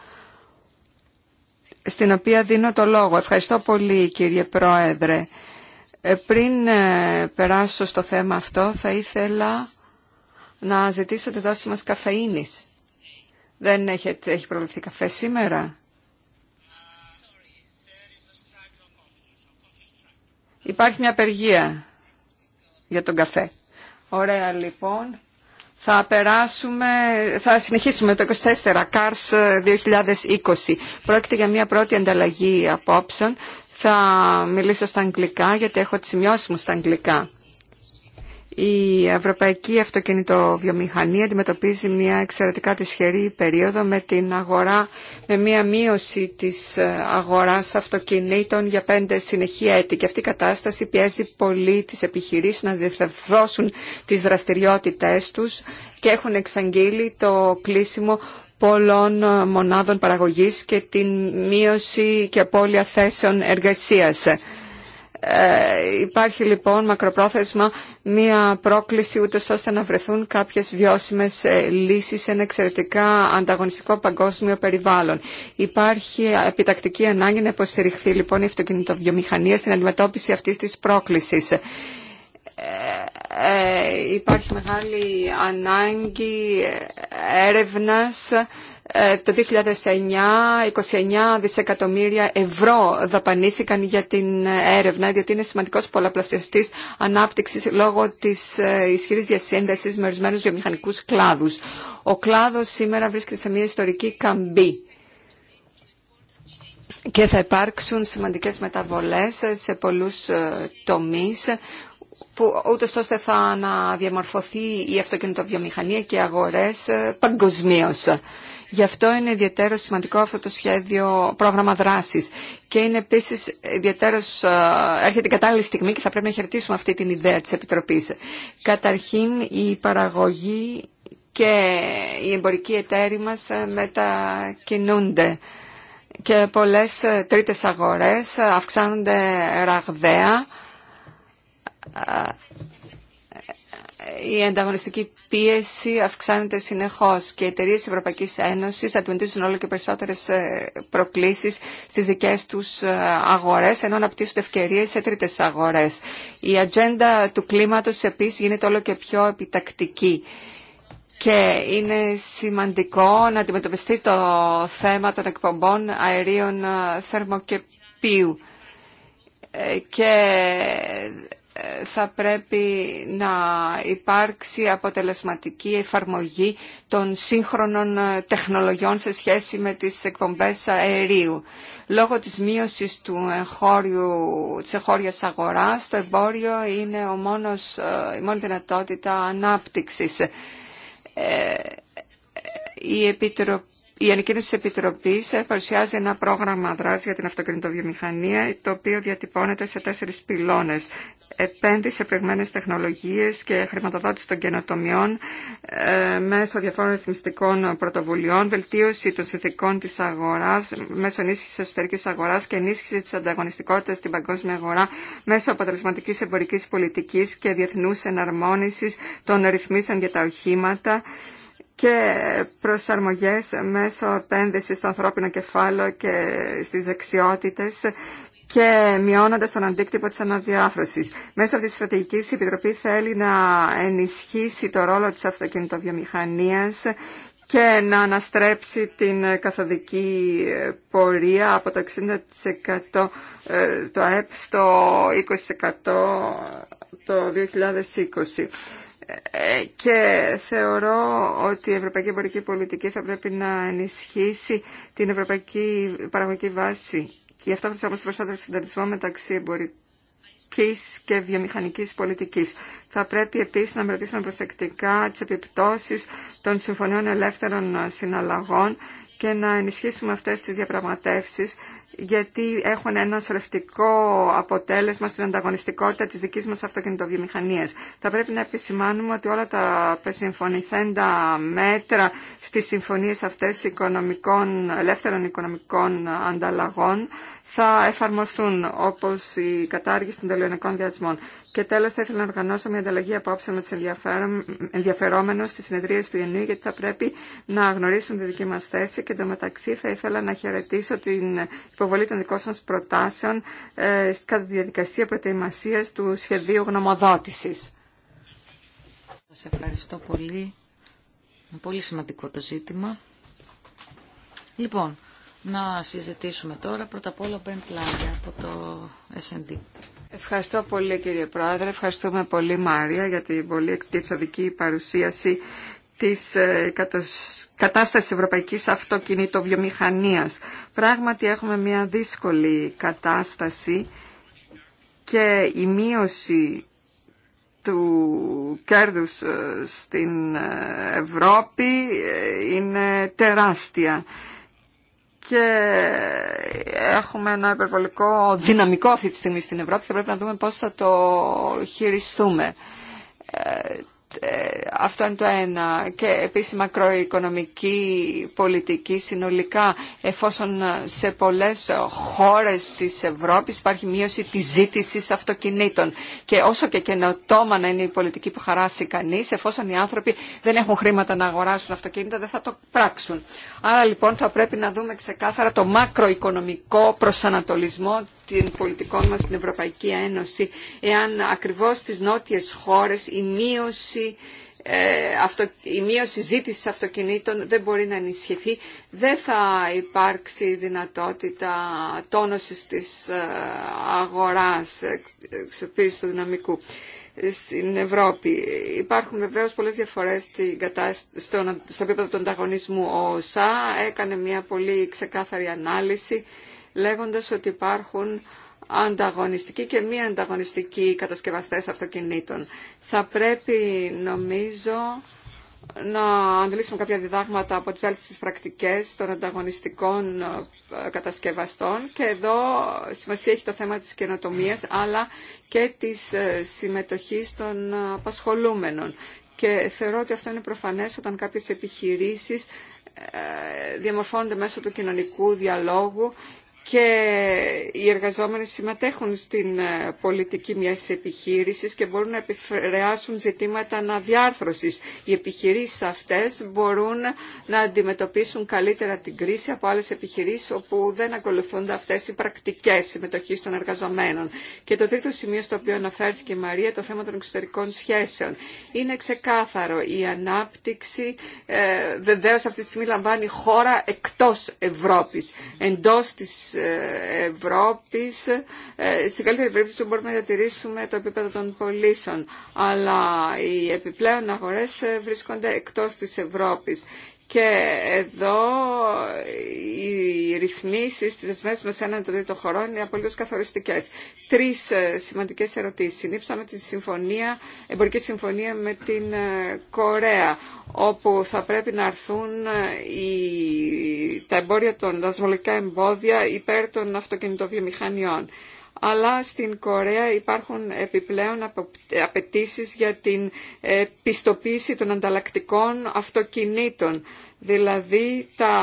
στην οποία δίνω το λόγο. Ευχαριστώ πολύ κύριε Πρόεδρε. Ε, πριν ε, περάσω στο θέμα αυτό, θα ήθελα να ζητήσω τη δόση μας καφεΐνης. Δεν έχει προβληθεί καφέ σήμερα. Υπάρχει μια απεργία για τον καφέ. Ωραία λοιπόν. Θα περάσουμε, θα συνεχίσουμε το 24, CARS 2020. Ε, Πρόκειται για μια πρώτη ανταλλαγή απόψεων. Θα μιλήσω στα αγγλικά γιατί έχω τις σημειώσεις μου στα αγγλικά. Η ευρωπαϊκή αυτοκινητοβιομηχανία αντιμετωπίζει μια εξαιρετικά δυσχερή περίοδο με την αγορά, με μια μείωση της ε, αγοράς αυτοκινήτων για πέντε συνεχή έτη. Και αυτή η κατάσταση πιέζει πολύ τις επιχειρήσεις να διευθυνθώσουν τις δραστηριότητές τους και έχουν εξαγγείλει το κλείσιμο πολλών ε, μονάδων παραγωγής και την μείωση και απώλεια θέσεων εργασίας. Ε, υπάρχει λοιπόν μακροπρόθεσμα μία πρόκληση ούτε ώστε να βρεθούν κάποιες βιώσιμες ε, λύσεις σε ένα εξαιρετικά ανταγωνιστικό παγκόσμιο περιβάλλον. Υπάρχει επιτακτική ανάγκη να υποστηριχθεί λοιπόν η αυτοκινητοβιομηχανία στην αντιμετώπιση αυτής της πρόκλησης. Ε, ε υπάρχει μεγάλη ανάγκη έρευνας ε, το 2009 29 δισεκατομμύρια ευρώ δαπανήθηκαν για την έρευνα, διότι είναι σημαντικός πολλαπλασιαστής ανάπτυξης λόγω της ε, ισχυρής διασύνδεσης με ορισμένους βιομηχανικούς κλάδους. Ο κλάδος σήμερα βρίσκεται σε μια ιστορική καμπή και θα υπάρξουν σημαντικές μεταβολές σε πολλούς ε, τομείς που ούτως ώστε θα αναδιαμορφωθεί η αυτοκινητοβιομηχανία και οι αγορές παγκοσμίως. Γι' αυτό είναι ιδιαίτερα σημαντικό αυτό το σχέδιο πρόγραμμα δράση. Και είναι επίσης ιδιαίτερος, ε, έρχεται η κατάλληλη στιγμή και θα πρέπει να χαιρετήσουμε αυτή την ιδέα τη επιτροπή. Καταρχήν η παραγωγή και η εμπορική εταίροι μας ε, μετακινούνται και πολλές ε, τρίτες αγορές αυξάνονται ραγδαία. Η ανταγωνιστική πίεση αυξάνεται συνεχώ και οι εταιρείε τη Ευρωπαϊκή Ένωση αντιμετωπίζουν όλο και περισσότερε ε, προκλήσει στι δικέ του ε, αγορέ, ενώ αναπτύσσονται ευκαιρίε σε τρίτε αγορέ. Η ατζέντα του κλίματο επίση γίνεται όλο και πιο επιτακτική και είναι σημαντικό να αντιμετωπιστεί το θέμα των εκπομπών αερίων ε, θερμοκεπίου και θα πρέπει να υπάρξει αποτελεσματική εφαρμογή των σύγχρονων ε, τεχνολογιών σε σχέση με τις εκπομπές αερίου. Λόγω της μείωσης του εγχώριου, της εγχώριας αγοράς, το εμπόριο είναι ο μόνος, ε, η μόνη δυνατότητα ανάπτυξης. Ε, η, επιτροπή, η ανακοίνωση της Επιτροπής παρουσιάζει ένα πρόγραμμα δράσης για την αυτοκινητοβιομηχανία, το οποίο διατυπώνεται σε τέσσερις πυλώνες επένδυση σε προηγμένες τεχνολογίες και χρηματοδότηση των καινοτομιών ε, μέσω διαφόρων ρυθμιστικών πρωτοβουλειών, βελτίωση των συνθηκών της αγοράς μέσω ενίσχυσης της εσωτερικής αγοράς και ενίσχυση της ανταγωνιστικότητας στην παγκόσμια αγορά μέσω αποτελεσματικής εμπορικής πολιτικής και διεθνούς εναρμόνισης των ρυθμίσεων για τα οχήματα και προσαρμογές μέσω επένδυσης στο ανθρώπινο κεφάλαιο και στις δεξιότητες και μειώνοντας τον αντίκτυπο της αναδιάφρωσης. Μέσω αυτής της στρατηγικής η Επιτροπή θέλει να ενισχύσει το ρόλο της αυτοκινητοβιομηχανίας και να αναστρέψει την καθοδική πορεία από το 60% ε, το ΑΕΠ στο 20% το 2020. Ε, και θεωρώ ότι η Ευρωπαϊκή Εμπορική Πολιτική θα πρέπει να ενισχύσει την Ευρωπαϊκή Παραγωγική Βάση και γι' αυτό όμως περισσότερο συντονισμό μεταξύ εμπορική και βιομηχανική πολιτική. Θα πρέπει επίση να μελετήσουμε προσεκτικά τι επιπτώσει των συμφωνιών ελεύθερων συναλλαγών και να ενισχύσουμε αυτές τις διαπραγματεύσεις γιατί έχουν ένα σωρευτικό αποτέλεσμα στην ανταγωνιστικότητα της δικής μας αυτοκινητοβιομηχανίας. Θα πρέπει να επισημάνουμε ότι όλα τα συμφωνηθέντα μέτρα στις συμφωνίες αυτές οικονομικών, ελεύθερων οικονομικών ανταλλαγών θα εφαρμοστούν όπως η κατάργηση των τελειωνικών διασμών. Και τέλος θα ήθελα να οργανώσω μια ανταλλαγή απόψε με τους ενδιαφερόμενους στη συνεδρία του ΙΕΝΟΥ γιατί θα πρέπει να γνωρίσουν τη δική μας θέση και εντωμεταξύ θα ήθελα να χαιρετήσω την υποβολή των δικών σα προτάσεων ε, κατά τη διαδικασία προετοιμασίας του σχεδίου γνωμοδότησης. Σας ευχαριστώ πολύ. Είναι πολύ σημαντικό το ζήτημα. Λοιπόν,
να συζητήσουμε τώρα πρώτα απ' όλα Brent Lange από το S&D.
Ευχαριστώ πολύ κύριε Πρόεδρε, ευχαριστούμε πολύ Μάρια για την πολύ εξωτική παρουσίαση της ε, κατάστασης ευρωπαϊκής αυτοκινητοβιομηχανίας. Πράγματι έχουμε μια δύσκολη κατάσταση και η μείωση του κέρδους ε, στην ε, Ευρώπη είναι τεράστια και έχουμε ένα υπερβολικό δυναμικό αυτή τη στιγμή στην Ευρώπη Θα πρέπει να δούμε πώς θα το χειριστούμε. Ε, ε, αυτό είναι το ένα. Και επίση μακροοικονομική πολιτική συνολικά, εφόσον σε πολλές χώρες της Ευρώπης υπάρχει μείωση της ζήτησης αυτοκινήτων. Και όσο και καινοτόμα να είναι η πολιτική που χαράσει κανείς, εφόσον οι άνθρωποι δεν έχουν χρήματα να αγοράσουν αυτοκίνητα, δεν θα το πράξουν. Άρα λοιπόν θα πρέπει να δούμε ξεκάθαρα το μακροοικονομικό προσανατολισμό την πολιτικών μας στην Ευρωπαϊκή Ένωση, εάν ακριβώς στις νότιες χώρες η μείωση ε, η μείωση ζήτηση αυτοκινήτων δεν μπορεί να ενισχυθεί, δεν θα υπάρξει δυνατότητα τόνωσης της ε, αγοράς ε, εξοπλίσης του δυναμικού στην Ευρώπη. Υπάρχουν βεβαίως πολλές διαφορές στην στο επίπεδο του ανταγωνισμού. Ο ΩΣΑ έκανε μια πολύ ξεκάθαρη ανάλυση λέγοντας ότι υπάρχουν ανταγωνιστικοί και μη ανταγωνιστικοί κατασκευαστές αυτοκινήτων. Θα πρέπει νομίζω να αντλήσουμε κάποια διδάγματα από τις άλλες πρακτικές των ανταγωνιστικών ε, κατασκευαστών και εδώ σημασία έχει το θέμα της καινοτομίας αλλά και της ε, συμμετοχής των ε, απασχολούμενων. Και θεωρώ ότι αυτό είναι προφανές όταν κάποιες επιχειρήσεις διαμορφώνονται μέσω του κοινωνικού διαλόγου και οι εργαζόμενοι συμμετέχουν στην ε, πολιτική μιας επιχείρησης και μπορούν να επιφρεάσουν ζητήματα αναδιάρθρωσης. Οι επιχειρήσεις αυτές μπορούν να αντιμετωπίσουν καλύτερα την κρίση από άλλες επιχειρήσεις όπου δεν ακολουθούνται αυτές οι πρακτικές συμμετοχής των εργαζομένων. Και το τρίτο σημείο στο οποίο αναφέρθηκε η Μαρία, το θέμα των εξωτερικών σχέσεων. Είναι ξεκάθαρο η ανάπτυξη, ε, βεβαίως αυτή τη στιγμή λαμβάνει χώρα εκτός Ευρώπης, εντός της Ευρώπης, ε, στην καλύτερη περίπτωση μπορούμε να διατηρήσουμε το επίπεδο των πωλήσεων. Αλλά οι επιπλέον αγορές ε, βρίσκονται εκτός της Ευρώπης και εδώ οι ρυθμίσει ε, τη δεσμεύσει με έναν των χωρών είναι απολύτω καθοριστικέ. Τρει σημαντικέ ερωτήσει. Συνήψαμε την συμφωνία, εμπορική συμφωνία με την ε, Κορέα, όπου θα πρέπει να έρθουν ε, οι, τα εμπόρια των δασμολογικά εμπόδια υπέρ των αυτοκινητοβιομηχανιών αλλά στην Κορέα υπάρχουν επιπλέον απαιτήσει για την ε, πιστοποίηση των ανταλλακτικών αυτοκινήτων. Δηλαδή τα...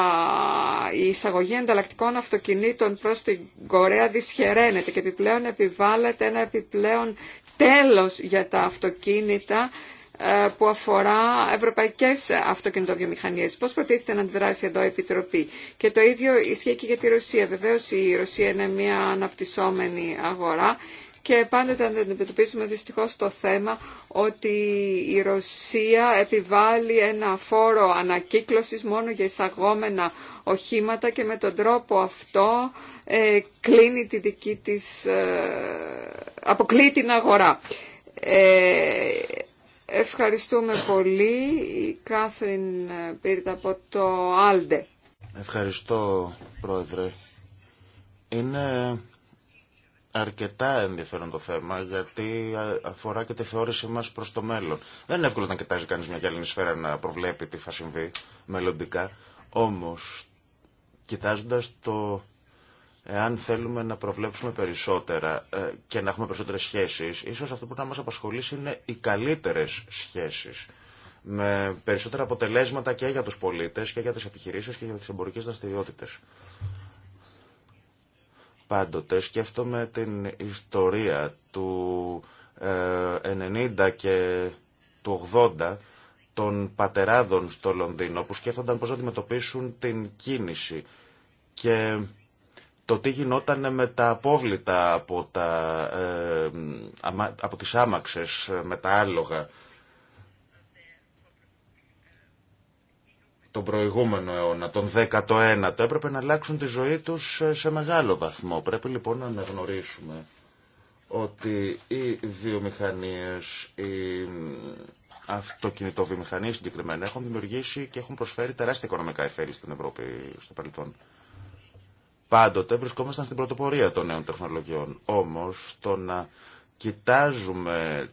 η εισαγωγή ανταλλακτικών αυτοκινήτων προς την Κορέα δυσχεραίνεται και επιπλέον επιβάλλεται ένα επιπλέον τέλος για τα αυτοκίνητα ε, που αφορά ευρωπαϊκές αυτοκινητοβιομηχανίες. Πώς προτίθεται να αντιδράσει εδώ η Επιτροπή. Και το ίδιο ισχύει και για τη Ρωσία. Βεβαίως η Ρωσία είναι μια αναπτυσσόμενη αγορά και πάντοτε αντιμετωπίζουμε δυστυχώς το θέμα ότι η Ρωσία επιβάλλει ένα φόρο ανακύκλωσης μόνο για εισαγόμενα οχήματα και με τον τρόπο αυτό ε, κλείνει τη δική ε, αποκλείει την αγορά. Ε, Ευχαριστούμε πολύ η Κάθριν ε, Πύρτα από το Άλντε.
Ευχαριστώ Πρόεδρε. Είναι αρκετά ενδιαφέρον το θέμα γιατί αφορά και τη θεώρησή μας προς το μέλλον. Δεν είναι εύκολο να κοιτάζει κανείς μια γυαλινή σφαίρα να προβλέπει τι θα συμβεί μελλοντικά. Όμως κοιτάζοντας το Εάν θέλουμε να προβλέψουμε περισσότερα ε, και να έχουμε περισσότερες σχέσεις, ίσως αυτό που να μας απασχολήσει είναι οι καλύτερες σχέσεις με περισσότερα αποτελέσματα και για τους πολίτες και για τις επιχειρήσεις και για τις εμπορικές δραστηριότητες. Πάντοτε σκέφτομαι την ιστορία του 90 ε, και του 80 των πατεράδων στο Λονδίνο που σκέφτονταν πώς να αντιμετωπίσουν την κίνηση και το τι γινόταν με τα απόβλητα από, τα, ε, από τις άμαξες, ε, με τα άλογα, τον προηγούμενο αιώνα, τον 19ο, έπρεπε να αλλάξουν τη ζωή τους ε, σε μεγάλο βαθμό. Πρέπει λοιπόν να αναγνωρίσουμε ότι οι βιομηχανίες, οι αυτοκινητοβιομηχανίες συγκεκριμένα έχουν δημιουργήσει και έχουν προσφέρει τεράστια οικονομικά εφέλη στην Ευρώπη στο παρελθόν. Πάντοτε βρισκόμασταν στην πρωτοπορία των νέων τεχνολογιών. Όμως το να κοιτάζουμε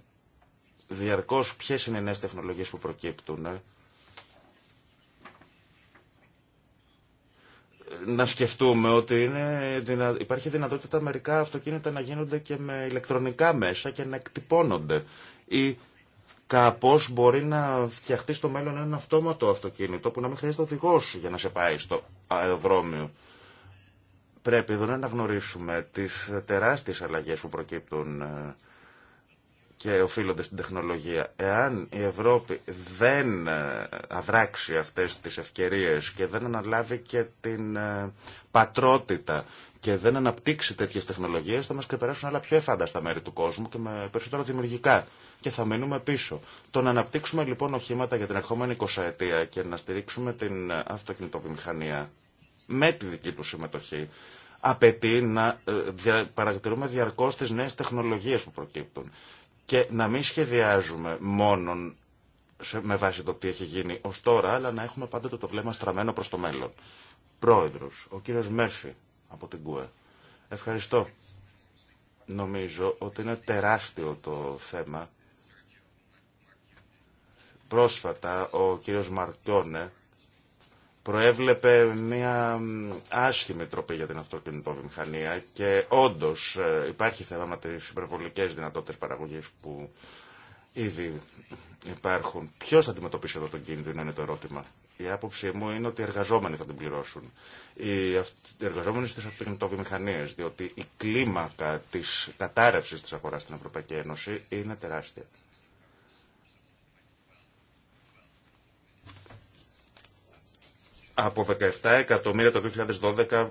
διαρκώς ποιες είναι οι νέες τεχνολογίες που προκύπτουν, ε, να σκεφτούμε ότι είναι, υπάρχει δυνατότητα μερικά αυτοκίνητα να γίνονται και με ηλεκτρονικά μέσα και να εκτυπώνονται. Ή κάπως μπορεί να φτιαχτεί στο μέλλον ένα αυτόματο αυτοκίνητο που να μην χρειάζεται οδηγός για να σε πάει στο αεροδρόμιο. Πρέπει εδώ να αναγνωρίσουμε τις τεράστιες αλλαγές που προκύπτουν ε, και οφείλονται στην τεχνολογία. Εάν η Ευρώπη δεν ε, αδράξει αυτές τις ευκαιρίες και δεν αναλάβει και την ε, πατρότητα και δεν αναπτύξει τέτοιες τεχνολογίες θα μας ξεπεράσουν άλλα πιο εφάνταστα μέρη του κόσμου και με περισσότερο δημιουργικά και θα μείνουμε πίσω. Το να αναπτύξουμε λοιπόν οχήματα για την ερχόμενη 20 ετία και να στηρίξουμε την αυτοκινητοβιομηχανία με τη δική του συμμετοχή απαιτεί να ε, παρατηρούμε διαρκώς τις νέες τεχνολογίες που προκύπτουν και να μην σχεδιάζουμε μόνο με βάση το τι έχει γίνει ως τώρα, αλλά να έχουμε πάντοτε το βλέμμα στραμμένο προς το μέλλον. Πρόεδρος, ο κύριος Μέρφυ από την ΚΟΕ. Ευχαριστώ. Νομίζω ότι είναι τεράστιο το θέμα. Πρόσφατα ο κύριος Μαρκιόνε προέβλεπε μια άσχημη τροπή για την αυτοκινητοβιομηχανία και όντως ε, υπάρχει θέμα με τις υπερβολικές δυνατότητες παραγωγής που ήδη υπάρχουν. Ποιος θα αντιμετωπίσει εδώ τον κίνδυνο είναι το ερώτημα. Η άποψή μου είναι ότι οι εργαζόμενοι θα την πληρώσουν. Οι εργαζόμενοι στις αυτοκινητοβιομηχανίες, διότι η κλίμακα της κατάρρευσης της αγοράς στην Ευρωπαϊκή Ένωση είναι τεράστια. Από 17 εκατομμύρια το 2012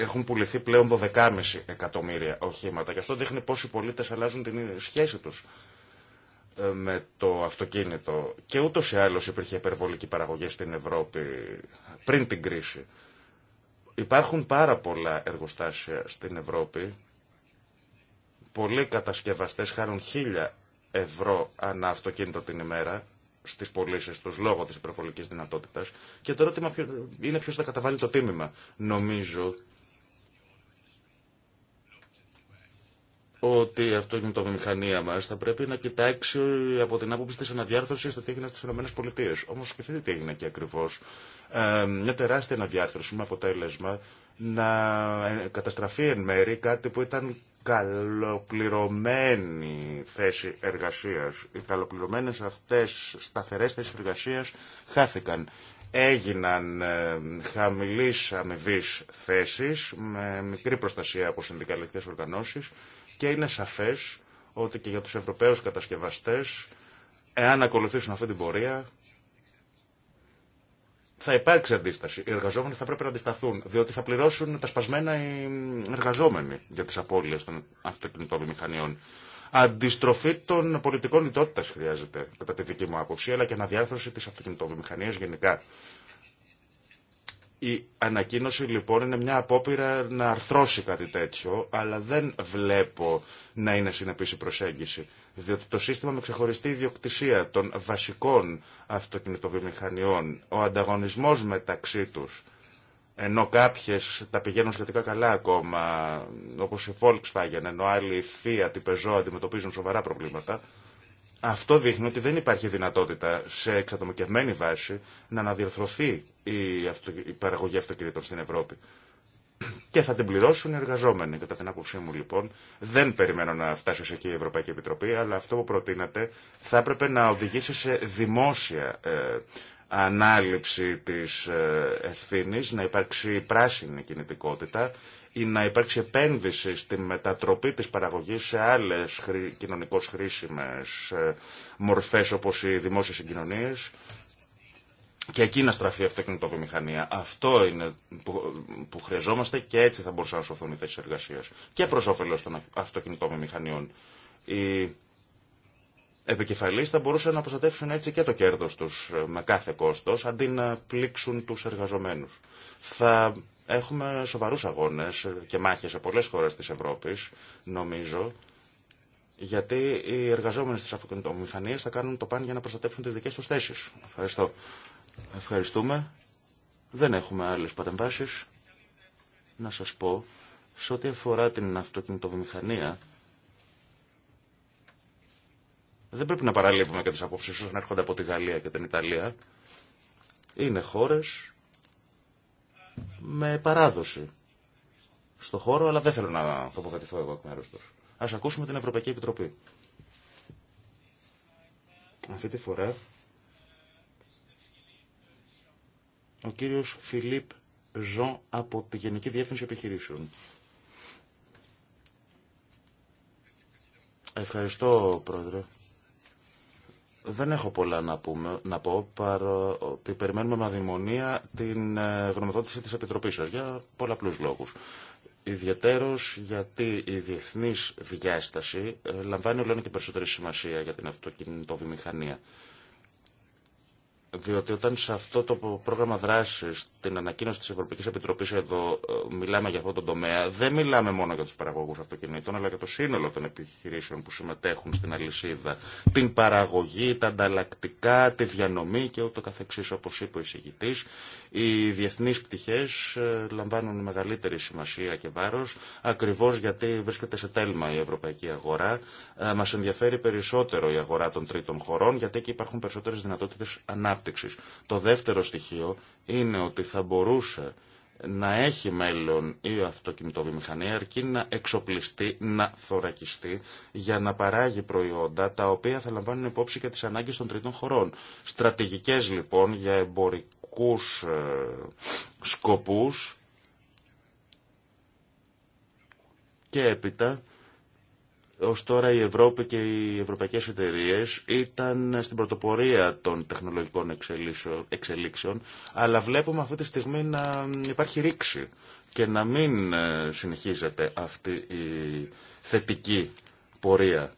έχουν πουληθεί πλέον 12,5 εκατομμύρια οχήματα. Και αυτό δείχνει πόσοι πολίτες αλλάζουν την σχέση τους ε, με το αυτοκίνητο. Και ούτω ή άλλω υπήρχε υπερβολική παραγωγή στην Ευρώπη πριν την κρίση. Υπάρχουν πάρα πολλά εργοστάσια στην Ευρώπη. Πολλοί κατασκευαστές χάνουν χίλια ευρώ ανά αυτοκίνητο την ημέρα στις πωλήσει του λόγω της υπερβολική δυνατότητας και το ερώτημα είναι ποιο θα καταβάλει το τίμημα. Νομίζω ότι αυτό είναι το μηχανία μα. Θα πρέπει να κοιτάξει από την άποψη τη αναδιάρθρωση το τι έγινε στι ΗΠΑ. Όμω σκεφτείτε τι έγινε εκεί ακριβώ. Ε, μια τεράστια αναδιάρθρωση με αποτέλεσμα να ε, καταστραφεί εν μέρη κάτι που ήταν καλοπληρωμένη θέση εργασίας. Οι καλοπληρωμένες αυτές σταθερές θέσεις εργασίας χάθηκαν. Έγιναν ε, χαμηλής αμοιβής θέσεις με μικρή προστασία από συνδικαλιστές οργανώσεις και είναι σαφές ότι και για τους Ευρωπαίους κατασκευαστές εάν ακολουθήσουν αυτή την πορεία θα υπάρξει αντίσταση. Οι εργαζόμενοι θα πρέπει να αντισταθούν, διότι θα πληρώσουν τα σπασμένα οι εργαζόμενοι για τις απώλειες των αυτοκινητοβιομηχανιών. Αντιστροφή των πολιτικών λιτότητα χρειάζεται, κατά τη δική μου άποψη, αλλά και αναδιάρθρωση τη αυτοκινητοβιομηχανία γενικά. Η ανακοίνωση λοιπόν είναι μια απόπειρα να αρθρώσει κάτι τέτοιο, αλλά δεν βλέπω να είναι συνεπής η προσέγγιση. Διότι το σύστημα με ξεχωριστή ιδιοκτησία των βασικών αυτοκινητοβιομηχανιών, ο ανταγωνισμός μεταξύ τους, ενώ κάποιες τα πηγαίνουν σχετικά καλά ακόμα, όπως η Volkswagen, ενώ άλλοι η Fiat, η Peugeot αντιμετωπίζουν σοβαρά προβλήματα, αυτό δείχνει ότι δεν υπάρχει δυνατότητα σε εξατομικευμένη βάση να αναδιορθωθεί η, η παραγωγή αυτοκινήτων στην Ευρώπη. Και θα την πληρώσουν οι εργαζόμενοι. Κατά την άποψή μου λοιπόν δεν περιμένω να φτάσει σε εκεί η Ευρωπαϊκή Επιτροπή αλλά αυτό που προτείνατε θα έπρεπε να οδηγήσει σε δημόσια ε, ανάληψη της ε, ευθύνης, να υπάρξει πράσινη κινητικότητα ή να υπάρξει επένδυση στην μετατροπή της παραγωγής σε άλλες κοινωνικώς χρήσιμες ε, μορφές όπως οι δημόσιες συγκοινωνίες και εκεί να στραφεί η αυτοκινητοβιομηχανία. Αυτό είναι που, χρειαζόμαστε και έτσι θα μπορούσαν να σωθούν οι θέσει χρειαζομαστε και ετσι θα μπορουσαν να σωθουν οι θεσεις εργασια Και προ όφελο των αυτοκινητοβιομηχανιών. Οι επικεφαλείς θα μπορούσαν να προστατεύσουν έτσι και το κέρδος τους ε, με κάθε κόστος αντί να πλήξουν του εργαζομένου. Θα Έχουμε σοβαρούς αγώνες και μάχες σε πολλές χώρες της Ευρώπης, νομίζω, γιατί οι εργαζόμενοι στις αυτοκινητομηχανίες θα κάνουν το παν για να προστατεύσουν τις δικές τους θέσεις. Ευχαριστώ. Ευχαριστούμε. Δεν έχουμε άλλες παρεμβάσεις. Να σας πω, σε ό,τι αφορά την αυτοκινητοβιομηχανία, δεν πρέπει να παραλείπουμε και τις απόψεις όσων έρχονται από τη Γαλλία και την Ιταλία. Είναι χώρες με παράδοση στο χώρο, αλλά δεν θέλω να τοποθετηθώ εγώ εκ μέρου του Ας ακούσουμε την Ευρωπαϊκή Επιτροπή. Αυτή τη φορά ο κύριος Φιλίπ Ζων από τη Γενική Διεύθυνση Επιχειρήσεων. Ευχαριστώ, Πρόεδρε. Δεν έχω πολλά να, πούμε, να πω, παρότι περιμένουμε με αδημονία την ε, γνωμοδότηση της Επιτροπής σας για πολλαπλούς λόγους. Ιδιαιτέρως γιατί η διεθνής διάσταση ε, λαμβάνει όλο και περισσότερη σημασία για την αυτοκινητοβιομηχανία διότι όταν σε αυτό το πρόγραμμα δράση, την ανακοίνωση τη Ευρωπαϊκή Επιτροπή εδώ, ε, μιλάμε για αυτό τον τομέα, δεν μιλάμε μόνο για του παραγωγού αυτοκινήτων, αλλά για το σύνολο των επιχειρήσεων που συμμετέχουν στην αλυσίδα. Την παραγωγή, τα ανταλλακτικά, τη διανομή και ούτω καθεξή, όπω είπε ο εισηγητή. Οι διεθνεί πτυχέ ε, λαμβάνουν μεγαλύτερη σημασία και βάρο, ακριβώ γιατί βρίσκεται σε τέλμα η ευρωπαϊκή αγορά. Ε, Μα ενδιαφέρει περισσότερο η αγορά των τρίτων χωρών, γιατί εκεί υπάρχουν περισσότερε δυνατότητε ανάπτυξη. Το δεύτερο στοιχείο είναι ότι θα μπορούσε να έχει μέλλον η αυτοκινητοβιομηχανία αρκεί να εξοπλιστεί, να θωρακιστεί για να παράγει προϊόντα τα οποία θα λαμβάνουν υπόψη και τις ανάγκες των τρίτων χωρών. Στρατηγικές λοιπόν για εμπορικούς ε, σκοπούς και έπειτα Ω τώρα η Ευρώπη και οι ευρωπαϊκές εταιρείε ήταν στην πρωτοπορία των τεχνολογικών εξελίξεων, αλλά βλέπουμε αυτή τη στιγμή να υπάρχει ρήξη και να μην ε, συνεχίζεται αυτή η θετική πορεία.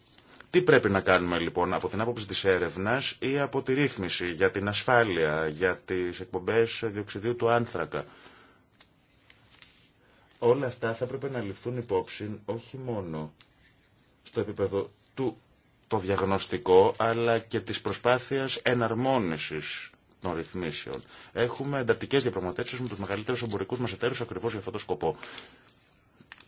Τι πρέπει να κάνουμε λοιπόν από την άποψη της έρευνας ή από τη ρύθμιση για την ασφάλεια, για τις εκπομπές διοξιδίου του άνθρακα. Όλα αυτά θα πρέπει να ληφθούν υπόψη όχι μόνο το επίπεδο του το διαγνωστικό, αλλά και της προσπάθειας εναρμόνισης των ρυθμίσεων. Έχουμε εντατικές διαπραγματεύσεις με τους μεγαλύτερους εμπορικούς μας εταίρους ακριβώς για αυτόν τον σκοπό.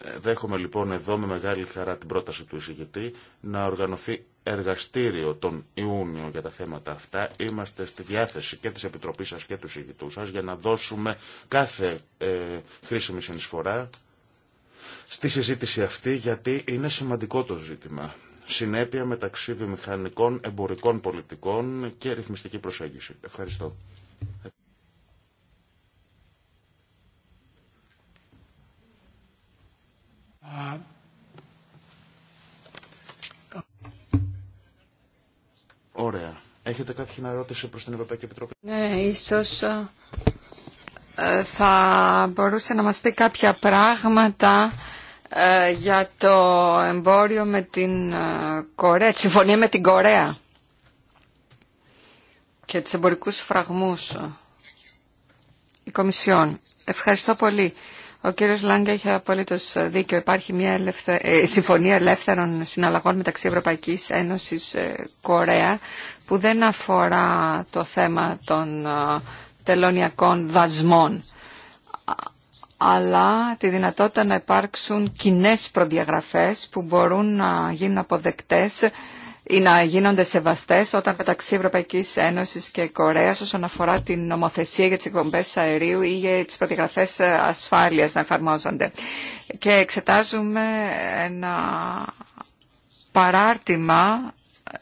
Ε, δέχομαι λοιπόν εδώ με μεγάλη χαρά την πρόταση του εισηγητή να οργανωθεί εργαστήριο τον Ιούνιο για τα θέματα αυτά. Είμαστε στη διάθεση και της Επιτροπής σας και του εισηγητού σας για να δώσουμε κάθε ε, χρήσιμη συνεισφορά στη συζήτηση αυτή γιατί είναι σημαντικό το ζήτημα. Συνέπεια μεταξύ βιομηχανικών, εμπορικών πολιτικών και ρυθμιστική προσέγγιση. Ευχαριστώ. Ωραία. Έχετε κάποια ερώτηση προς την Ευρωπαϊκή Επιτροπή.
Ναι, ίσως θα μπορούσε να μας πει κάποια πράγματα ε, για το εμπόριο με την ε, Κορέα, τη συμφωνία με την Κορέα και τους εμπορικούς φραγμούς. Η Κομισιόν. Ευχαριστώ πολύ. Ο κύριος Λάγκα έχει απολύτως δίκιο. Υπάρχει μια ε, συμφωνία ελεύθερων συναλλαγών μεταξύ Ευρωπαϊκής Ένωσης Κορέα που δεν αφορά το θέμα των τελωνιακών δασμών αλλά τη δυνατότητα να υπάρξουν κοινέ προδιαγραφές που μπορούν να γίνουν αποδεκτές ή να γίνονται σεβαστές όταν μεταξύ Ευρωπαϊκής Ένωσης και Κορέας όσον αφορά την νομοθεσία για τις εκπομπές αερίου ή για τις προδιαγραφές ασφάλειας να εφαρμόζονται. Και εξετάζουμε ένα παράρτημα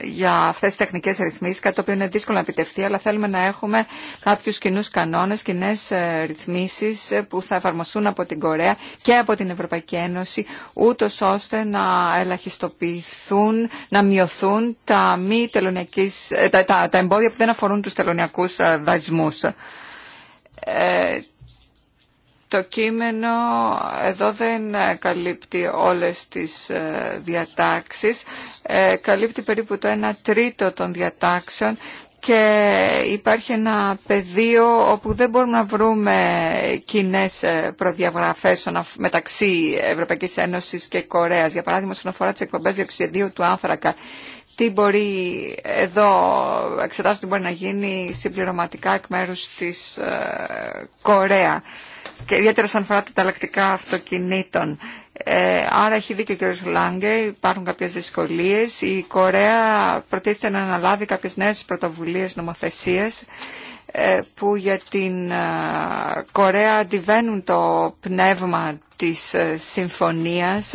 για αυτές τις τεχνικές ρυθμίσεις, κάτι το οποίο είναι δύσκολο να επιτευχθεί, αλλά θέλουμε να έχουμε κάποιους κοινού κανόνες, κοινέ ε, ρυθμίσεις ε, που θα εφαρμοστούν από την Κορέα και από την Ευρωπαϊκή Ένωση, ούτω ώστε να ελαχιστοποιηθούν, να μειωθούν τα, μη ε, τα, τα, τα εμπόδια που δεν αφορούν τους τελωνιακούς δασμούς το κείμενο εδώ δεν καλύπτει όλες τις ε, διατάξεις, ε, καλύπτει περίπου το 1 τρίτο των διατάξεων και υπάρχει ένα πεδίο όπου δεν μπορούμε να βρούμε κοινέ ε, προδιαγραφές μεταξύ Ευρωπαϊκής Ένωσης και Κορέας. Για παράδειγμα, σχετικά αφορά τις εκπομπές διοξιδίου του άνθρακα, τι μπορεί εδώ, εξετάζω τι μπορεί να γίνει συμπληρωματικά εκ μέρους της Κορέα και ιδιαίτερα σαν αφορά τα ταλλακτικά αυτοκινήτων. Ε, άρα έχει δίκιο ο κ. Λάγκε, υπάρχουν κάποιες δυσκολίες. Η Κορέα προτίθεται να αναλάβει κάποιες νέες πρωτοβουλίες νομοθεσίες ε, που για την ε, Κορέα αντιβαίνουν το πνεύμα της συμφωνίας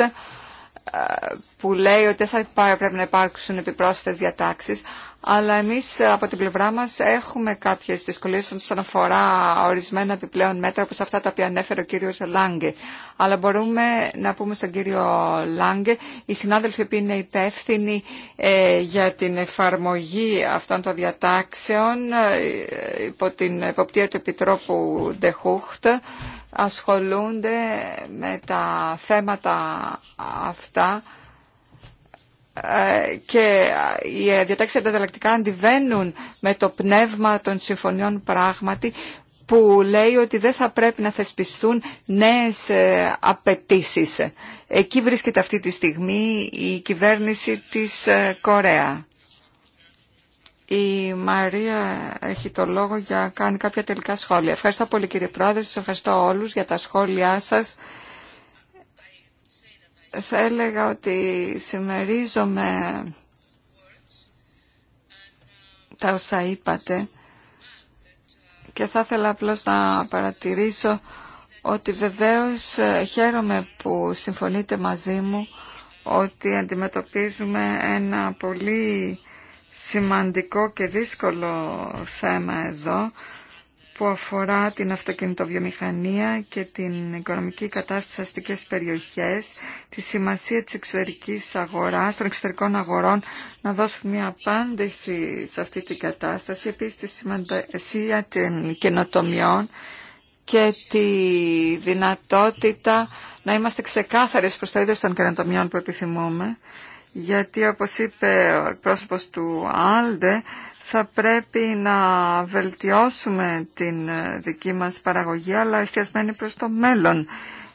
που λέει ότι δεν θα πρέπει να υπάρξουν επιπρόσθετες διατάξεις αλλά εμείς από την πλευρά μας έχουμε κάποιες δυσκολίες όσον αφορά ορισμένα επιπλέον μέτρα όπως αυτά τα οποία ανέφερε ο κύριος Λάγκε. Αλλά μπορούμε να πούμε στον κύριο Λάγκε, οι συνάδελφοι που είναι υπεύθυνοι ε, για την εφαρμογή αυτών των διατάξεων ε, υπό την εποπτεία του Επιτρόπου Ντεχούχτ, ασχολούνται με τα θέματα αυτά και οι διατάξεις ανταλλακτικά αντιβαίνουν με το πνεύμα των συμφωνιών πράγματι που λέει ότι δεν θα πρέπει να θεσπιστούν νέες ε, απαιτήσει. Εκεί βρίσκεται αυτή τη στιγμή η κυβέρνηση της ε, Κορέα. Η Μαρία έχει το λόγο για να κάνει κάποια τελικά σχόλια. Ευχαριστώ πολύ κύριε Πρόεδρε, σας ευχαριστώ όλους για τα σχόλιά σας θα έλεγα ότι συμμερίζομαι τα όσα είπατε και θα ήθελα απλώς να παρατηρήσω ότι βεβαίως ε, χαίρομαι που συμφωνείτε μαζί μου ότι αντιμετωπίζουμε ένα πολύ σημαντικό και δύσκολο θέμα εδώ που αφορά την αυτοκινητοβιομηχανία και την οικονομική κατάσταση στις αστικές περιοχές, τη σημασία της εξωτερικής αγοράς, των εξωτερικών αγορών, να δώσουν μια απάντηση σε αυτή την κατάσταση, επίσης τη σημασία των καινοτομιών και τη δυνατότητα να είμαστε ξεκάθαρες προς το είδος των καινοτομιών που επιθυμούμε, γιατί όπως είπε ο εκπρόσωπος του Άλντε, θα πρέπει να βελτιώσουμε την ε, δική μας παραγωγή, αλλά εστιασμένη προς το μέλλον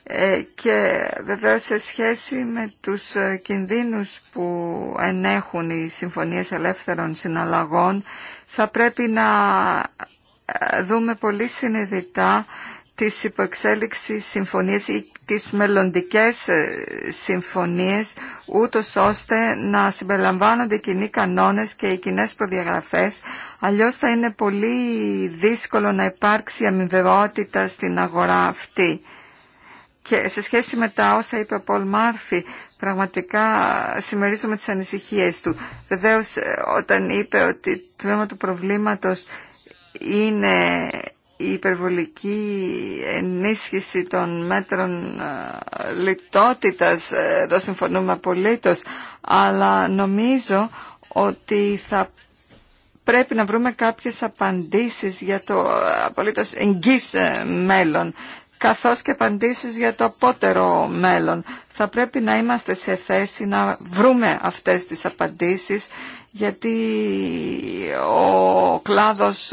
ε, και βεβαίως σε σχέση με τους ε, κινδύνους που ενέχουν οι συμφωνίες ελεύθερων συναλλαγών θα πρέπει να δούμε πολύ συνειδητά της υποεξέλιξης συμφωνίες ή τις μελλοντικές ε, συμφωνίες ούτως ώστε να συμπεριλαμβάνονται οι κοινοί κανόνες και οι κοινέ προδιαγραφές αλλιώς θα είναι πολύ δύσκολο να υπάρξει αμοιβαιότητα στην αγορά αυτή. Και σε σχέση με τα όσα είπε ο Πολ Μάρφη, πραγματικά συμμερίζομαι τις ανησυχίες του. Βεβαίως ε, όταν είπε ότι το τμήμα του προβλήματος είναι η υπερβολική ενίσχυση των μέτρων ε, λιτότητας, ε, εδώ συμφωνούμε απολύτως, αλλά νομίζω ότι θα πρέπει να βρούμε κάποιες απαντήσεις για το ε, απολύτως εγγύς μέλλον, καθώς και απαντήσεις για το απότερο μέλλον. Θα πρέπει να είμαστε σε θέση να βρούμε αυτές τις απαντήσεις, γιατί ο κλάδος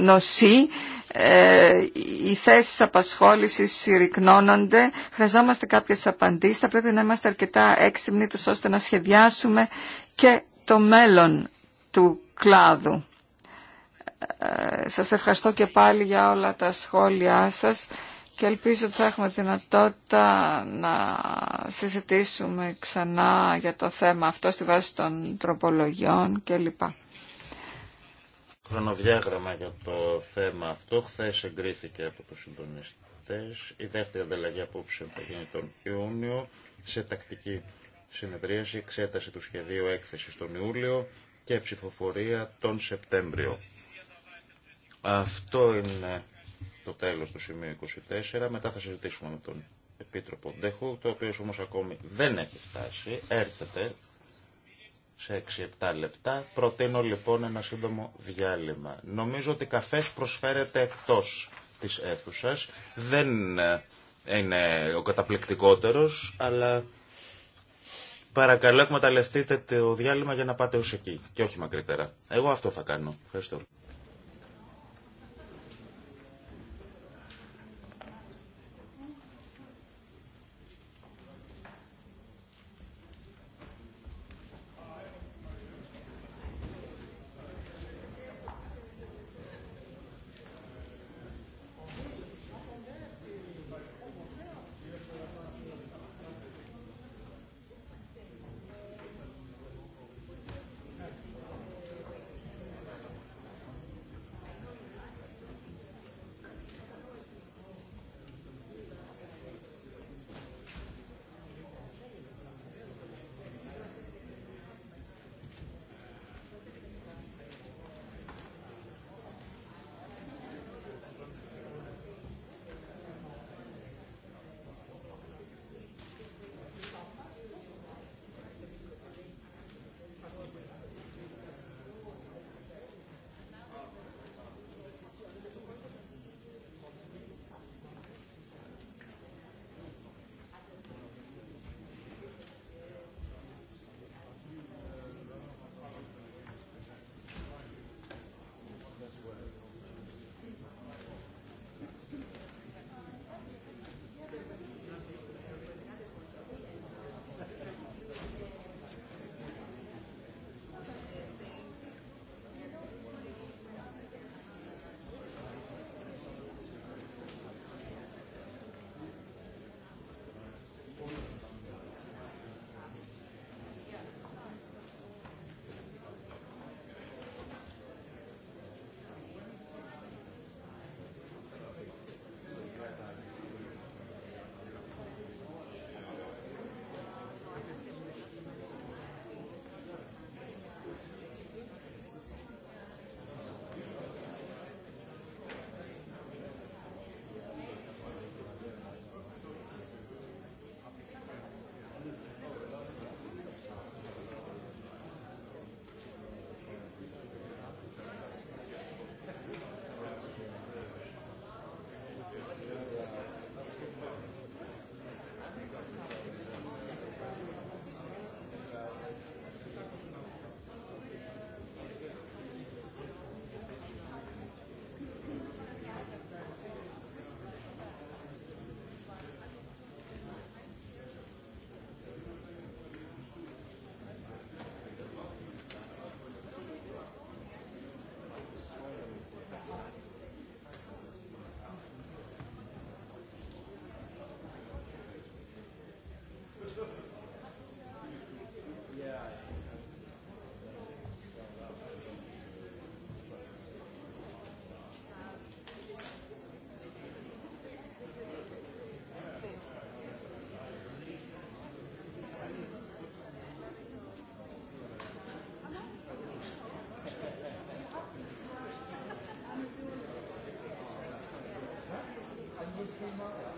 νοσεί ε, οι θέσει απασχόληση συρρυκνώνονται. Χρειαζόμαστε κάποιε απαντήσει. Θα πρέπει να είμαστε αρκετά έξυπνοι, τους, ώστε να σχεδιάσουμε και το μέλλον του κλάδου. Ε, σας ευχαριστώ και πάλι για όλα τα σχόλιά σας και ελπίζω ότι θα έχουμε τη δυνατότητα να συζητήσουμε ξανά για το θέμα αυτό στη βάση των τροπολογιών κλπ
χρονοδιάγραμμα για το θέμα αυτό. Χθε εγκρίθηκε από του συντονιστέ. Η δεύτερη ανταλλαγή απόψε θα γίνει τον Ιούνιο σε τακτική συνεδρίαση, εξέταση του σχεδίου έκθεσης τον Ιούλιο και ψηφοφορία τον Σεπτέμβριο. Αυτό είναι το τέλος του σημείου 24. Μετά θα συζητήσουμε με τον Επίτροπο Ντέχου, το οποίο όμως ακόμη δεν έχει φτάσει. Έρχεται σε 6-7 λεπτά. Προτείνω λοιπόν ένα σύντομο διάλειμμα. Νομίζω ότι καφές προσφέρεται εκτός της αίθουσα. Δεν ε, είναι ο καταπληκτικότερος, αλλά παρακαλώ εκμεταλλευτείτε το διάλειμμα για να πάτε ως εκεί και όχι μακρύτερα. Εγώ αυτό θα κάνω. Ευχαριστώ.
Thank you.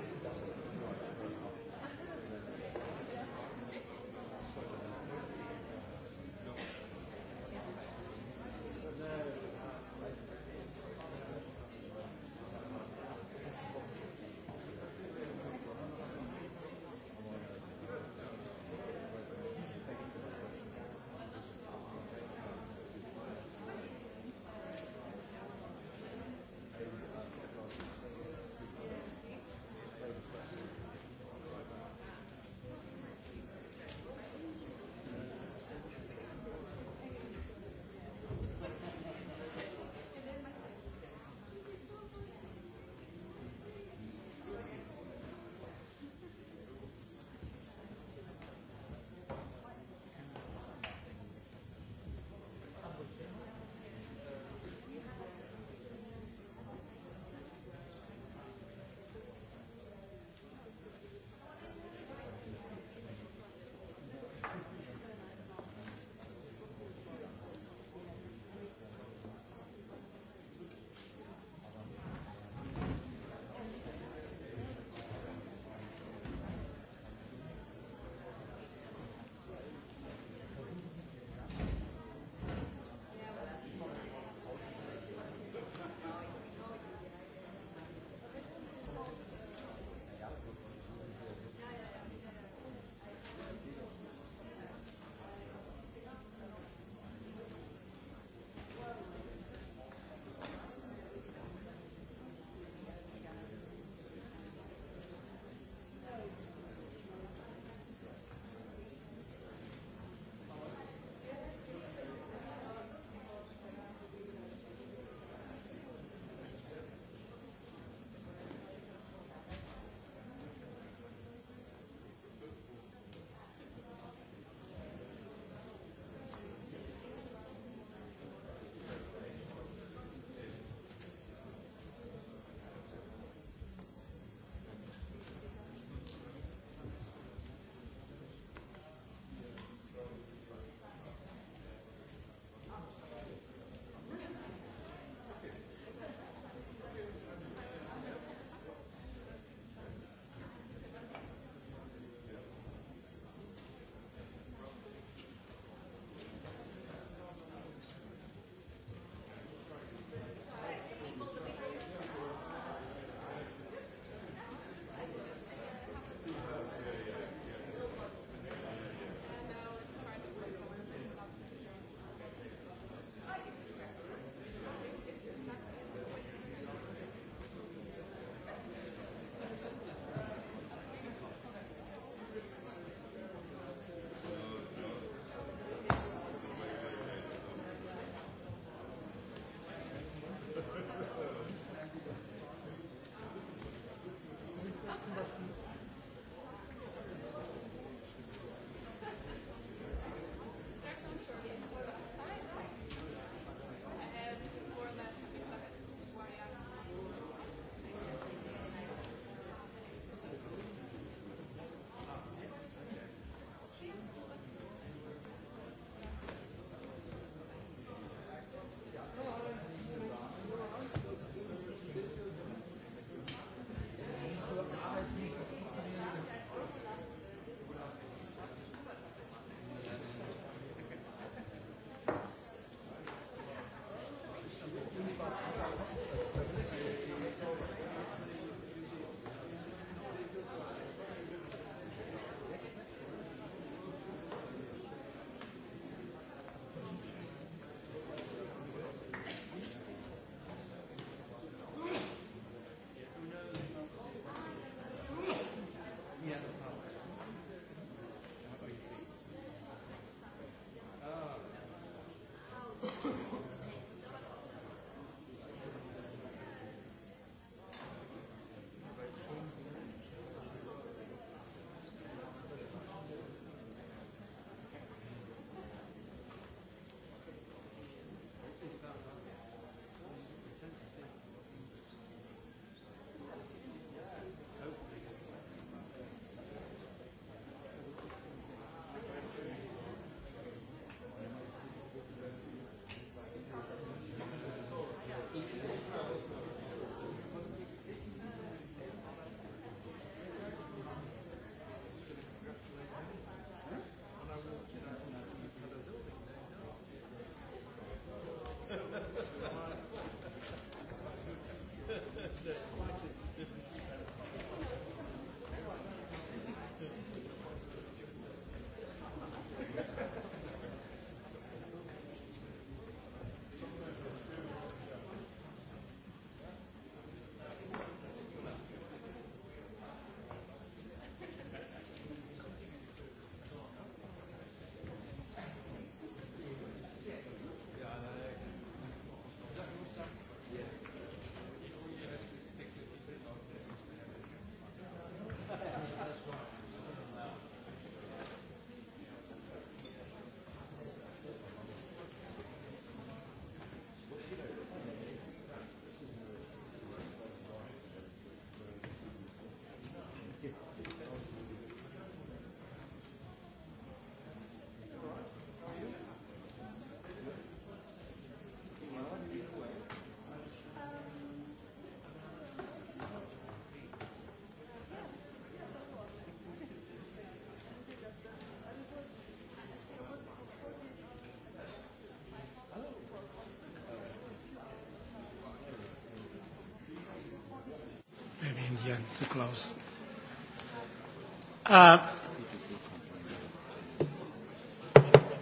maybe in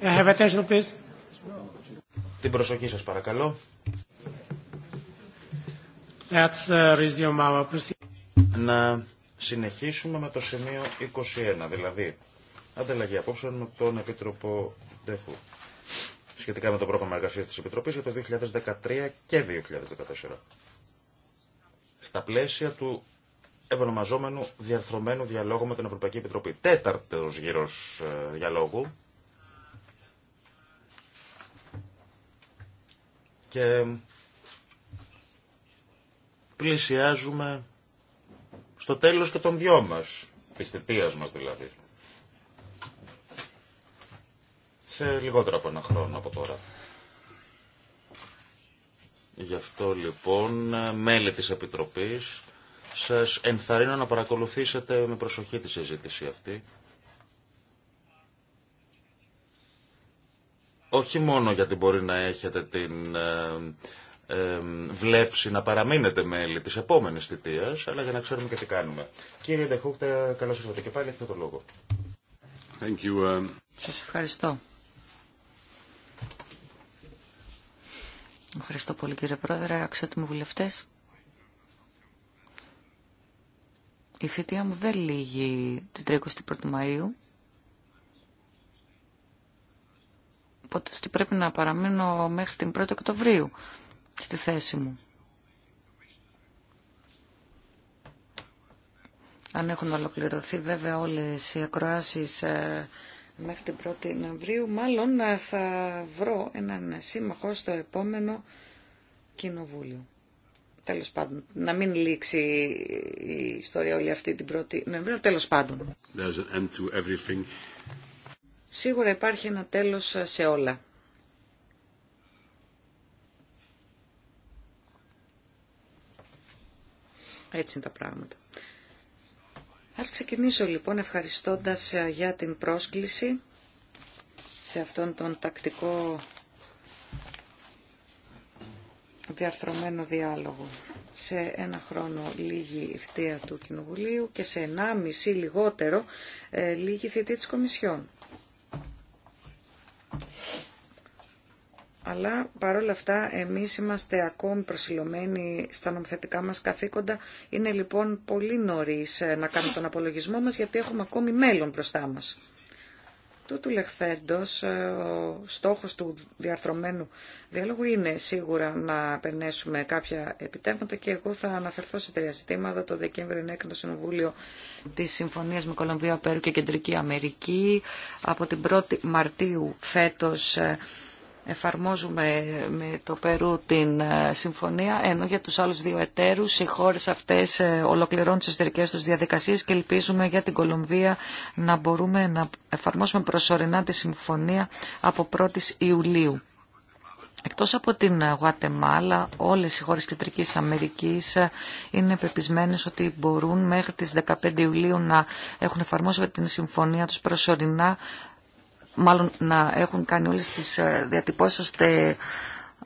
the uh, end Την προσοχή σας παρακαλώ. Let's uh, our Να συνεχίσουμε με το σημείο 21, δηλαδή ανταλλαγή απόψεων με τον Επίτροπο Ντέχου σχετικά με το πρόγραμμα εργασίας της Επιτροπής για το 2013 και 2014 στα πλαίσια του επανομαζόμενου διαρθρωμένου διαλόγου με την Ευρωπαϊκή Επιτροπή. Τέταρτος γύρος ε, διαλόγου. Και πλησιάζουμε στο τέλος και των δυο μας, της θητείας μας δηλαδή. Σε λιγότερο από ένα χρόνο από τώρα. Γι' αυτό λοιπόν, μέλη της Επιτροπής, σας ενθαρρύνω να παρακολουθήσετε με προσοχή τη συζήτηση αυτή. Όχι μόνο γιατί μπορεί να έχετε την ε, ε, βλέψη να παραμείνετε μέλη της επόμενης θητείας, αλλά για να ξέρουμε και τι κάνουμε. Κύριε Δεχούχτε, καλώς ήρθατε και πάλι, έχετε το λόγο.
Thank you. Ε. Σας ευχαριστώ. Ευχαριστώ πολύ κύριε Πρόεδρε, αξιότιμοι βουλευτές. Η θητεία μου δεν λύγει την 31η Μαΐου. Οπότε πρέπει να παραμείνω μέχρι την 1η Οκτωβρίου στη θέση μου. Αν έχουν ολοκληρωθεί βέβαια όλες οι ακροάσεις ε, μέχρι την 1η Νοεμβρίου. Μάλλον ε, θα βρω έναν σύμμαχο στο επόμενο κοινοβούλιο. Τέλος πάντων, να μην λήξει η ιστορία όλη αυτή την 1η Νοεμβρίου, τέλος πάντων. Σίγουρα υπάρχει ένα τέλος σε όλα. Έτσι είναι τα πράγματα. Ας ξεκινήσω λοιπόν ευχαριστώντας ε, για την πρόσκληση σε αυτόν τον τακτικό διαρθρωμένο διάλογο. Σε ένα χρόνο λίγη η του Κοινοβουλίου και σε 1,5 λιγότερο ε, λίγη θητή της Κομισιόν αλλά παρόλα αυτά εμείς είμαστε ακόμη προσιλωμένοι στα νομοθετικά μας καθήκοντα. Είναι λοιπόν πολύ νωρίς ε, να κάνουμε τον απολογισμό μας γιατί έχουμε ακόμη μέλλον μπροστά μας. Τούτου λεχθέντος, ε, ο στόχος του διαρθρωμένου διάλογου είναι σίγουρα να περνέσουμε κάποια επιτεύγματα και εγώ θα αναφερθώ σε τρία ζητήματα. Το Δεκέμβριο είναι το Συμβούλιο της Συμφωνίας με Κολομβία, Πέρου και Κεντρική Αμερική. Από την 1η Μαρτίου φέτος ε, εφαρμόζουμε με το Περού την ε, συμφωνία, ενώ για τους άλλους δύο εταίρους οι χώρες αυτές ε, ολοκληρώνουν τις εσωτερικές τους διαδικασίες και ελπίζουμε για την Κολομβία να μπορούμε να εφαρμόσουμε προσωρινά τη συμφωνία από 1η Ιουλίου. Εκτός από την Γουατεμάλα, όλες οι χώρες Κεντρικής Αμερικής ε, είναι πεπισμένες ότι μπορούν μέχρι τις 15 Ιουλίου να έχουν εφαρμόσει την συμφωνία τους προσωρινά μάλλον να έχουν κάνει όλες τις ε, διατυπώσεις ώστε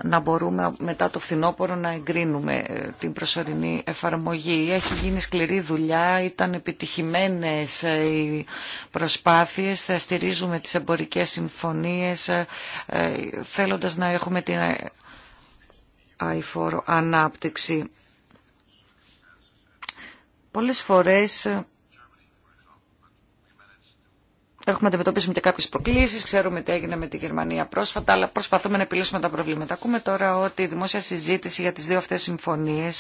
να μπορούμε μετά το φθινόπωρο να εγκρίνουμε ε, την προσωρινή εφαρμογή. Έχει γίνει σκληρή δουλειά, ήταν επιτυχημένες ε, οι προσπάθειες, θα στηρίζουμε τις εμπορικές συμφωνίες θέλοντας να έχουμε την αηφόρο ανάπτυξη. Πολλές φορές Έχουμε αντιμετωπίσει και κάποιε προκλήσει. Ξέρουμε τι έγινε με τη Γερμανία πρόσφατα, αλλά προσπαθούμε να επιλύσουμε τα προβλήματα. Ακούμε τώρα ότι η δημόσια συζήτηση για τι δύο αυτέ συμφωνίε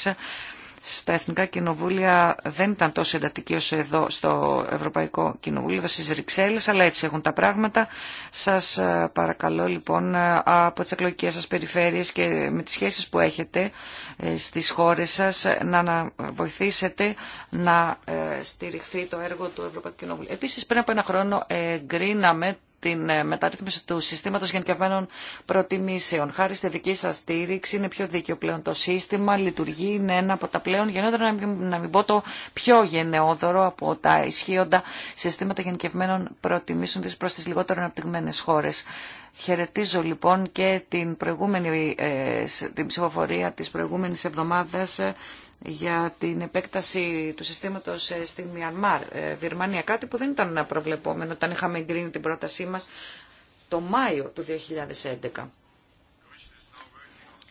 στα Εθνικά Κοινοβούλια δεν ήταν τόσο εντατική όσο εδώ στο Ευρωπαϊκό Κοινοβούλιο, εδώ στις Βρυξέλλες, αλλά έτσι έχουν τα πράγματα. Σας ε, παρακαλώ λοιπόν ε, από τις εκλογικές σας περιφέρειες και με τις σχέσεις που έχετε ε, στις χώρες σας να βοηθήσετε να στηριχθεί το έργο του Ευρωπαϊκού Κοινοβουλίου. Επίσης πριν από ένα χρόνο εγκρίναμε την ε, μεταρρύθμιση του συστήματος γενικευμένων προτιμήσεων. Χάρη στη δική σας στήριξη είναι πιο δίκαιο πλέον το σύστημα, λειτουργεί, είναι ένα από τα πλέον γενναιόδωρα, να μην πω το πιο γενναιόδωρο από τα ισχύοντα συστήματα γενικευμένων προτιμήσεων της προς τις λιγότερο αναπτυγμένες χώρες. Χαιρετίζω λοιπόν και την, προηγούμενη, ε, την ψηφοφορία της προηγούμενης εβδομάδας ε, για την επέκταση του συστήματος ε, στη Μιανμάρ, ε, Βιρμανία, κάτι που δεν ήταν προβλεπόμενο όταν είχαμε εγκρίνει την πρότασή μας το Μάιο του 2011.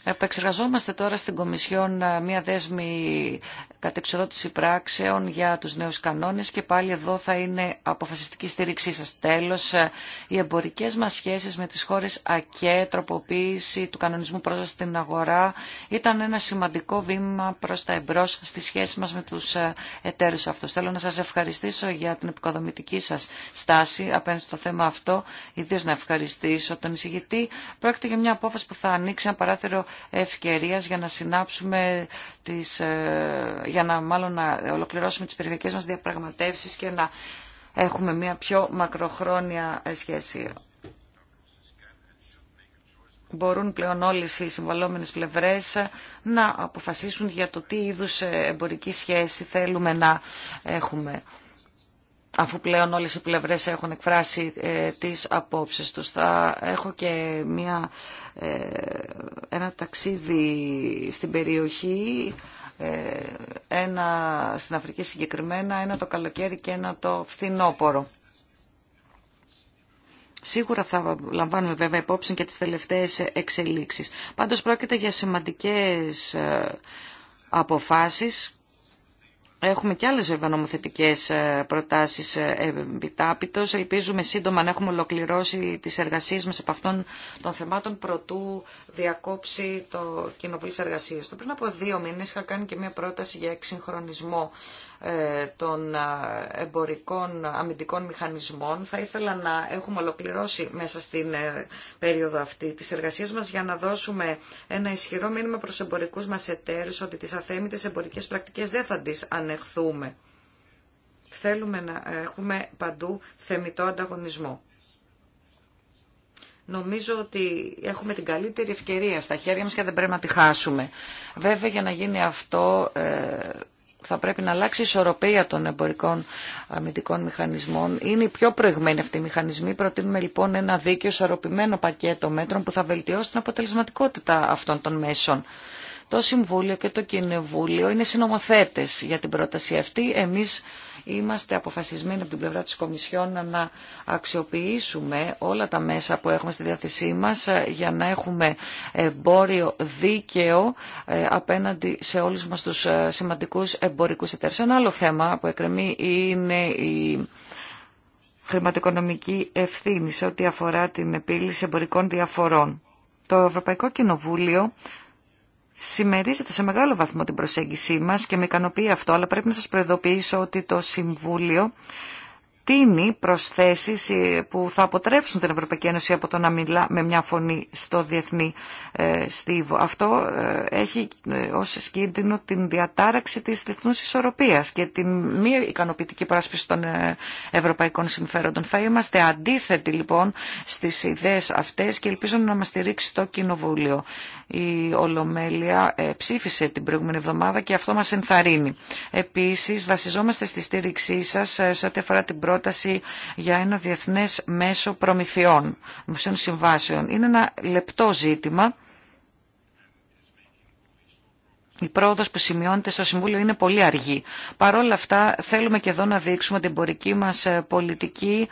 Επεξεργαζόμαστε τώρα στην Κομισιόν ε, μία δέσμη κατεξοδότηση πράξεων για τους νέους κανόνες και πάλι εδώ θα είναι αποφασιστική στήριξή σας. Τέλος, ε, οι εμπορικές μας σχέσεις με τις χώρες ΑΚΕ, τροποποίηση του κανονισμού πρόσβαση στην αγορά ήταν ένα σημαντικό βήμα προς τα εμπρός στη σχέση μας με τους ε, εταίρους αυτούς. Θέλω να σας ευχαριστήσω για την επικοδομητική σας στάση απέναντι στο θέμα αυτό, ιδίως να ευχαριστήσω τον εισηγητή. Πρόκειται για μια απόφαση που θα ανοίξει ένα παράθυρο ευκαιρίας για να συνάψουμε τις, ε, για να μάλλον να ολοκληρώσουμε τις περιφερειακές μας διαπραγματεύσεις και να έχουμε μια πιο μακροχρόνια σχέση. Μπορούν πλέον όλες οι συμβαλόμενες πλευρές να αποφασίσουν για το τι είδους ε, εμπορική σχέση θέλουμε να έχουμε αφού πλέον όλες οι πλευρές έχουν εκφράσει ε, τις απόψεις τους. Θα έχω και μια, ε, ένα ταξίδι στην περιοχή, ε, ένα στην Αφρική συγκεκριμένα, ένα το καλοκαίρι και ένα το φθινόπορο. Σίγουρα θα λαμβάνουμε βέβαια υπόψη και τις τελευταίες εξελίξεις. Πάντως πρόκειται για σημαντικές αποφάσεις Έχουμε και άλλες βέβαια νομοθετικές ε, προτάσεις ε, επιτάπητος. Ελπίζουμε σύντομα να έχουμε ολοκληρώσει τις εργασίες μας από αυτών των θεμάτων προτού διακόψει το κοινοβούλιο εργασίες. Το πριν από δύο μήνες είχα κάνει και μια πρόταση για εξυγχρονισμό ε, των ε, εμπορικών αμυντικών μηχανισμών. Θα ήθελα να έχουμε ολοκληρώσει μέσα στην ε, περίοδο αυτή τις εργασίες μας για να δώσουμε ένα ισχυρό μήνυμα προς εμπορικούς μας εταίρους ότι τις αθέμητες εμπορικές πρακτικές δεν θα τις ανεχθούμε. Θέλουμε να έχουμε παντού θεμητό ανταγωνισμό. Νομίζω ότι έχουμε την καλύτερη ευκαιρία στα χέρια μας και δεν πρέπει να τη χάσουμε. Βέβαια για να γίνει αυτό θα πρέπει να αλλάξει η ισορροπία των εμπορικών αμυντικών μηχανισμών. Είναι οι πιο προηγμένοι αυτοί οι μηχανισμοί. Προτείνουμε λοιπόν ένα δίκαιο ισορροπημένο πακέτο μέτρων που θα βελτιώσει την αποτελεσματικότητα αυτών των μέσων. Το Συμβούλιο και το Κοινοβούλιο είναι συνομοθέτες για την πρόταση αυτή. Εμείς Είμαστε αποφασισμένοι από την πλευρά της Κομισιόν να αξιοποιήσουμε όλα τα μέσα που έχουμε στη διάθεσή μας ε, για να έχουμε εμπόριο δίκαιο ε, απέναντι σε όλους μας τους ε, σημαντικούς εμπορικούς εταίρους. Ένα άλλο θέμα που εκκρεμεί είναι η χρηματοοικονομική ευθύνη σε ό,τι αφορά την επίλυση εμπορικών διαφορών. Το Ευρωπαϊκό Κοινοβούλιο Σημερίζεται σε μεγάλο βαθμό την προσέγγισή μας και με ικανοποιεί αυτό, αλλά πρέπει να σας προειδοποιήσω ότι το Συμβούλιο τίνει προσθέσεις ε, που θα αποτρέψουν την Ευρωπαϊκή Ένωση από το να μιλά με μια φωνή στο διεθνή ε, στίβο. Αυτό ε, έχει ως κίνδυνο την διατάραξη της διεθνούς ισορροπίας και την μη ικανοποιητική πράσπιση των ευρωπαϊκών συμφέροντων. Θα είμαστε αντίθετοι λοιπόν στις ιδέες αυτές και ελπίζω να μας στηρίξει το Κοινοβούλιο η Ολομέλεια ε, ψήφισε την προηγούμενη εβδομάδα και αυτό μας ενθαρρύνει. Επίσης, βασιζόμαστε στη στήριξή σας ε, σε ό,τι αφορά την πρόταση για ένα διεθνές μέσο προμηθειών, δημοσίων συμβάσεων. Είναι ένα λεπτό ζήτημα η πρόοδο που σημειώνεται στο Συμβούλιο είναι πολύ αργή. Παρ' όλα αυτά θέλουμε και εδώ να δείξουμε ότι η εμπορική μα ε, πολιτική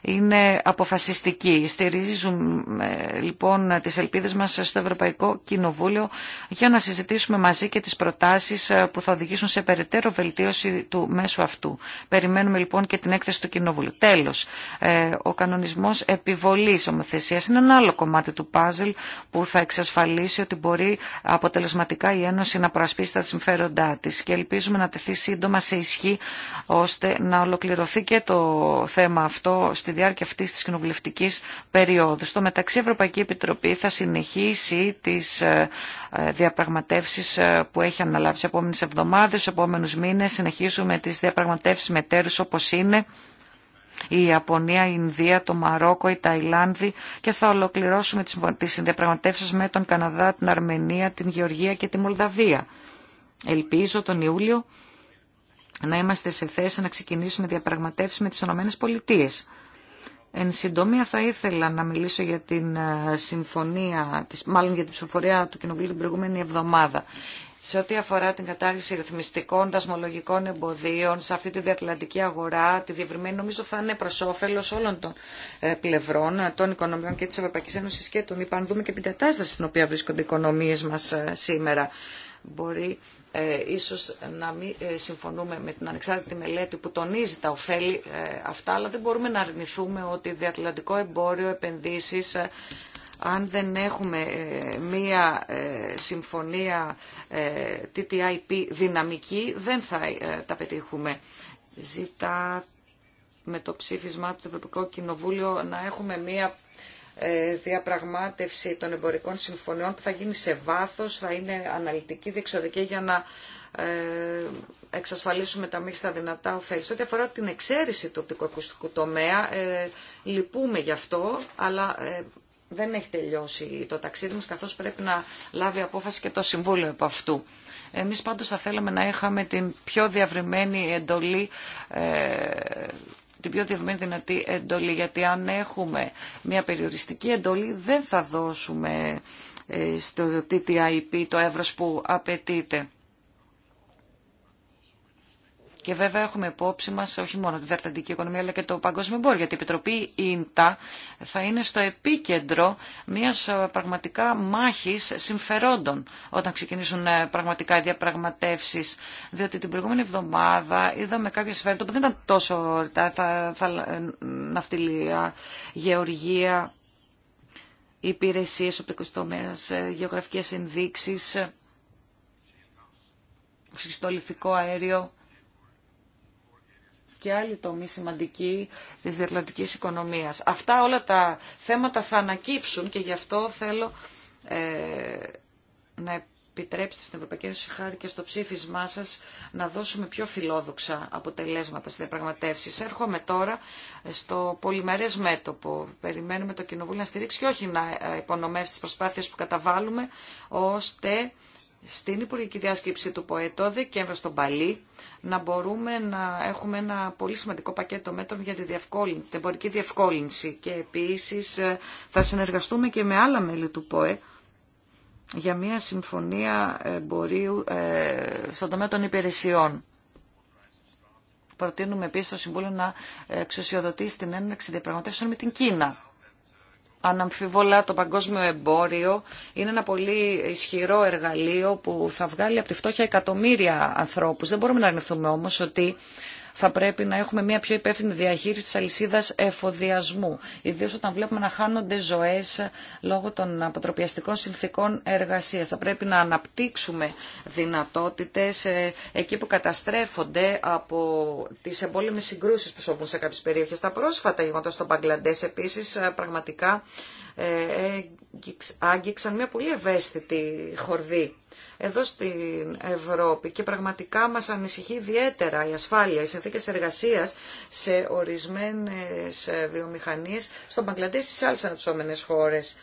είναι αποφασιστική. Στηρίζουμε ε, λοιπόν τι ελπίδε μα στο Ευρωπαϊκό Κοινοβούλιο για να συζητήσουμε μαζί και τι προτάσει ε, που θα οδηγήσουν σε περαιτέρω βελτίωση του μέσου αυτού. Περιμένουμε λοιπόν και την έκθεση του Κοινοβούλου. Τέλο, ο κανονισμό επιβολή ομοθεσία είναι ένα άλλο κομμάτι του πάζλ που θα εξασφαλίσει ότι μπορεί αποτελεσματικά η Ένωση να να προασπίσει τα συμφέροντά τη και ελπίζουμε να τεθεί σύντομα σε ισχύ ώστε να ολοκληρωθεί και το θέμα αυτό στη διάρκεια αυτή τη κοινοβουλευτική περίοδου. Στο μεταξύ η Ευρωπαϊκή Επιτροπή θα συνεχίσει τι ε, ε, διαπραγματεύσει ε, που έχει αναλάβει σε επόμενε εβδομάδε. σε επόμενου μήνε. Συνεχίζουμε τις διαπραγματεύσεις μετέρους όπω είναι η Ιαπωνία, η Ινδία, το Μαρόκο, η Ταϊλάνδη και θα ολοκληρώσουμε τις συνδιαπραγματεύσεις με τον Καναδά, την Αρμενία, την Γεωργία και τη Μολδαβία. Ελπίζω τον Ιούλιο να είμαστε σε θέση να ξεκινήσουμε διαπραγματεύσεις με τις ΗΠΑ. Εν συντομία θα ήθελα να μιλήσω για την ε, συμφωνία, μάλλον για την ψηφοφορία του Κοινοβουλίου την προηγούμενη εβδομάδα σε ό,τι αφορά την κατάργηση ρυθμιστικών δασμολογικών εμποδίων σε αυτή τη διατλαντική αγορά, τη διευρυμένη, νομίζω θα είναι προ όφελο όλων των ε, πλευρών, ε, των οικονομιών και τη Ευρωπαϊκή Ένωση και των ΗΠΑ. δούμε και την κατάσταση στην οποία βρίσκονται οι οικονομίε μα ε, σήμερα, μπορεί ε, ίσως να μην συμφωνούμε με την ανεξάρτητη μελέτη που τονίζει τα ωφέλη αυτά, αλλά δεν μπορούμε να αρνηθούμε ότι διατλαντικό εμπόριο, επενδύσεις αν δεν έχουμε ε, μία ε, συμφωνία ε, TTIP δυναμική, δεν θα τα πετύχουμε. Ζητά με το ψήφισμα του Ευρωπαϊκού Κοινοβούλιο να έχουμε μία διαπραγμάτευση των εμπορικών συμφωνιών που θα γίνει σε βάθος, θα είναι αναλυτική, διεξοδική για να εξασφαλίσουμε τα μέγιστα δυνατά ωφέλη. Σε ό,τι αφορά την εξαίρεση του οπτικοακουστικού τομέα, λυπούμε γι' αυτό, αλλά δεν έχει τελειώσει το ταξίδι μας, καθώς πρέπει να λάβει απόφαση και το Συμβούλιο από αυτού. Εμείς πάντως θα θέλαμε να είχαμε την πιο διαβριμένη εντολή ε, την πιο διευμένη δυνατή εντολή, γιατί αν έχουμε μια περιοριστική εντολή δεν θα δώσουμε ε, στο TTIP το εύρος που απαιτείται. Και βέβαια έχουμε υπόψη μα όχι μόνο τη διατλαντική οικονομία αλλά και το παγκόσμιο εμπόριο. Γιατί η Επιτροπή ΙΝΤΑ θα είναι στο επίκεντρο μια ε, πραγματικά μάχη συμφερόντων όταν ξεκινήσουν ε, πραγματικά οι διαπραγματεύσει. Διότι την προηγούμενη εβδομάδα είδαμε κάποια συμφέροντα που δεν ήταν τόσο ορτά, ε, ναυτιλία, γεωργία, υπηρεσίες, οπτικός γεωγραφικέ γεωγραφικές ενδείξεις, αέριο και άλλοι τομεί σημαντικοί της διατλαντικής οικονομίας. Αυτά όλα τα θέματα θα ανακύψουν και γι' αυτό θέλω ε, να επιτρέψετε στην Ευρωπαϊκή Ένωση χάρη και στο ψήφισμά σας να δώσουμε πιο φιλόδοξα αποτελέσματα στις διαπραγματεύσεις. Έρχομαι τώρα στο πολυμερές μέτωπο. Περιμένουμε το Κοινοβούλιο να στηρίξει και όχι να υπονομεύσει τις προσπάθειες που καταβάλουμε ώστε στην Υπουργική Διάσκεψη του ΠΟΕΤΟ, και Δεκέμβριο στον Παλί να μπορούμε να έχουμε ένα πολύ σημαντικό πακέτο μέτρων για τη διευκόλυνση, την εμπορική διευκόλυνση και επίσης ε, θα συνεργαστούμε και με άλλα μέλη του ΠΟΕ για μια συμφωνία εμπορίου ε, στον τομέα των υπηρεσιών. Προτείνουμε επίσης το Συμβούλιο να εξουσιοδοτήσει την έναρξη διαπραγματεύσεων με την Κίνα Αναμφιβολά το παγκόσμιο εμπόριο είναι ένα πολύ ισχυρό εργαλείο που θα βγάλει από τη φτώχεια εκατομμύρια ανθρώπους. Δεν μπορούμε να αρνηθούμε όμως ότι θα πρέπει να έχουμε μια πιο υπεύθυνη διαχείριση της αλυσίδας εφοδιασμού. Ιδίως όταν βλέπουμε να χάνονται ζωές λόγω των αποτροπιαστικών συνθήκων εργασία. Θα πρέπει να αναπτύξουμε δυνατότητες ε, εκεί που καταστρέφονται από τις εμπόλεμες συγκρούσεις που σώπουν σε κάποιες περιοχές. Τα πρόσφατα γεγονότα στο Μπαγκλαντές επίσης ε, πραγματικά ε, άγγιξαν μια πολύ ευαίσθητη χορδή εδώ στην Ευρώπη και πραγματικά μας ανησυχεί ιδιαίτερα η ασφάλεια, οι συνθήκες εργασίας σε ορισμένες βιομηχανίες, στον Παγκλαντές ή σε άλλες αναπτυσσόμενες χώρες.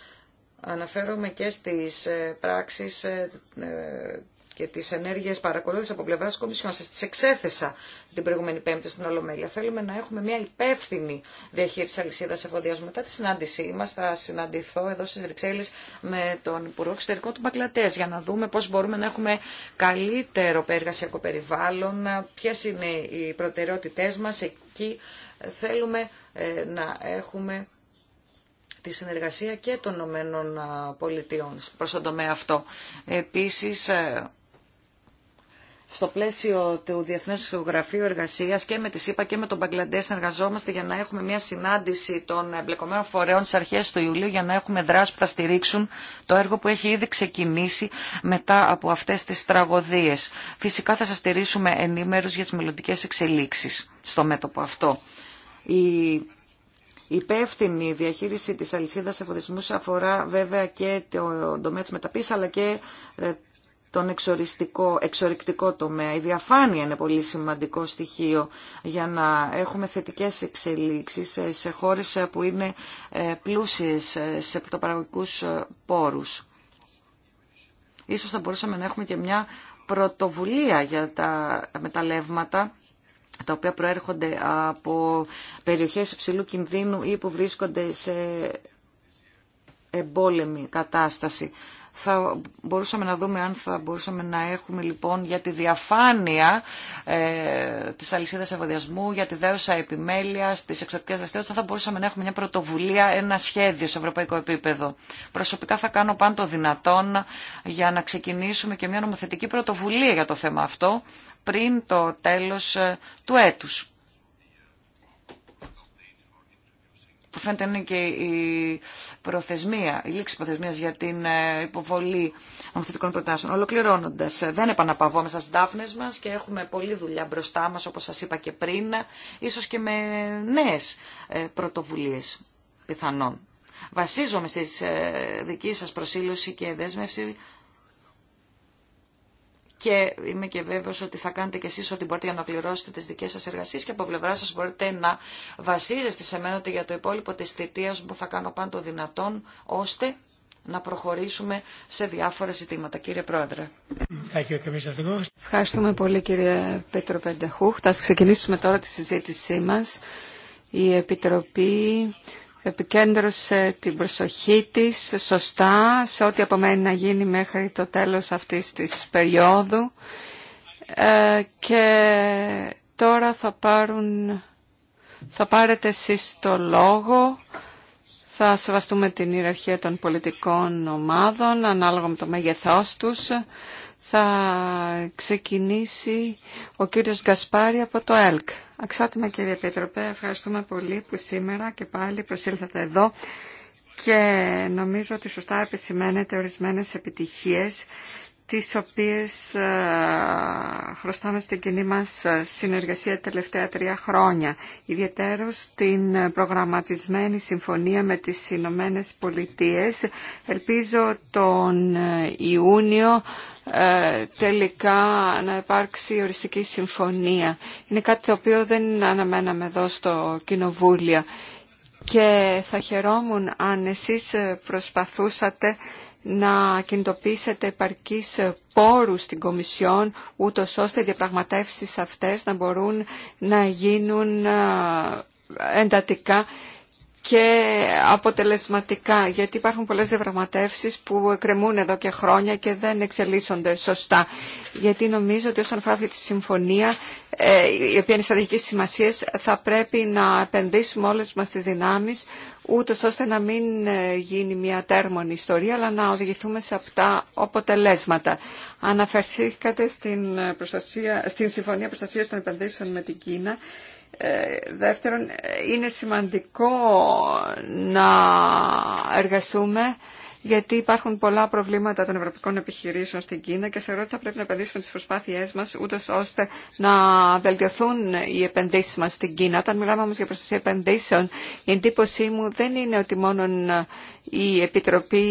Αναφέρομαι και στις ε, πράξεις ε, ε, και τις ενέργειες παρακολούθησης από πλευρά της Κομισιόν. Σας εξέθεσα την προηγούμενη Πέμπτη στην Ολομέλεια. Θέλουμε να έχουμε μια υπεύθυνη διαχείριση αλυσίδας εφοδιασμού. Μετά τη συνάντησή μας θα συναντηθώ εδώ στις Βρυξέλλες με τον Υπουργό Εξωτερικών του Μπαγκλατές για να δούμε πώς μπορούμε να έχουμε καλύτερο πέργασιακο περιβάλλον, ποιε είναι οι προτεραιότητές μας εκεί. Θέλουμε ε, να έχουμε τη συνεργασία και των ΗΠΑ προς τον τομέα αυτό. Επίσης, ε, στο πλαίσιο του Διεθνές Γραφείου Εργασίας και με τη ΣΥΠΑ και με τον Μπαγκλαντές εργαζόμαστε για να έχουμε μια συνάντηση των εμπλεκομένων φορέων στις αρχές του Ιουλίου για να έχουμε δράσει που θα στηρίξουν το έργο που έχει ήδη ξεκινήσει μετά από αυτές τις τραγωδίες. Φυσικά θα σας στηρίσουμε ενήμερους για τις μελλοντικέ εξελίξεις στο μέτωπο αυτό. Η υπεύθυνη διαχείριση της αλυσίδας εφοδισμούς αφορά βέβαια και το τομέα της μεταπής αλλά και ε, τον εξοριστικό, εξορυκτικό τομέα. Η διαφάνεια είναι πολύ σημαντικό στοιχείο για να έχουμε θετικές εξελίξεις σε χώρες που είναι ε, πλούσιες ε, σε πρωτοπαραγωγικούς ε, πόρους. Ίσως θα μπορούσαμε να έχουμε και μια πρωτοβουλία για τα μεταλλεύματα τα οποία προέρχονται από περιοχές υψηλού κινδύνου ή που βρίσκονται σε εμπόλεμη κατάσταση θα μπορούσαμε να δούμε αν θα μπορούσαμε να έχουμε λοιπόν για τη διαφάνεια ε, της αλυσίδας ευωδιασμού, για τη δέουσα επιμέλεια, στις εξωτικές δραστηριότητες, θα μπορούσαμε να έχουμε μια πρωτοβουλία, ένα σχέδιο σε ευρωπαϊκό επίπεδο. Προσωπικά θα κάνω πάντο δυνατόν για να ξεκινήσουμε και μια νομοθετική πρωτοβουλία για το θέμα αυτό πριν το τέλος ε, του έτους. που φαίνεται είναι και η προθεσμία, η λήξη προθεσμία για την ε, υποβολή νομοθετικών προτάσεων. Ολοκληρώνοντα, ε, δεν επαναπαυόμαστε στι δάφνε μα και έχουμε πολλή δουλειά μπροστά μα, όπω σα είπα και πριν, ίσω και με νέε πρωτοβουλίε πιθανόν. Βασίζομαι στη ε, δική σα προσήλωση και δέσμευση και είμαι και βέβαιος ότι θα κάνετε κι εσείς ό,τι μπορείτε για να ολοκληρώσετε τις δικές σας εργασίες και από πλευρά σας μπορείτε να βασίζεστε σε μένα ότι για το υπόλοιπο της θητείας μου θα κάνω πάντο δυνατόν ώστε να προχωρήσουμε σε διάφορα ζητήματα. Κύριε Πρόεδρε.
Ευχαριστούμε πολύ κύριε Πέτρο Πεντεχούχ. Θα ξεκινήσουμε τώρα τη συζήτησή μας. Η Επιτροπή επικέντρωσε την προσοχή της σωστά σε ό,τι απομένει να γίνει μέχρι το τέλος αυτής της περίοδου ε, και τώρα θα, πάρουν, θα πάρετε εσείς το λόγο θα σεβαστούμε την ιεραρχία των πολιτικών ομάδων ανάλογα με το μέγεθός τους θα ξεκινήσει ο κύριος Γκασπάρη από το ΕΛΚ. Αξάτιμα κύριε Επίτροπε, ευχαριστούμε πολύ που σήμερα και πάλι προσήλθατε εδώ και νομίζω ότι σωστά επισημαίνετε ορισμένες επιτυχίες τις οποίες ε, χρωστάμε στην κοινή μας ε, συνεργασία τελευταία τρία χρόνια, ιδιαίτερο την προγραμματισμένη συμφωνία με τις Ηνωμένε Πολιτείες. Ελπίζω τον ε, Ιούνιο τελικά να υπάρξει οριστική συμφωνία. Είναι κάτι το οποίο δεν αναμέναμε εδώ στο Κοινοβούλιο και θα χαιρόμουν αν εσείς ε, προσπαθούσατε να κινητοποιήσετε επαρκείς ε, πόρους στην Κομισιόν, ούτω ώστε οι διαπραγματεύσεις αυτές να μπορούν να γίνουν ε, εντατικά και αποτελεσματικά, γιατί υπάρχουν πολλές διαπραγματεύσει που εκκρεμούν εδώ και χρόνια και δεν εξελίσσονται σωστά. Γιατί νομίζω ότι όσον αφορά αυτή τη συμφωνία, ε, η οποία είναι στρατηγική σημασία, θα πρέπει να επενδύσουμε όλες μας τις δυνάμεις, ούτω ώστε να μην ε, γίνει μια τέρμονη ιστορία, αλλά να οδηγηθούμε σε αυτά αποτελέσματα. Αναφερθήκατε στην, ε, στην Συμφωνία Προστασίας των Επενδύσεων με την Κίνα ε, δεύτερον, ε, είναι σημαντικό να εργαστούμε γιατί υπάρχουν πολλά προβλήματα των ευρωπαϊκών επιχειρήσεων στην Κίνα και θεωρώ ότι θα πρέπει να επενδύσουμε τι προσπάθειέ μα, ούτω ώστε να βελτιωθούν οι επενδύσει μα στην Κίνα. Όταν μιλάμε όμω για προστασία επενδύσεων, η εντύπωσή μου δεν είναι ότι μόνο η Επιτροπή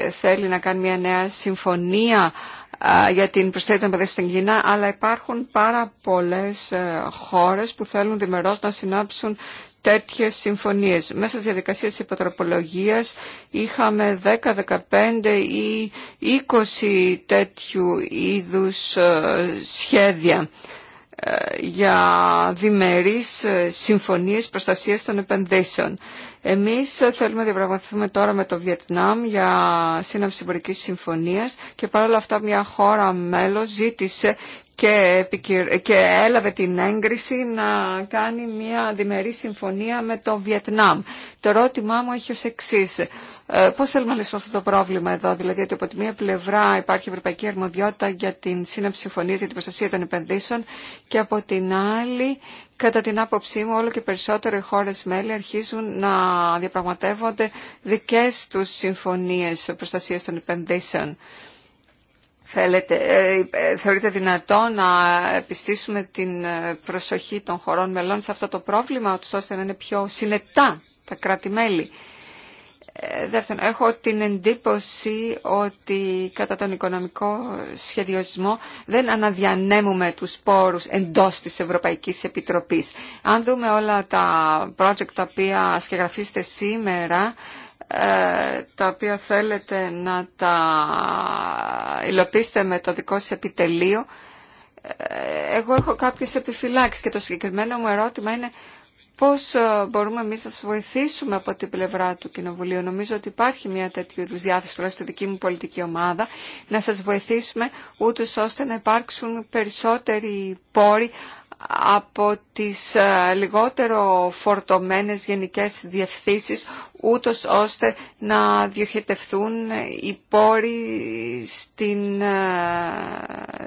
ε, θέλει να κάνει μια νέα συμφωνία ε, για την προστασία των παιδιών στην Κίνα, αλλά υπάρχουν πάρα πολλές ε, χώρες που θέλουν δημερώς να συνάψουν τέτοιες συμφωνίες. Μέσα στη διαδικασία της υποτροπολογίας είχαμε 10, 15 ή 20 τέτοιου είδους ε, σχέδια ε, για διμερείς ε, συμφωνίες προστασίας των επενδύσεων. Εμείς θέλουμε να διαπραγματευτούμε τώρα με το Βιετνάμ για σύναψη εμπορικής συμφωνίας και παρόλα αυτά μια χώρα μέλος ζήτησε και, και έλαβε την έγκριση να κάνει μια διμερή συμφωνία με το Βιετνάμ. Το ερώτημά μου έχει ως εξής. Ε, Πώ θέλουμε να λύσουμε αυτό το πρόβλημα εδώ, δηλαδή ότι από τη μία πλευρά υπάρχει ευρωπαϊκή αρμοδιότητα για την σύναψη συμφωνία για την προστασία των επενδύσεων και από την άλλη, κατά την άποψή μου, όλο και περισσότερο οι χώρε μέλη αρχίζουν να διαπραγματεύονται δικέ του συμφωνίε προστασία των επενδύσεων. Θέλετε, ε, ε θεωρείτε δυνατό να επιστήσουμε την ε, προσοχή των χωρών μελών σε αυτό το πρόβλημα, ώστε να είναι πιο συνετά τα κράτη-μέλη. Ε, δεύτερον, έχω την εντύπωση ότι κατά τον οικονομικό σχεδιοσμό δεν αναδιανέμουμε τους πόρους εντός της Ευρωπαϊκής Επιτροπής. Αν δούμε όλα τα project τα οποία σχεγραφίστε σήμερα, ε, τα οποία θέλετε να τα υλοποιήσετε με το δικό σας επιτελείο, ε, εγώ έχω κάποιες επιφυλάξεις και το συγκεκριμένο μου ερώτημα είναι πώς ε, μπορούμε εμείς να σας βοηθήσουμε από την πλευρά του Κοινοβουλίου. Νομίζω ότι υπάρχει μια τέτοια είδους διάθεση, τουλάχιστον στη δική μου πολιτική ομάδα, να σας βοηθήσουμε ούτω ώστε να υπάρξουν περισσότεροι πόροι από τις λιγότερο φορτωμένες γενικές διευθύνσεις ούτως ώστε να διοχετευθούν οι πόροι στην ε,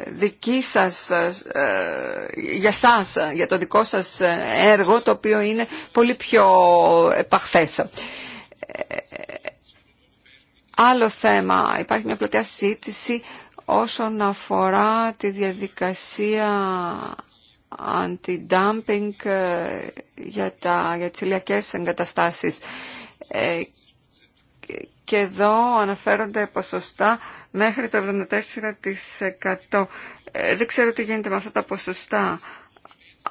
δική σας, ε, ε, για σας, για το δικό σας έργο, το οποίο είναι πολύ πιο επαχθές. Άλλο θέμα, υπάρχει μια πλατεία συζήτηση όσον αφορά τη διαδικασία αντι-dumping για, τα, για τις ηλιακές εγκαταστάσεις. Ε, και εδώ αναφέρονται ποσοστά μέχρι το 74%. Ε, δεν ξέρω τι γίνεται με αυτά τα ποσοστά,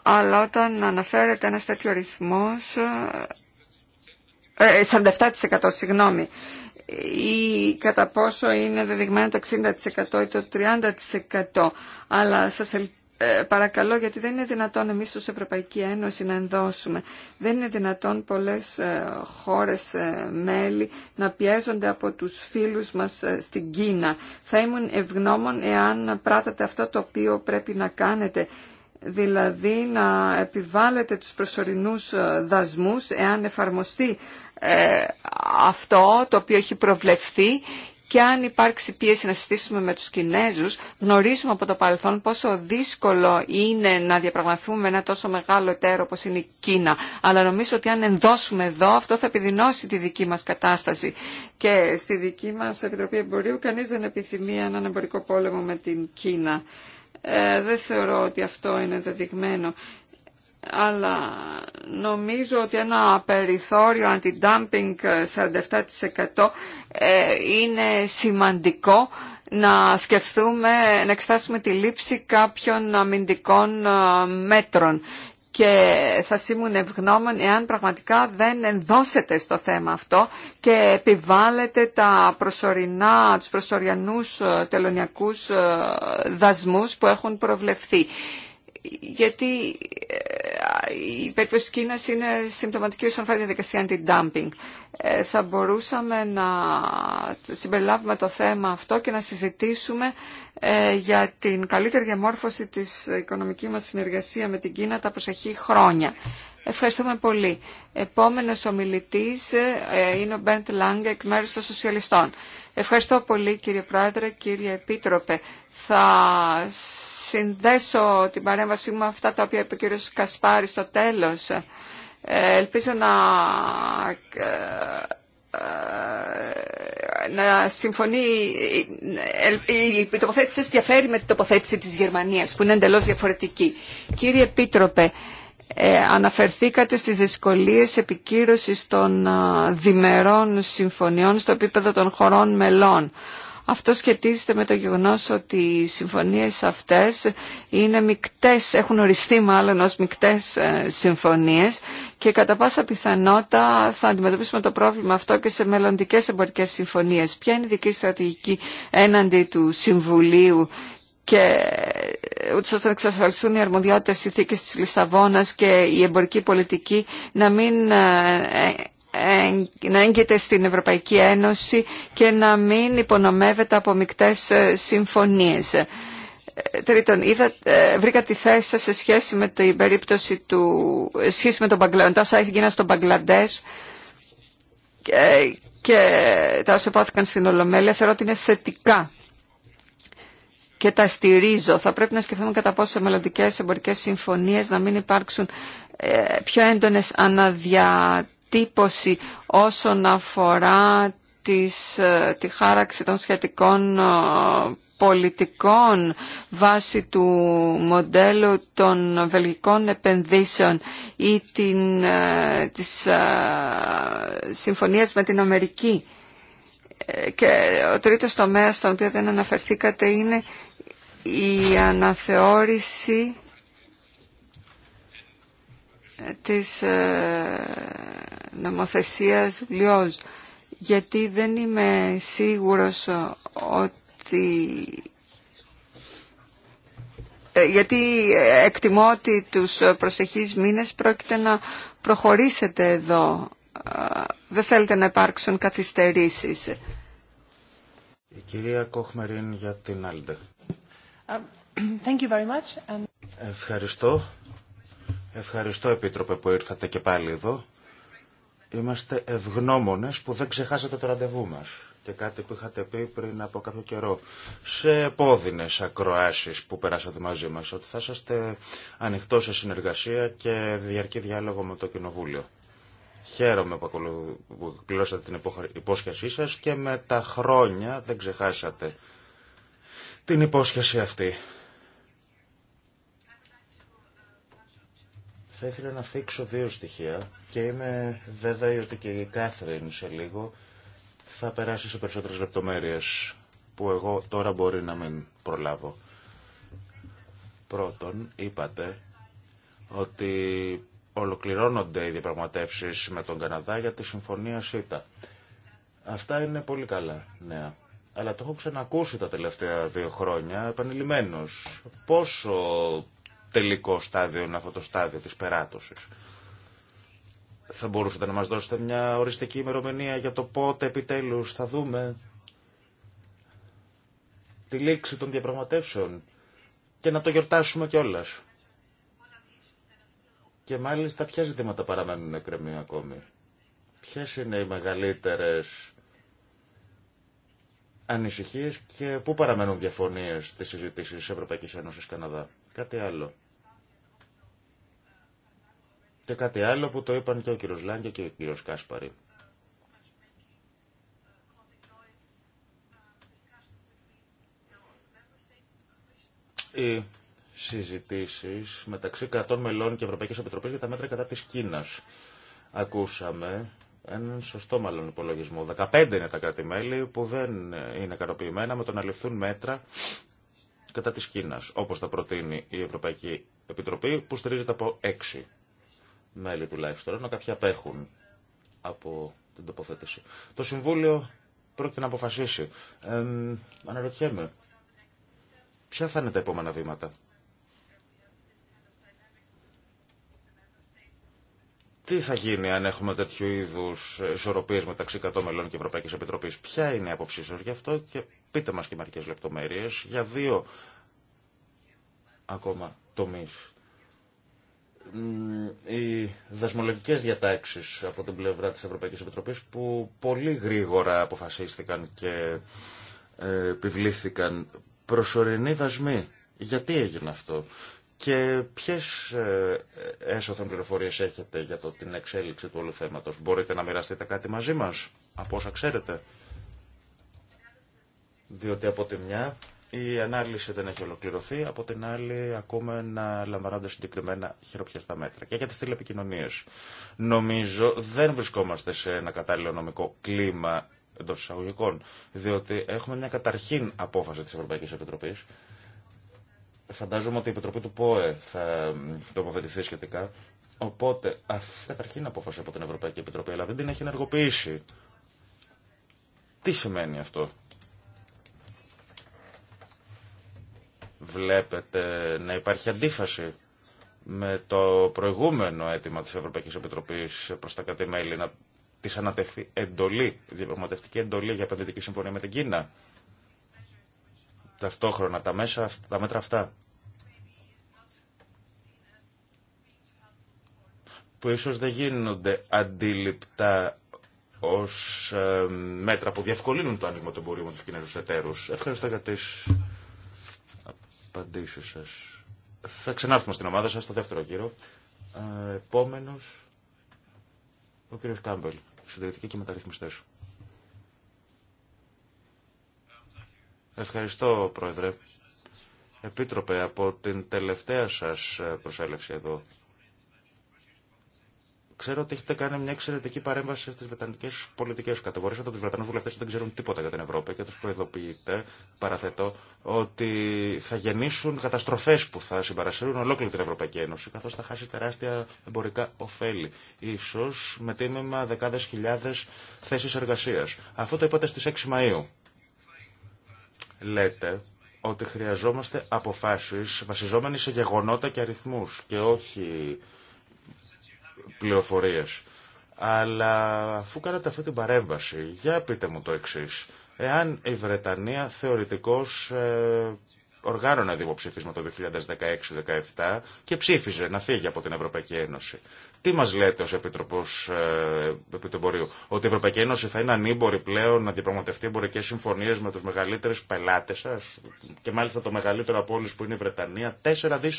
αλλά όταν αναφέρεται ένας τέτοιο ρυθμός, 47% ε, συγγνώμη, ή κατά πόσο είναι δεδειγμένο το 60% ή το 30%. Αλλά σας ελπίζω ε, παρακαλώ, γιατί δεν είναι δυνατόν εμείς ως Ευρωπαϊκή Ένωση να ενδώσουμε. Δεν είναι δυνατόν πολλές ε, χώρες ε, μέλη να πιέζονται από τους φίλους μας στην Κίνα. Θα ήμουν ευγνώμων εάν πράτατε αυτό το οποίο πρέπει να κάνετε δηλαδή να επιβάλλετε τους προσωρινούς δασμούς εάν εφαρμοστεί αυτό το οποίο έχει προβλεφθεί και αν υπάρξει πίεση να συστήσουμε με τους Κινέζους, γνωρίζουμε από το παρελθόν πόσο δύσκολο είναι να διαπραγματευτούμε ένα τόσο μεγάλο εταίρο όπως είναι η Κίνα. Αλλά νομίζω ότι αν ενδώσουμε εδώ, αυτό θα επιδεινώσει τη δική μας κατάσταση. Και στη δική μας Επιτροπή Εμπορίου κανείς δεν επιθυμεί έναν εμπορικό πόλεμο με την Κίνα. Ε, δεν θεωρώ ότι αυτό είναι δεδειγμένο αλλά νομίζω ότι ένα περιθώριο αντι-dumping 47% ε, είναι σημαντικό να σκεφτούμε, να εξετάσουμε τη λήψη κάποιων αμυντικών ε, μέτρων και θα σήμουν ευγνώμων εάν πραγματικά δεν ενδώσετε στο θέμα αυτό και επιβάλλετε τα προσωρινά, τους προσωριανούς ε, τελωνιακούς δασμούς που έχουν προβλεφθεί γιατί ε, η περίπτωση της Κίνας είναι συμπτωματική όσον αφορά τη διαδικασια αντι anti-dumping. Ε, θα μπορούσαμε να συμπεριλάβουμε το θέμα αυτό και να συζητήσουμε ε, για την καλύτερη διαμόρφωση της οικονομικής μας συνεργασία με την Κίνα τα προσεχή χρόνια. Ευχαριστούμε πολύ. Επόμενος ομιλητής είναι ο Μπέντ Λάγκ εκ μέρους των Σοσιαλιστών. Ευχαριστώ πολύ κύριε Πρόεδρε, κύριε Επίτροπε θα συνδέσω την παρέμβασή μου με αυτά τα οποία είπε ο κ. Κασπάρη στο τέλος. Ε, ελπίζω να, ε, συμφωνεί... Ε, η τοποθέτηση σας διαφέρει με την τοποθέτηση της Γερμανίας, που είναι εντελώς διαφορετική. Κύριε Επίτροπε, αναφερθήκατε στις δυσκολίες επικύρωσης των διμερών συμφωνιών στο επίπεδο των χωρών μελών. Αυτό σχετίζεται με το γεγονός ότι οι συμφωνίες αυτές είναι μικτές, έχουν οριστεί μάλλον ως μικτές ε, συμφωνίες και κατά πάσα πιθανότητα θα αντιμετωπίσουμε το πρόβλημα αυτό και σε μελλοντικές εμπορικές συμφωνίες. Ποια είναι η δική στρατηγική έναντι του Συμβουλίου και ε, ούτως ώστε να εξασφαλιστούν οι αρμοδιότητες συνθήκες της Λισαβόνας και η εμπορική πολιτική να μην ε, να έγκυται στην Ευρωπαϊκή Ένωση και να μην υπονομεύεται από μικτές ε, συμφωνίες. Ε, τρίτον, είδα, ε, βρήκα τη θέση σας σε σχέση με την περίπτωση του, σχέση με τον όσα έγιναν στον Μπαγκλαντές και, και τα όσα υπόθηκαν στην Ολομέλεια, θεωρώ ότι είναι θετικά και τα στηρίζω. Θα πρέπει να σκεφτούμε κατά πόσο σε μελλοντικέ εμπορικέ συμφωνίε να μην υπάρξουν πιο έντονες αναδιατυπώσει όσον αφορά της, ε, τη χάραξη των σχετικών ε, πολιτικών βάσει του μοντέλου των βελγικών επενδύσεων ή την, ε, της συμφωνίας με την Αμερική. Και ο τρίτος τομέας στον οποίο δεν αναφερθήκατε είναι η αναθεώρηση της ε, νομοθεσίας Λιόζ γιατί δεν είμαι σίγουρος ότι ε, γιατί εκτιμώ ότι τους προσεχείς μήνες πρόκειται να προχωρήσετε εδώ. Ε, δεν θέλετε να υπάρξουν καθυστερήσεις.
Η κυρία Κόχμεριν για την Άλντε. Um, Ευχαριστώ. Ευχαριστώ, Επίτροπε, που ήρθατε και πάλι εδώ. Είμαστε ευγνώμονες που δεν ξεχάσατε το ραντεβού μας και κάτι που είχατε πει πριν από κάποιο καιρό σε επώδυνες ακροάσεις που περάσατε μαζί μας ότι θα είσαστε ανοιχτό σε συνεργασία και διαρκή διάλογο με το Κοινοβούλιο. Χαίρομαι που πληρώσατε την υπόσχεσή σας και με τα χρόνια δεν ξεχάσατε την υπόσχεση αυτή. Θα ήθελα να θίξω δύο στοιχεία και είμαι βέβαιη ότι και η Κάθριν σε λίγο θα περάσει σε περισσότερες λεπτομέρειες που εγώ τώρα μπορεί να μην προλάβω. Πρώτον, είπατε ότι ολοκληρώνονται οι διαπραγματεύσεις με τον Καναδά για τη συμφωνία ΣΥΤΑ. Αυτά είναι πολύ καλά νέα. Αλλά το έχω ξανακούσει τα τελευταία δύο χρόνια επανειλημμένως. Πόσο τελικό στάδιο είναι αυτό το στάδιο της περάτωσης. Θα μπορούσατε να μας δώσετε μια οριστική ημερομηνία για το πότε επιτέλους θα δούμε τη λήξη των διαπραγματεύσεων και να το γιορτάσουμε κιόλα. Και μάλιστα ποια ζητήματα παραμένουν εκκρεμή ακόμη. ποιε είναι οι μεγαλύτερες ανησυχίες και πού παραμένουν διαφωνίες στις συζητήσεις της Ευρωπαϊκής Ένωσης Καναδά. Κάτι άλλο. Και κάτι άλλο που το είπαν και ο κύριος Λάγκια και ο κύριος Κάσπαρη. Οι συζητήσεις μεταξύ κρατών μελών και Ευρωπαϊκής Επιτροπής για τα μέτρα κατά της Κίνας. Ακούσαμε έναν σωστό μάλλον υπολογισμό. 15 είναι τα κράτη-μέλη που δεν είναι ικανοποιημένα με το να ληφθούν μέτρα κατά της Κίνας, όπως τα προτείνει η Ευρωπαϊκή Επιτροπή, που στηρίζεται από 6 μέλη τουλάχιστον, ενώ κάποια απέχουν από την τοποθέτηση. Το Συμβούλιο πρόκειται να αποφασίσει. Ε, αναρωτιέμαι, ποια θα είναι τα επόμενα βήματα. Τι θα γίνει αν έχουμε τέτοιου είδου ισορροπίε μεταξύ 100 και Ευρωπαϊκή Επιτροπή. Ποια είναι η άποψή σα γι' αυτό και πείτε μα και μερικέ λεπτομέρειε για δύο ακόμα τομεί οι δασμολογικές διατάξεις από την πλευρά της Ευρωπαϊκής Επιτροπής που πολύ γρήγορα αποφασίστηκαν και ε, επιβλήθηκαν προσωρινή δασμή. Γιατί έγινε αυτό και ποιες ε, ε, έσωθεν πληροφορίες έχετε για το, την εξέλιξη του όλου θέματος. Μπορείτε να μοιραστείτε κάτι μαζί μας από όσα ξέρετε. Διότι από τη μια η ανάλυση δεν έχει ολοκληρωθεί, από την άλλη ακόμα να λαμβάνονται συγκεκριμένα χειροπιαστά μέτρα. Και για τις τηλεπικοινωνίες. Νομίζω δεν βρισκόμαστε σε ένα κατάλληλο νομικό κλίμα εντό εισαγωγικών, διότι έχουμε μια καταρχήν απόφαση της Ευρωπαϊκής Επιτροπής. Φαντάζομαι ότι η Επιτροπή του ΠΟΕ θα τοποθετηθεί σχετικά. Οπότε, αυτή καταρχήν απόφαση από την Ευρωπαϊκή Επιτροπή, αλλά δεν την έχει ενεργοποιήσει. Τι σημαίνει αυτό. βλέπετε να υπάρχει αντίφαση με το προηγούμενο αίτημα της Ευρωπαϊκής Επιτροπής προς τα κράτη-μέλη να της ανατεθεί εντολή, διαπραγματευτική εντολή για επενδυτική συμφωνία με την Κίνα. Ταυτόχρονα τα, μέσα, τα μέτρα αυτά που ίσως δεν γίνονται αντίληπτα ως ε, μέτρα που διευκολύνουν το άνοιγμα του εμπορίου με τους Κινέζους εταίρους. Ευχαριστώ για τις απαντήσεις σας. Θα ξανάρθουμε στην ομάδα σας στο δεύτερο γύρο. Ε, επόμενος, ο κύριος Κάμπελ, συντηρητική και μεταρρυθμιστές. Ευχαριστώ, Πρόεδρε. Επίτροπε, από την τελευταία σας προσέλευση εδώ Ξέρω ότι έχετε κάνει μια εξαιρετική παρέμβαση στι βρετανικέ πολιτικέ. Από του Βρετανού βουλευτέ δεν ξέρουν τίποτα για την Ευρώπη και του προειδοποιείτε, παραθέτω, ότι θα γεννήσουν καταστροφέ που θα συμπαρασύρουν ολόκληρη την Ευρωπαϊκή Ένωση, καθώ θα χάσει τεράστια εμπορικά ωφέλη. σω με τίμημα δεκάδε χιλιάδε θέσει εργασία. Αυτό το είπατε στι 6 Μαου. Λέτε ότι χρειαζόμαστε αποφάσεις βασιζόμενοι σε γεγονότα και αριθμούς και όχι Πληροφορίε. Αλλά αφού κάνατε αυτή την παρέμβαση, για πείτε μου το εξή. Εάν η Βρετανία θεωρητικώ ε, οργάνωνε δημοψήφισμα το 2016-2017 και ψήφιζε να φύγει από την Ευρωπαϊκή Ένωση. Τι μα λέτε ω Επιτροπό ε, Επιτεμπορίου, ότι η Ευρωπαϊκή Ένωση θα είναι ανήμπορη πλέον να διαπραγματευτεί εμπορικέ συμφωνίε με του μεγαλύτερου πελάτε σα και μάλιστα το μεγαλύτερο από όλου που είναι η Βρετανία, 4 δι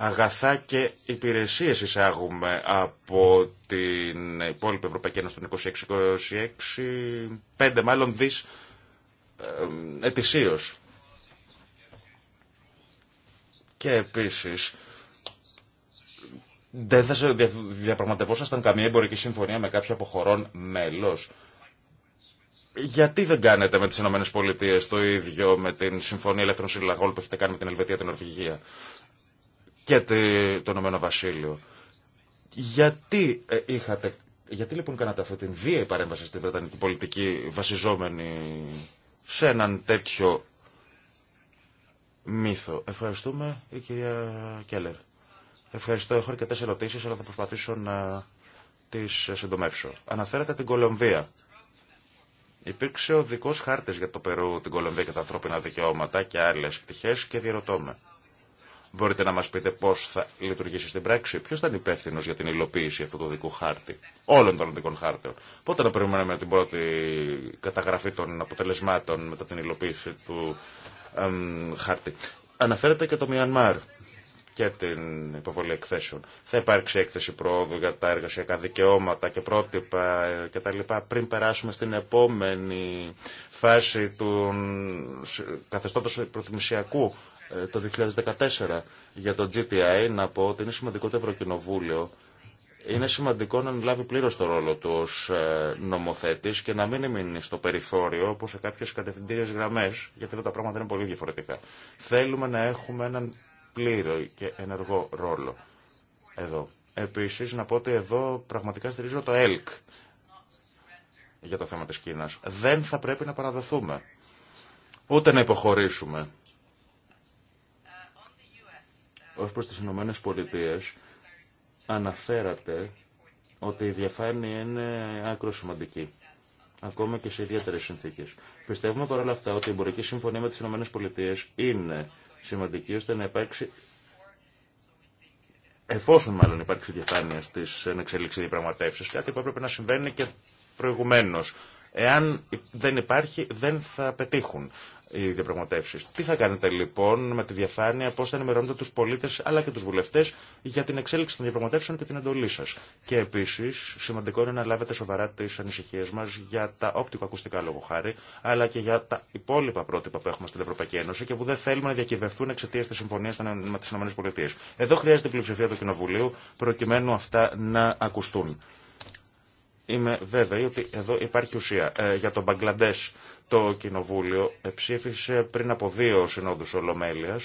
αγαθά και υπηρεσίες εισάγουμε από την υπόλοιπη Ευρωπαϊκή Ένωση των 26, 26, 5 μάλλον δις ετησίω. Και επίσης, δεν θα διαπραγματευόσασταν καμία εμπορική συμφωνία με κάποια από χωρών μέλος. Γιατί δεν κάνετε με τις ΗΠΑ το ίδιο με την Συμφωνία Ελεύθερων Συλλαγών που έχετε κάνει με την Ελβετία, την Ορβηγία και το Ηνωμένο Βασίλειο. Γιατί ε, είχατε, γιατί λοιπόν κάνατε αυτή την βία παρέμβαση στην Βρετανική πολιτική βασιζόμενη σε έναν τέτοιο μύθο. Ευχαριστούμε η κυρία Κέλλερ. Ευχαριστώ. Έχω αρκετέ ερωτήσει, αλλά θα προσπαθήσω να τι συντομεύσω. Αναφέρατε την Κολομβία. Υπήρξε ο δικός χάρτη για το Περού, την Κολομβία και τα ανθρώπινα δικαιώματα και άλλε πτυχέ και διερωτώ με. Μπορείτε να μα πείτε πώ θα λειτουργήσει στην πράξη, Ποιο θα υπεύθυνο για την υλοποίηση αυτού του δικού χάρτη, όλων των δικών χάρτεων. Πότε να περιμένουμε την πρώτη καταγραφή των αποτελεσμάτων μετά την υλοποίηση του εμ, χάρτη. Αναφέρεται και το Μιανμάρ και την υποβολή εκθέσεων. Θα υπάρξει έκθεση προόδου για τα εργασιακά δικαιώματα και πρότυπα κτλ. πριν περάσουμε στην επόμενη φάση του καθεστώτος προτιμησιακού ε, το 2014 για το GTI να πω ότι είναι σημαντικό το Ευρωκοινοβούλιο είναι σημαντικό να λάβει πλήρως το ρόλο του ως ε, νομοθέτης και να μην μείνει στο περιθώριο όπως σε κάποιες κατευθυντήριες γραμμές, γιατί εδώ τα πράγματα είναι πολύ διαφορετικά. Θέλουμε να έχουμε έναν πλήρω και ενεργό ρόλο εδώ. Επίσης, να πω ότι εδώ πραγματικά στηρίζω το ΕΛΚ για το θέμα της Κίνας. Δεν θα πρέπει να παραδοθούμε, ούτε να υποχωρήσουμε ως προς τις Ηνωμένε Πολιτείες αναφέρατε ότι η διαφάνεια είναι άκρο σημαντική. Ακόμα και σε ιδιαίτερες συνθήκες. Πιστεύουμε παρόλα αυτά ότι η εμπορική συμφωνία με τι Πολιτείε είναι σημαντική ώστε να υπάρξει εφόσον μάλλον υπάρξει διαφάνεια στι ενεξελίξεις διαπραγματεύσει, κάτι που έπρεπε να συμβαίνει και προηγουμένω. Εάν δεν υπάρχει, δεν θα πετύχουν οι διαπραγματεύσει. Τι θα κάνετε λοιπόν με τη διαφάνεια, πώ θα ενημερώνετε του πολίτε αλλά και του βουλευτέ για την εξέλιξη των διαπραγματεύσεων και την εντολή σα. Και επίση, σημαντικό είναι να λάβετε σοβαρά τι ανησυχίε μα για τα οπτικοακουστικά λόγω χάρη, αλλά και για τα υπόλοιπα πρότυπα που έχουμε στην Ευρωπαϊκή Ένωση και που δεν θέλουμε να διακυβευτούν εξαιτία τη συμφωνία με τι ΗΠΑ. Εδώ χρειάζεται η πλειοψηφία του Κοινοβουλίου προκειμένου αυτά να ακουστούν. Είμαι βέβαιη ότι εδώ υπάρχει ουσία. Ε, για τον Μπαγκλαντέ, το Κοινοβούλιο ψήφισε πριν από δύο συνόδου ολομέλεια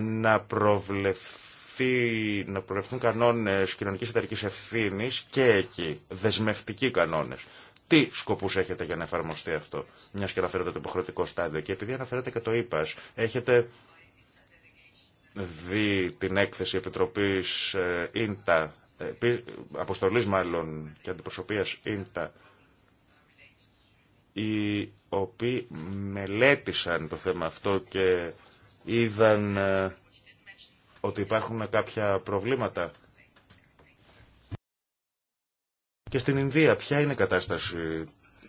να προβλεφθεί να προβλεφθούν κανόνες κοινωνικής εταιρικής ευθύνης και εκεί, δεσμευτικοί κανόνες. Τι σκοπού έχετε για να εφαρμοστεί αυτό, μια και αναφέρετε το υποχρεωτικό στάδιο. Και επειδή αναφέρετε και το είπα, έχετε δει την έκθεση Επιτροπής ε, ΙΝΤΑ Αποστολή μάλλον και αντιπροσωπείας ΙΝΤΑ οι οποίοι μελέτησαν το θέμα αυτό και είδαν ε, ότι υπάρχουν κάποια προβλήματα. Και στην Ινδία, ποια είναι η κατάσταση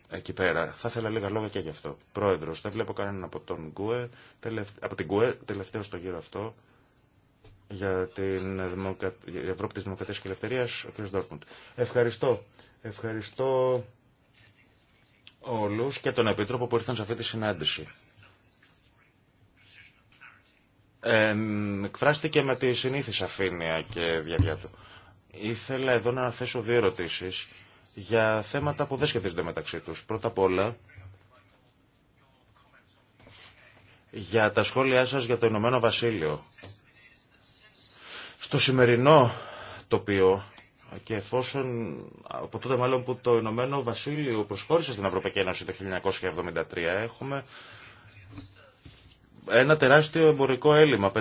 εκεί πέρα. Θα ήθελα λίγα λόγια και γι' αυτό. Πρόεδρος, δεν βλέπω κανέναν από, τον Γκουε, από την ΚΟΕ, τελευταίο στο γύρο αυτό, για την Ευρώπη της Δημοκρατίας και Ελευθερίας, ο κ. Ευχαριστώ. Ευχαριστώ όλους και τον Επίτροπο που ήρθαν σε αυτή τη συνάντηση. Ε, εκφράστηκε με τη συνήθι αφήνεια και διαβιά του. Ήθελα εδώ να θέσω δύο ερωτήσει για θέματα που δεν σχετίζονται μεταξύ τους. Πρώτα απ' όλα, για τα σχόλιά σας για το Ηνωμένο Βασίλειο το σημερινό τοπίο και εφόσον από τότε μάλλον που το Ηνωμένο Βασίλειο προσχώρησε στην Ευρωπαϊκή Ένωση το 1973 έχουμε ένα τεράστιο εμπορικό έλλειμμα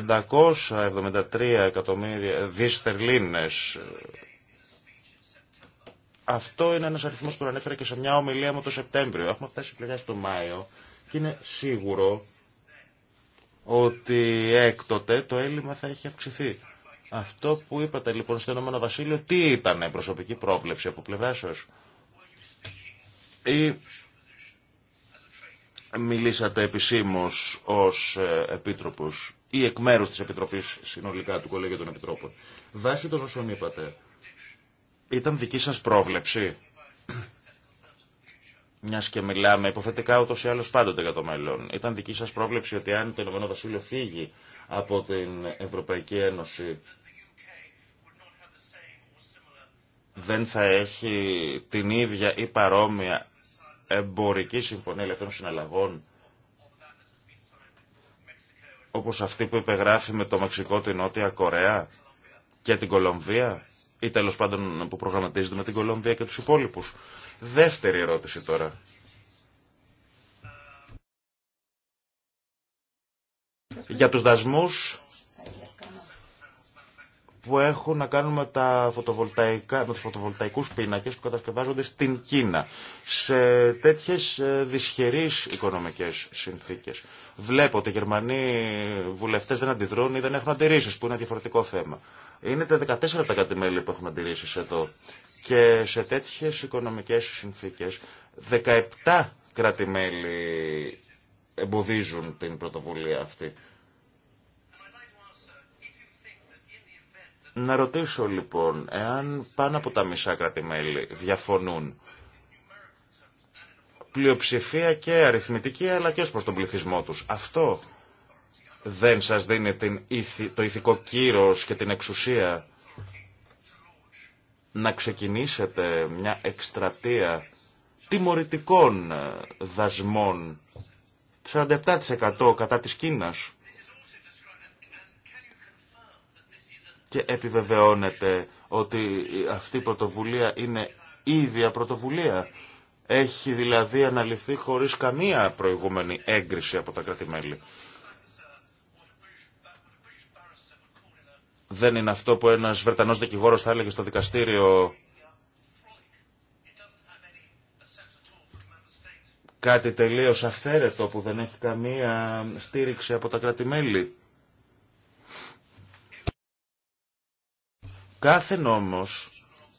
573 εκατομμύρια διστερλίνες αυτό είναι ένας αριθμός που ανέφερα και σε μια ομιλία μου το Σεπτέμβριο έχουμε φτάσει πλέον στο Μάιο και είναι σίγουρο ότι έκτοτε το έλλειμμα θα έχει αυξηθεί αυτό που είπατε λοιπόν στο Ηνωμένο Βασίλειο, τι ήταν προσωπική πρόβλεψη από πλευρά σα. Ή μιλήσατε επισήμω ω ε, επίτροπο ή εκ μέρου τη Επιτροπή συνολικά του Κολέγιου των Επιτρόπων. Βάσει των όσων είπατε, ήταν δική σα πρόβλεψη. Μια και μιλάμε υποθετικά ούτω ή άλλω πάντοτε για το μέλλον. Ήταν δική σα πρόβλεψη ότι αν το Ηνωμένο Βασίλειο φύγει από την Ευρωπαϊκή Ένωση δεν θα έχει την ίδια ή παρόμοια εμπορική συμφωνία ελευθερών συναλλαγών όπως αυτή που υπεγράφει με το Μεξικό, την Νότια Κορέα και την Κολομβία ή τέλο πάντων που προγραμματίζεται με την Κολομβία και τους υπόλοιπους. Δεύτερη ερώτηση τώρα. Για τους δασμούς που έχουν να κάνουν με, τα φωτοβολταϊκά, με τους φωτοβολταϊκούς πίνακες που κατασκευάζονται στην Κίνα σε τέτοιες ε, δυσχερείς οικονομικές συνθήκες. Βλέπω ότι οι Γερμανοί βουλευτές δεν αντιδρούν ή δεν έχουν αντιρρήσεις που είναι διαφορετικό θέμα. Είναι τα 14 τα κατημέλη που έχουν αντιρρήσει εδώ και σε τέτοιες οικονομικές συνθήκες 17 κράτη-μέλη εμποδίζουν την πρωτοβουλία αυτή. Να ρωτήσω λοιπόν, εάν πάνω από τα μισά κράτη-μέλη διαφωνούν πλειοψηφία και αριθμητική αλλά και ως προς τον πληθυσμό τους. Αυτό δεν σας δίνει την, το ηθικό κύρος και την εξουσία να ξεκινήσετε μια εκστρατεία τιμωρητικών ε, δασμών 47% κατά της Κίνας και επιβεβαιώνεται ότι αυτή η πρωτοβουλία είναι ίδια πρωτοβουλία. Έχει δηλαδή αναλυθεί χωρίς καμία προηγούμενη έγκριση από τα κρατη Δεν είναι αυτό που ένας Βρετανός δικηγόρος θα έλεγε στο δικαστήριο κάτι τελείως αυθαίρετο που δεν έχει καμία στήριξη από τα κρατη Κάθε νόμος,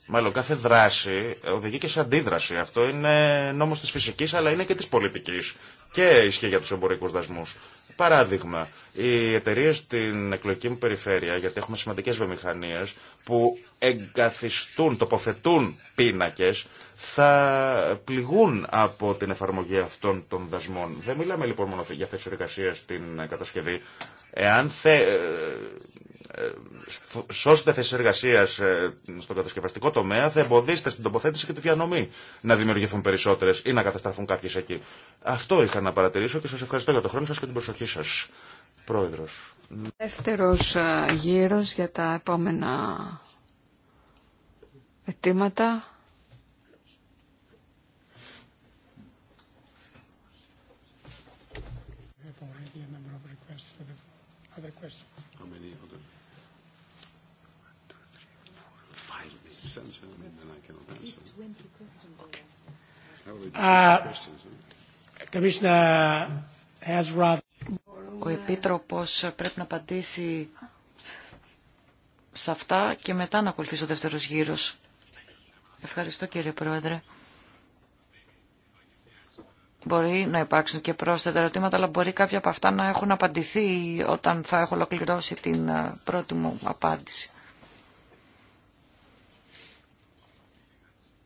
μάλλον κάθε δράση οδηγεί και σε αντίδραση. Αυτό είναι νόμος της φυσικής αλλά είναι και της πολιτικής και ισχύει για τους εμπορικούς δασμούς. Παράδειγμα, οι εταιρείε στην εκλογική μου περιφέρεια, γιατί έχουμε σημαντικέ βιομηχανίε, που εγκαθιστούν, τοποθετούν πίνακε, θα πληγούν από την εφαρμογή αυτών των δασμών. Δεν μιλάμε λοιπόν μόνο για θέσει εργασία στην κατασκευή. Εάν θε, ε, σώστε θέσει εργασία ε, στον κατασκευαστικό τομέα, θα εμποδίσετε στην τοποθέτηση και τη διανομή να δημιουργηθούν περισσότερε ή να καταστραφούν κάποιε εκεί. Αυτό είχα να παρατηρήσω και σα ευχαριστώ για τον χρόνο σα και την προσοχή σα. Πρόεδρο.
Δεύτερο ε, γύρο για τα επόμενα αιτήματα.
Uh,
ο Επίτροπος πρέπει να απαντήσει σε αυτά και μετά να ακολουθήσει ο δεύτερο γύρος. Ευχαριστώ κύριε Πρόεδρε. Μπορεί να υπάρξουν και πρόσθετα ερωτήματα, αλλά μπορεί κάποια από αυτά να έχουν απαντηθεί όταν θα έχω ολοκληρώσει την ε, πρώτη μου απάντηση.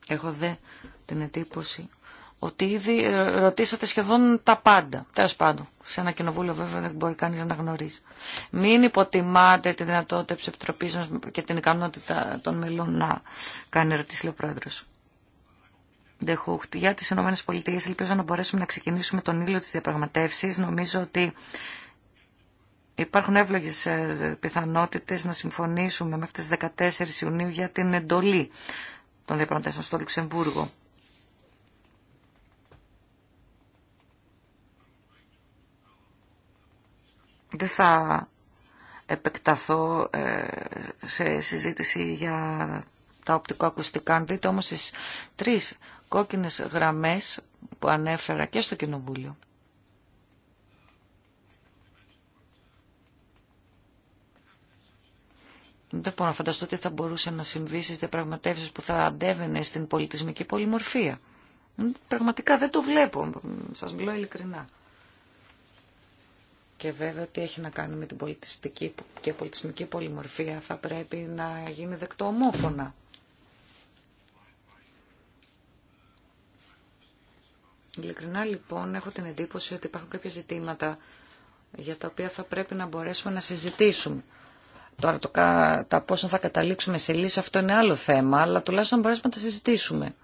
Έχω δε την εντύπωση ότι ήδη ε, ρωτήσατε σχεδόν τα πάντα. Τέλο πάντων, σε ένα κοινοβούλιο βέβαια δεν μπορεί κανεί να γνωρίζει. Μην υποτιμάτε τη δυνατότητα τη Επιτροπή και την ικανότητα των μελών να κάνει ερωτήσει, λέει ο Πρόεδρο. Για τι ΗΠΑ, ελπίζω να μπορέσουμε να ξεκινήσουμε τον ήλιο τη διαπραγματεύση. Νομίζω ότι υπάρχουν εύλογε πιθανότητε να συμφωνήσουμε μέχρι τι 14 Ιουνίου για την εντολή των διαπραγματεύσεων στο Λουξεμβούργο. Δεν θα επεκταθώ ε, σε συζήτηση για τα οπτικοακουστικά. Αν δείτε όμως τις τρεις κόκκινες γραμμές που ανέφερα και στο Κοινοβούλιο. Δεν μπορώ να φανταστώ τι θα μπορούσε να συμβεί στις διαπραγματεύσεις που θα αντέβαινε στην πολιτισμική πολυμορφία. Πραγματικά δεν το βλέπω, σας μιλώ ειλικρινά και βέβαια ότι έχει να κάνει με την πολιτιστική και πολιτισμική πολυμορφία θα πρέπει να γίνει δεκτό ομόφωνα. Ειλικρινά λοιπόν έχω την εντύπωση ότι υπάρχουν κάποια ζητήματα για τα οποία θα πρέπει να μπορέσουμε να συζητήσουμε. Τώρα το, τα πόσο θα καταλήξουμε σε λύση αυτό είναι άλλο θέμα, αλλά τουλάχιστον μπορέσουμε να τα συζητήσουμε.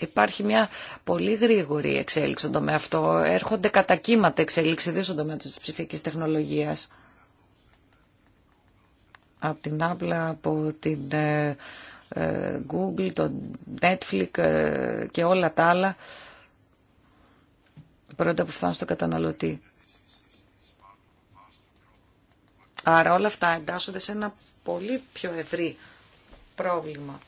Υπάρχει μια πολύ γρήγορη εξέλιξη στον τομέα αυτό. Έρχονται κατακύματα κύματα εξέλιξη, δύο στον τομέα της ψηφιακής τεχνολογίας. Από την Apple, από την ε, ε, Google, το Netflix ε, και όλα τα άλλα πρώτα που φτάνουν στο καταναλωτή. Άρα όλα αυτά εντάσσονται σε ένα πολύ πιο ευρύ πρόβλημα.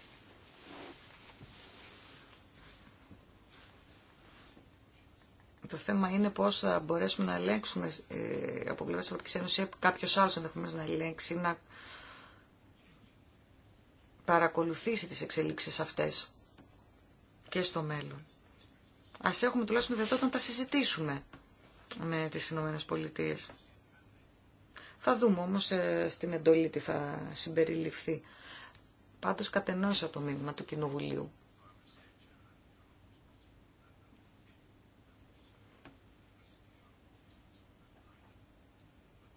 Το θέμα είναι πώ θα μπορέσουμε να ελέγξουμε ε, από πλευρά τη Ευρωπαϊκή Ένωση ε, κάποιο άλλο ενδεχομένω να ελέγξει, να παρακολουθήσει τι εξελίξει αυτέ και στο μέλλον. Α έχουμε τουλάχιστον δυνατότητα να τα συζητήσουμε με τι Ηνωμένε Πολιτείε. Θα δούμε όμως ε, στην εντολή τι θα συμπεριληφθεί. Πάντως κατενόησα το μήνυμα του Κοινοβουλίου.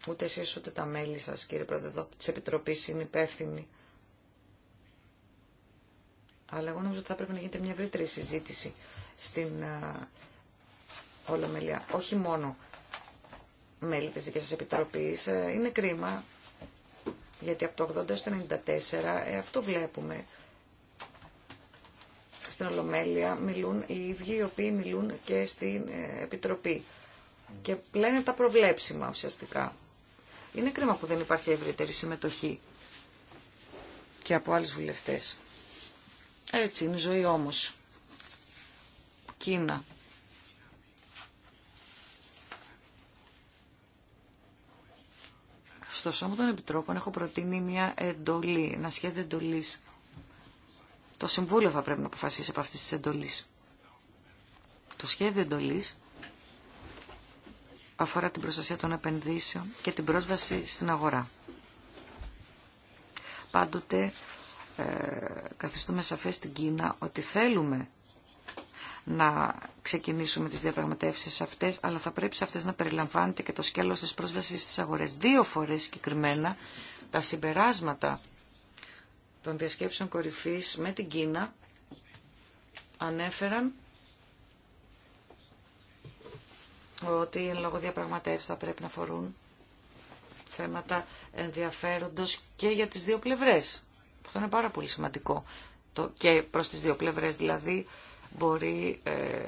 Ούτε εσείς ούτε τα μέλη σας, κύριε Πρόεδρε, της Επιτροπής είναι υπεύθυνοι. Αλλά εγώ νομίζω ότι θα πρέπει να γίνεται μια ευρύτερη συζήτηση στην Ολομελία. Όχι μόνο μέλη της δικής σας Επιτροπής. Ε, είναι κρίμα, γιατί από το 80 στο 94 αυτό βλέπουμε. Στην Ολομέλεια μιλούν οι ίδιοι οι οποίοι μιλούν και στην ε, Επιτροπή. Και πλένε τα προβλέψιμα ουσιαστικά. Είναι κρίμα που δεν υπάρχει ευρύτερη συμμετοχή και από άλλους βουλευτές. Έτσι είναι η ζωή όμως. Κίνα. Στο Σώμα των Επιτρόπων έχω προτείνει μια εντολή, ένα σχέδιο εντολής. Το Συμβούλιο θα πρέπει να αποφασίσει από αυτή τη εντολή. Το σχέδιο εντολής αφορά την προστασία των επενδύσεων και την πρόσβαση στην αγορά. Πάντοτε ε, καθιστούμε σαφές στην Κίνα ότι θέλουμε να ξεκινήσουμε τις διαπραγματεύσεις αυτές, αλλά θα πρέπει σε αυτές να περιλαμβάνεται και το σκέλος της πρόσβασης στις αγορές. Δύο φορές συγκεκριμένα τα συμπεράσματα των διασκέψεων κορυφής με την Κίνα ανέφεραν ότι εν λόγω διαπραγματεύσεις θα πρέπει να αφορούν θέματα ενδιαφέροντος και για τις δύο πλευρές. Αυτό είναι πάρα πολύ σημαντικό. Το και προς τις δύο πλευρές δηλαδή μπορεί ε,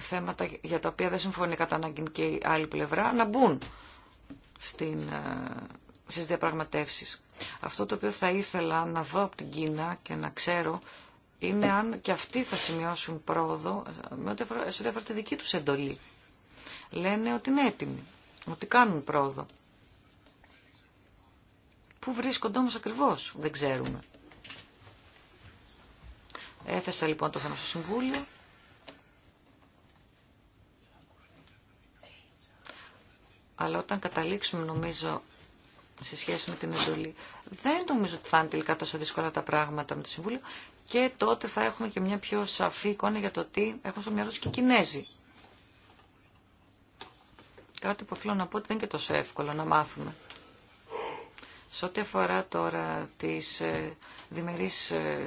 θέματα για τα οποία δεν συμφωνεί κατά ανάγκη και η άλλη πλευρά να μπουν στην, ε, στις διαπραγματεύσεις. Αυτό το οποίο θα ήθελα να δω από την Κίνα και να ξέρω είναι αν και αυτοί θα σημειώσουν πρόοδο ε, με ό,τι αφορά τη δική τους εντολή λένε ότι είναι έτοιμοι, ότι κάνουν πρόοδο. Πού βρίσκονται όμως ακριβώς, δεν ξέρουμε. Έθεσα λοιπόν το θέμα στο Συμβούλιο. Αλλά όταν καταλήξουμε νομίζω σε σχέση με την εντολή, δεν νομίζω ότι θα είναι τελικά τόσο δύσκολα τα πράγματα με το Συμβούλιο και τότε θα έχουμε και μια πιο σαφή εικόνα για το τι έχουν στο μυαλό τους και οι Κινέζοι. Κάτι που οφείλω να πω ότι δεν είναι και τόσο εύκολο να μάθουμε. Σε ό,τι αφορά τώρα τις ε, διμερείς ε,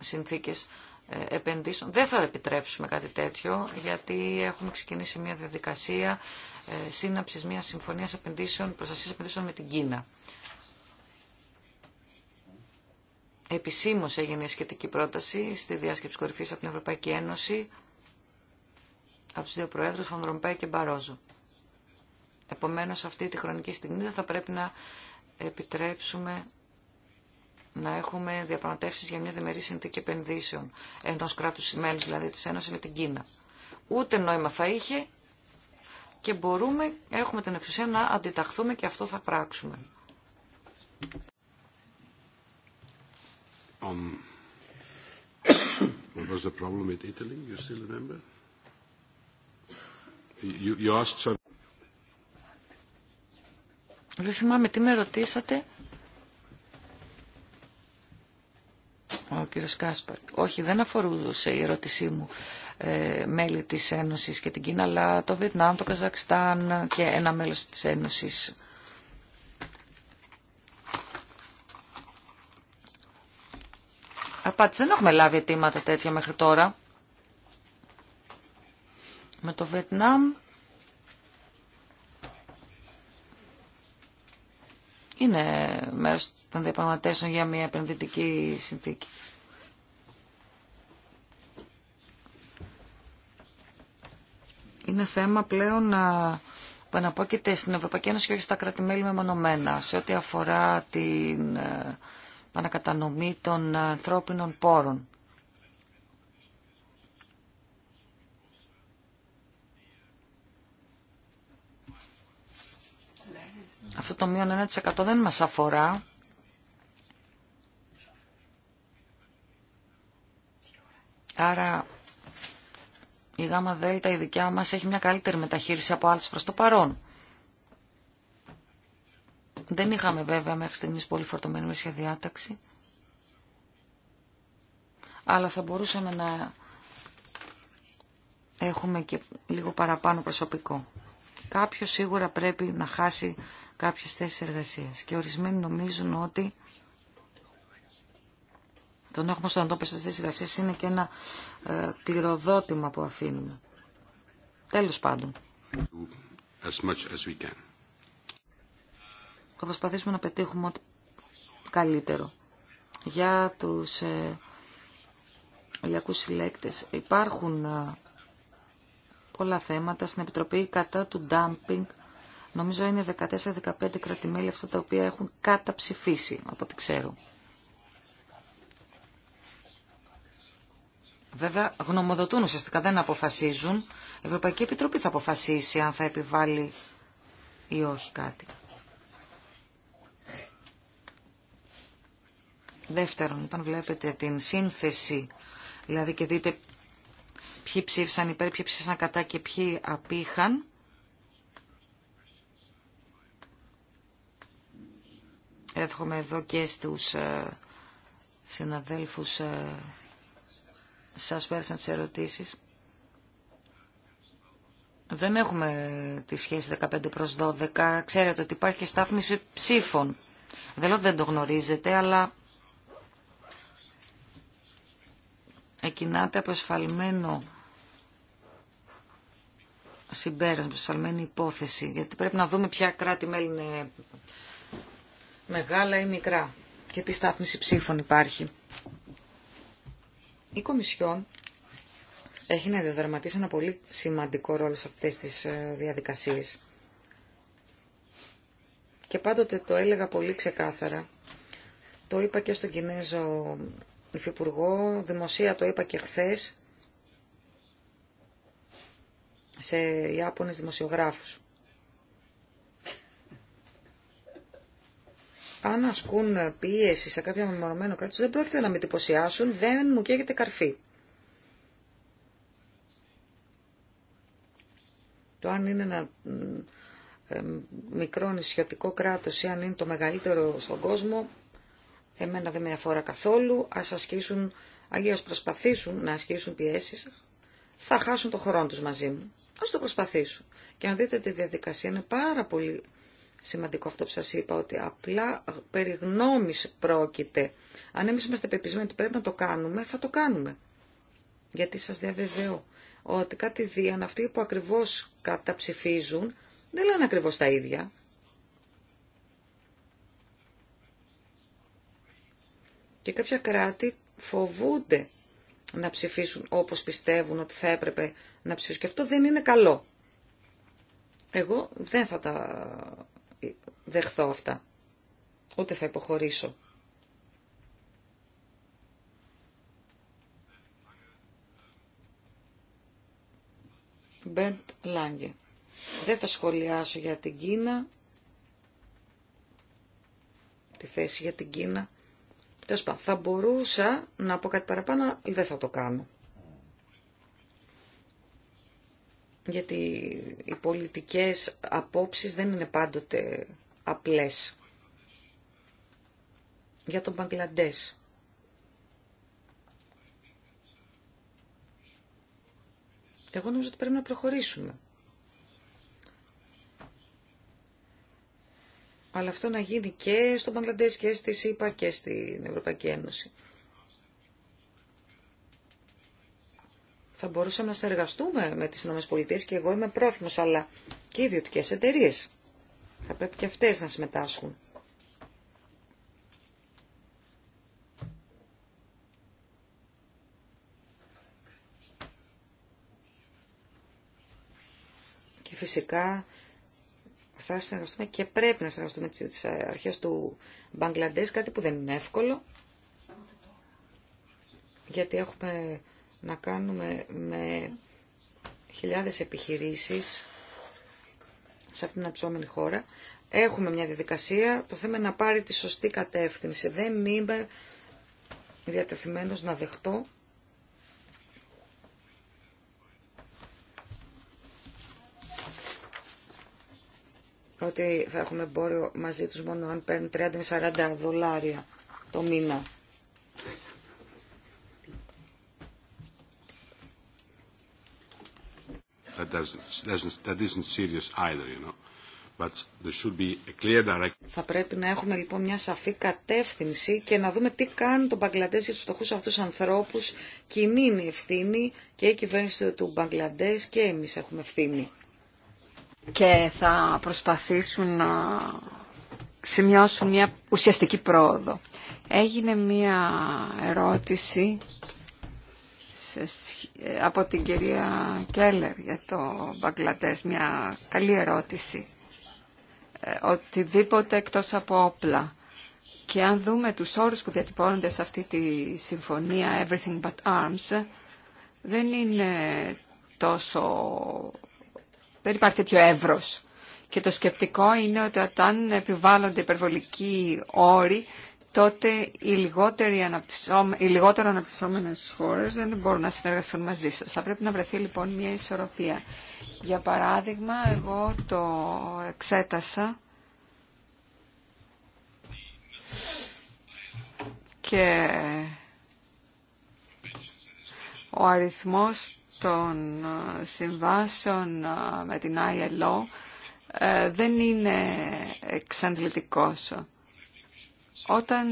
συνθήκες ε, επενδύσεων, δεν θα επιτρέψουμε κάτι τέτοιο, γιατί έχουμε ξεκινήσει μια διαδικασία σύναψης μια συμφωνίας επενδύσεων, προστασίας επενδύσεων με την Κίνα. Επισήμως έγινε η σχετική πρόταση στη διάσκεψη κορυφής από την Ευρωπαϊκή Ένωση, από τους δύο Προέδρους, Φανδρομπέ και Μπαρόζο. Επομένως αυτή τη χρονική στιγμή δεν θα πρέπει να επιτρέψουμε να έχουμε διαπραγματεύσεις για μια διμερή συνθήκη επενδύσεων ενός κράτους σημαίνει δηλαδή της Ένωσης με την Κίνα. Ούτε νόημα θα είχε και μπορούμε, έχουμε την εξουσία να αντιταχθούμε και αυτό θα πράξουμε.
Um, was the problem with You still remember?
You, you
δεν θυμάμαι τι με ρωτήσατε. Ο κύριος Κάσπαρ. Όχι, δεν αφορούσε η ερώτησή μου ε, μέλη της Ένωσης και την Κίνα, αλλά το Βιετνάμ, το Καζακστάν και ένα μέλος της Ένωσης. Απάντηση, δεν έχουμε λάβει αιτήματα τέτοια μέχρι τώρα. Με το Βιετνάμ είναι μέρος των διαπραγματεύσεων για μια επενδυτική συνθήκη. Είναι θέμα πλέον να επαναπόκειται στην Ευρωπαϊκή Ένωση και όχι στα κρατημέλη μεμονωμένα σε ό,τι αφορά την ε, ανακατανομή των ε, ανθρώπινων πόρων. Αυτό το μείον 1% δεν μας αφορά. Άρα η γάμα δέλτα η δικιά μας έχει μια καλύτερη μεταχείριση από άλλες προς το παρόν. Δεν είχαμε βέβαια μέχρι στιγμής πολύ φορτωμένη μέσα διάταξη. Αλλά θα μπορούσαμε να έχουμε και λίγο παραπάνω προσωπικό. Κάποιος σίγουρα πρέπει να χάσει κάποιες θέσεις εργασίας. Και ορισμένοι νομίζουν ότι τον έχουμε στον τόπο στις θέσεις εργασίας είναι και ένα ε, κληροδότημα που αφήνουμε. Τέλος πάντων. As much as we can. Θα προσπαθήσουμε να πετύχουμε ό,τι καλύτερο. Για τους ε, ολιακούς συλλέκτες υπάρχουν ε, πολλά θέματα στην Επιτροπή κατά του dumping Νομίζω είναι 14-15 κρατημέλη αυτά τα οποία έχουν καταψηφίσει, από ό,τι ξέρω. Βέβαια, γνωμοδοτούν ουσιαστικά, δεν αποφασίζουν. Η Ευρωπαϊκή Επιτροπή θα αποφασίσει αν θα επιβάλλει ή όχι κάτι. Δεύτερον, όταν βλέπετε την σύνθεση, δηλαδή και δείτε ποιοι ψήφισαν υπέρ, ποιοι ψήφισαν κατά και ποιοι απήχαν, Εύχομαι εδώ και στους ε, συναδέλφους ε, σας πέρασαν τις ερωτήσεις. Δεν έχουμε τη σχέση 15 προς 12. Ξέρετε ότι υπάρχει και στάθμιση ψήφων. Δεν λέω δεν το γνωρίζετε, αλλά εκινάται από ασφαλμένο συμπέρασμα, εσφαλμένη υπόθεση. Γιατί πρέπει να δούμε ποια κράτη-μέλη είναι μεγάλα ή μικρά και τι στάθμιση ψήφων υπάρχει. Η Κομισιόν έχει να διαδραματίσει ένα πολύ σημαντικό ρόλο σε αυτές τις ε, διαδικασίες. Και πάντοτε το έλεγα πολύ ξεκάθαρα. Το είπα και στον Κινέζο Υφυπουργό, δημοσία το είπα και χθε σε Ιάπωνες δημοσιογράφους. αν ασκούν πίεση σε κάποιο μεμονωμένο κράτος, δεν πρόκειται να με εντυπωσιάσουν, δεν μου καίγεται καρφί. Το αν είναι ένα ε, μικρό νησιωτικό κράτος ή αν είναι το μεγαλύτερο στον κόσμο, εμένα δεν με αφορά καθόλου, ας ασκήσουν, αγίως προσπαθήσουν να ασκήσουν πιέσεις, θα χάσουν το χρόνο τους μαζί μου. Ας το προσπαθήσουν. Και αν δείτε τη διαδικασία είναι πάρα πολύ σημαντικό αυτό που σας είπα, ότι απλά περί γνώμης πρόκειται. Αν εμείς είμαστε πεπισμένοι ότι πρέπει να το κάνουμε, θα το κάνουμε. Γιατί σας διαβεβαιώ ότι κάτι δίαν αυτοί που ακριβώς καταψηφίζουν δεν λένε ακριβώς τα ίδια. Και κάποια κράτη φοβούνται να ψηφίσουν όπως πιστεύουν ότι θα έπρεπε να ψηφίσουν. Και αυτό δεν είναι καλό. Εγώ δεν θα τα δεχθώ αυτά. Ούτε θα υποχωρήσω. Μπεντ Λάγκε. Δεν θα σχολιάσω για την Κίνα, τη θέση για την Κίνα. θα μπορούσα να πω κάτι παραπάνω, αλλά δεν θα το κάνω. γιατί οι πολιτικές απόψεις δεν είναι πάντοτε απλές. Για τον Παγκλαντές. Εγώ νομίζω ότι πρέπει να προχωρήσουμε. Αλλά αυτό να γίνει και στον Παγκλαντές και στη ΣΥΠΑ και στην Ευρωπαϊκή Ένωση. θα μπορούσαμε να συνεργαστούμε με τις ΗΠΑ και εγώ είμαι πρόθυμος, αλλά και οι ιδιωτικέ εταιρείε. Θα πρέπει και αυτές να συμμετάσχουν. Και φυσικά θα συνεργαστούμε και πρέπει να συνεργαστούμε τις αρχές του Μπαγκλαντές, κάτι που δεν είναι εύκολο, γιατί έχουμε να κάνουμε με χιλιάδες επιχειρήσεις σε αυτήν την αψόμενη χώρα. Έχουμε μια διαδικασία, το θέμα είναι να πάρει τη σωστή κατεύθυνση. Δεν είμαι διατεθειμένος να δεχτώ ότι θα έχουμε εμπόριο μαζί τους μόνο αν παίρνουν 30 40 δολάρια το μήνα. Θα πρέπει να έχουμε λοιπόν μια σαφή κατεύθυνση και να δούμε τι κάνει τον Μπαγκλαντές για τους φτωχούς αυτούς ανθρώπους. Κοινή είναι η ευθύνη και η κυβέρνηση του Μπαγκλαντές και εμείς
έχουμε ευθύνη. Και θα προσπαθήσουν να σημειώσουν μια ουσιαστική πρόοδο. Έγινε μια ερώτηση από την κυρία Κέλλερ για το Μπαγκλαντές, μια καλή ερώτηση. Ε, οτιδήποτε εκτός από όπλα. Και αν δούμε τους όρους που διατυπώνονται σε αυτή τη συμφωνία Everything But Arms, δεν είναι τόσο... δεν υπάρχει τέτοιο εύρος. Και το σκεπτικό είναι ότι όταν επιβάλλονται υπερβολικοί όροι, τότε οι, λιγότερο αναπτυσσόμενες χώρες δεν μπορούν να συνεργαστούν μαζί σας. Θα πρέπει να βρεθεί λοιπόν μια ισορροπία. Για παράδειγμα, εγώ το εξέτασα και ο αριθμός των συμβάσεων ε, με την ILO ε, δεν είναι εξαντλητικό. Όταν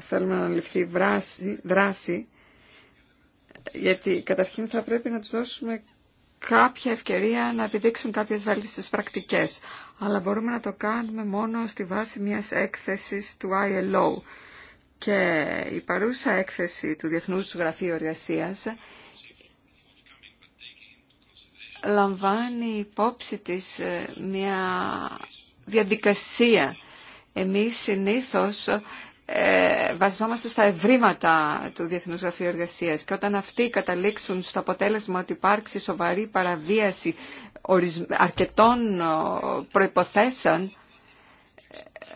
θέλουμε να ληφθεί δράση, δράση, γιατί καταρχήν θα πρέπει να τους δώσουμε κάποια ευκαιρία να επιδείξουν κάποιες βαλίστες πρακτικές. Αλλά μπορούμε να το κάνουμε μόνο στη βάση μιας έκθεσης του ILO. Και η παρούσα έκθεση του Διεθνούς Γραφείου Εργασίας λαμβάνει υπόψη της ε, μια διαδικασία εμείς συνήθως ε, βασιζόμαστε στα ευρήματα του Διεθνούς Γραφείου Εργασίας και όταν αυτοί καταλήξουν στο αποτέλεσμα ότι υπάρξει σοβαρή παραβίαση αρκετών προϋποθέσεων,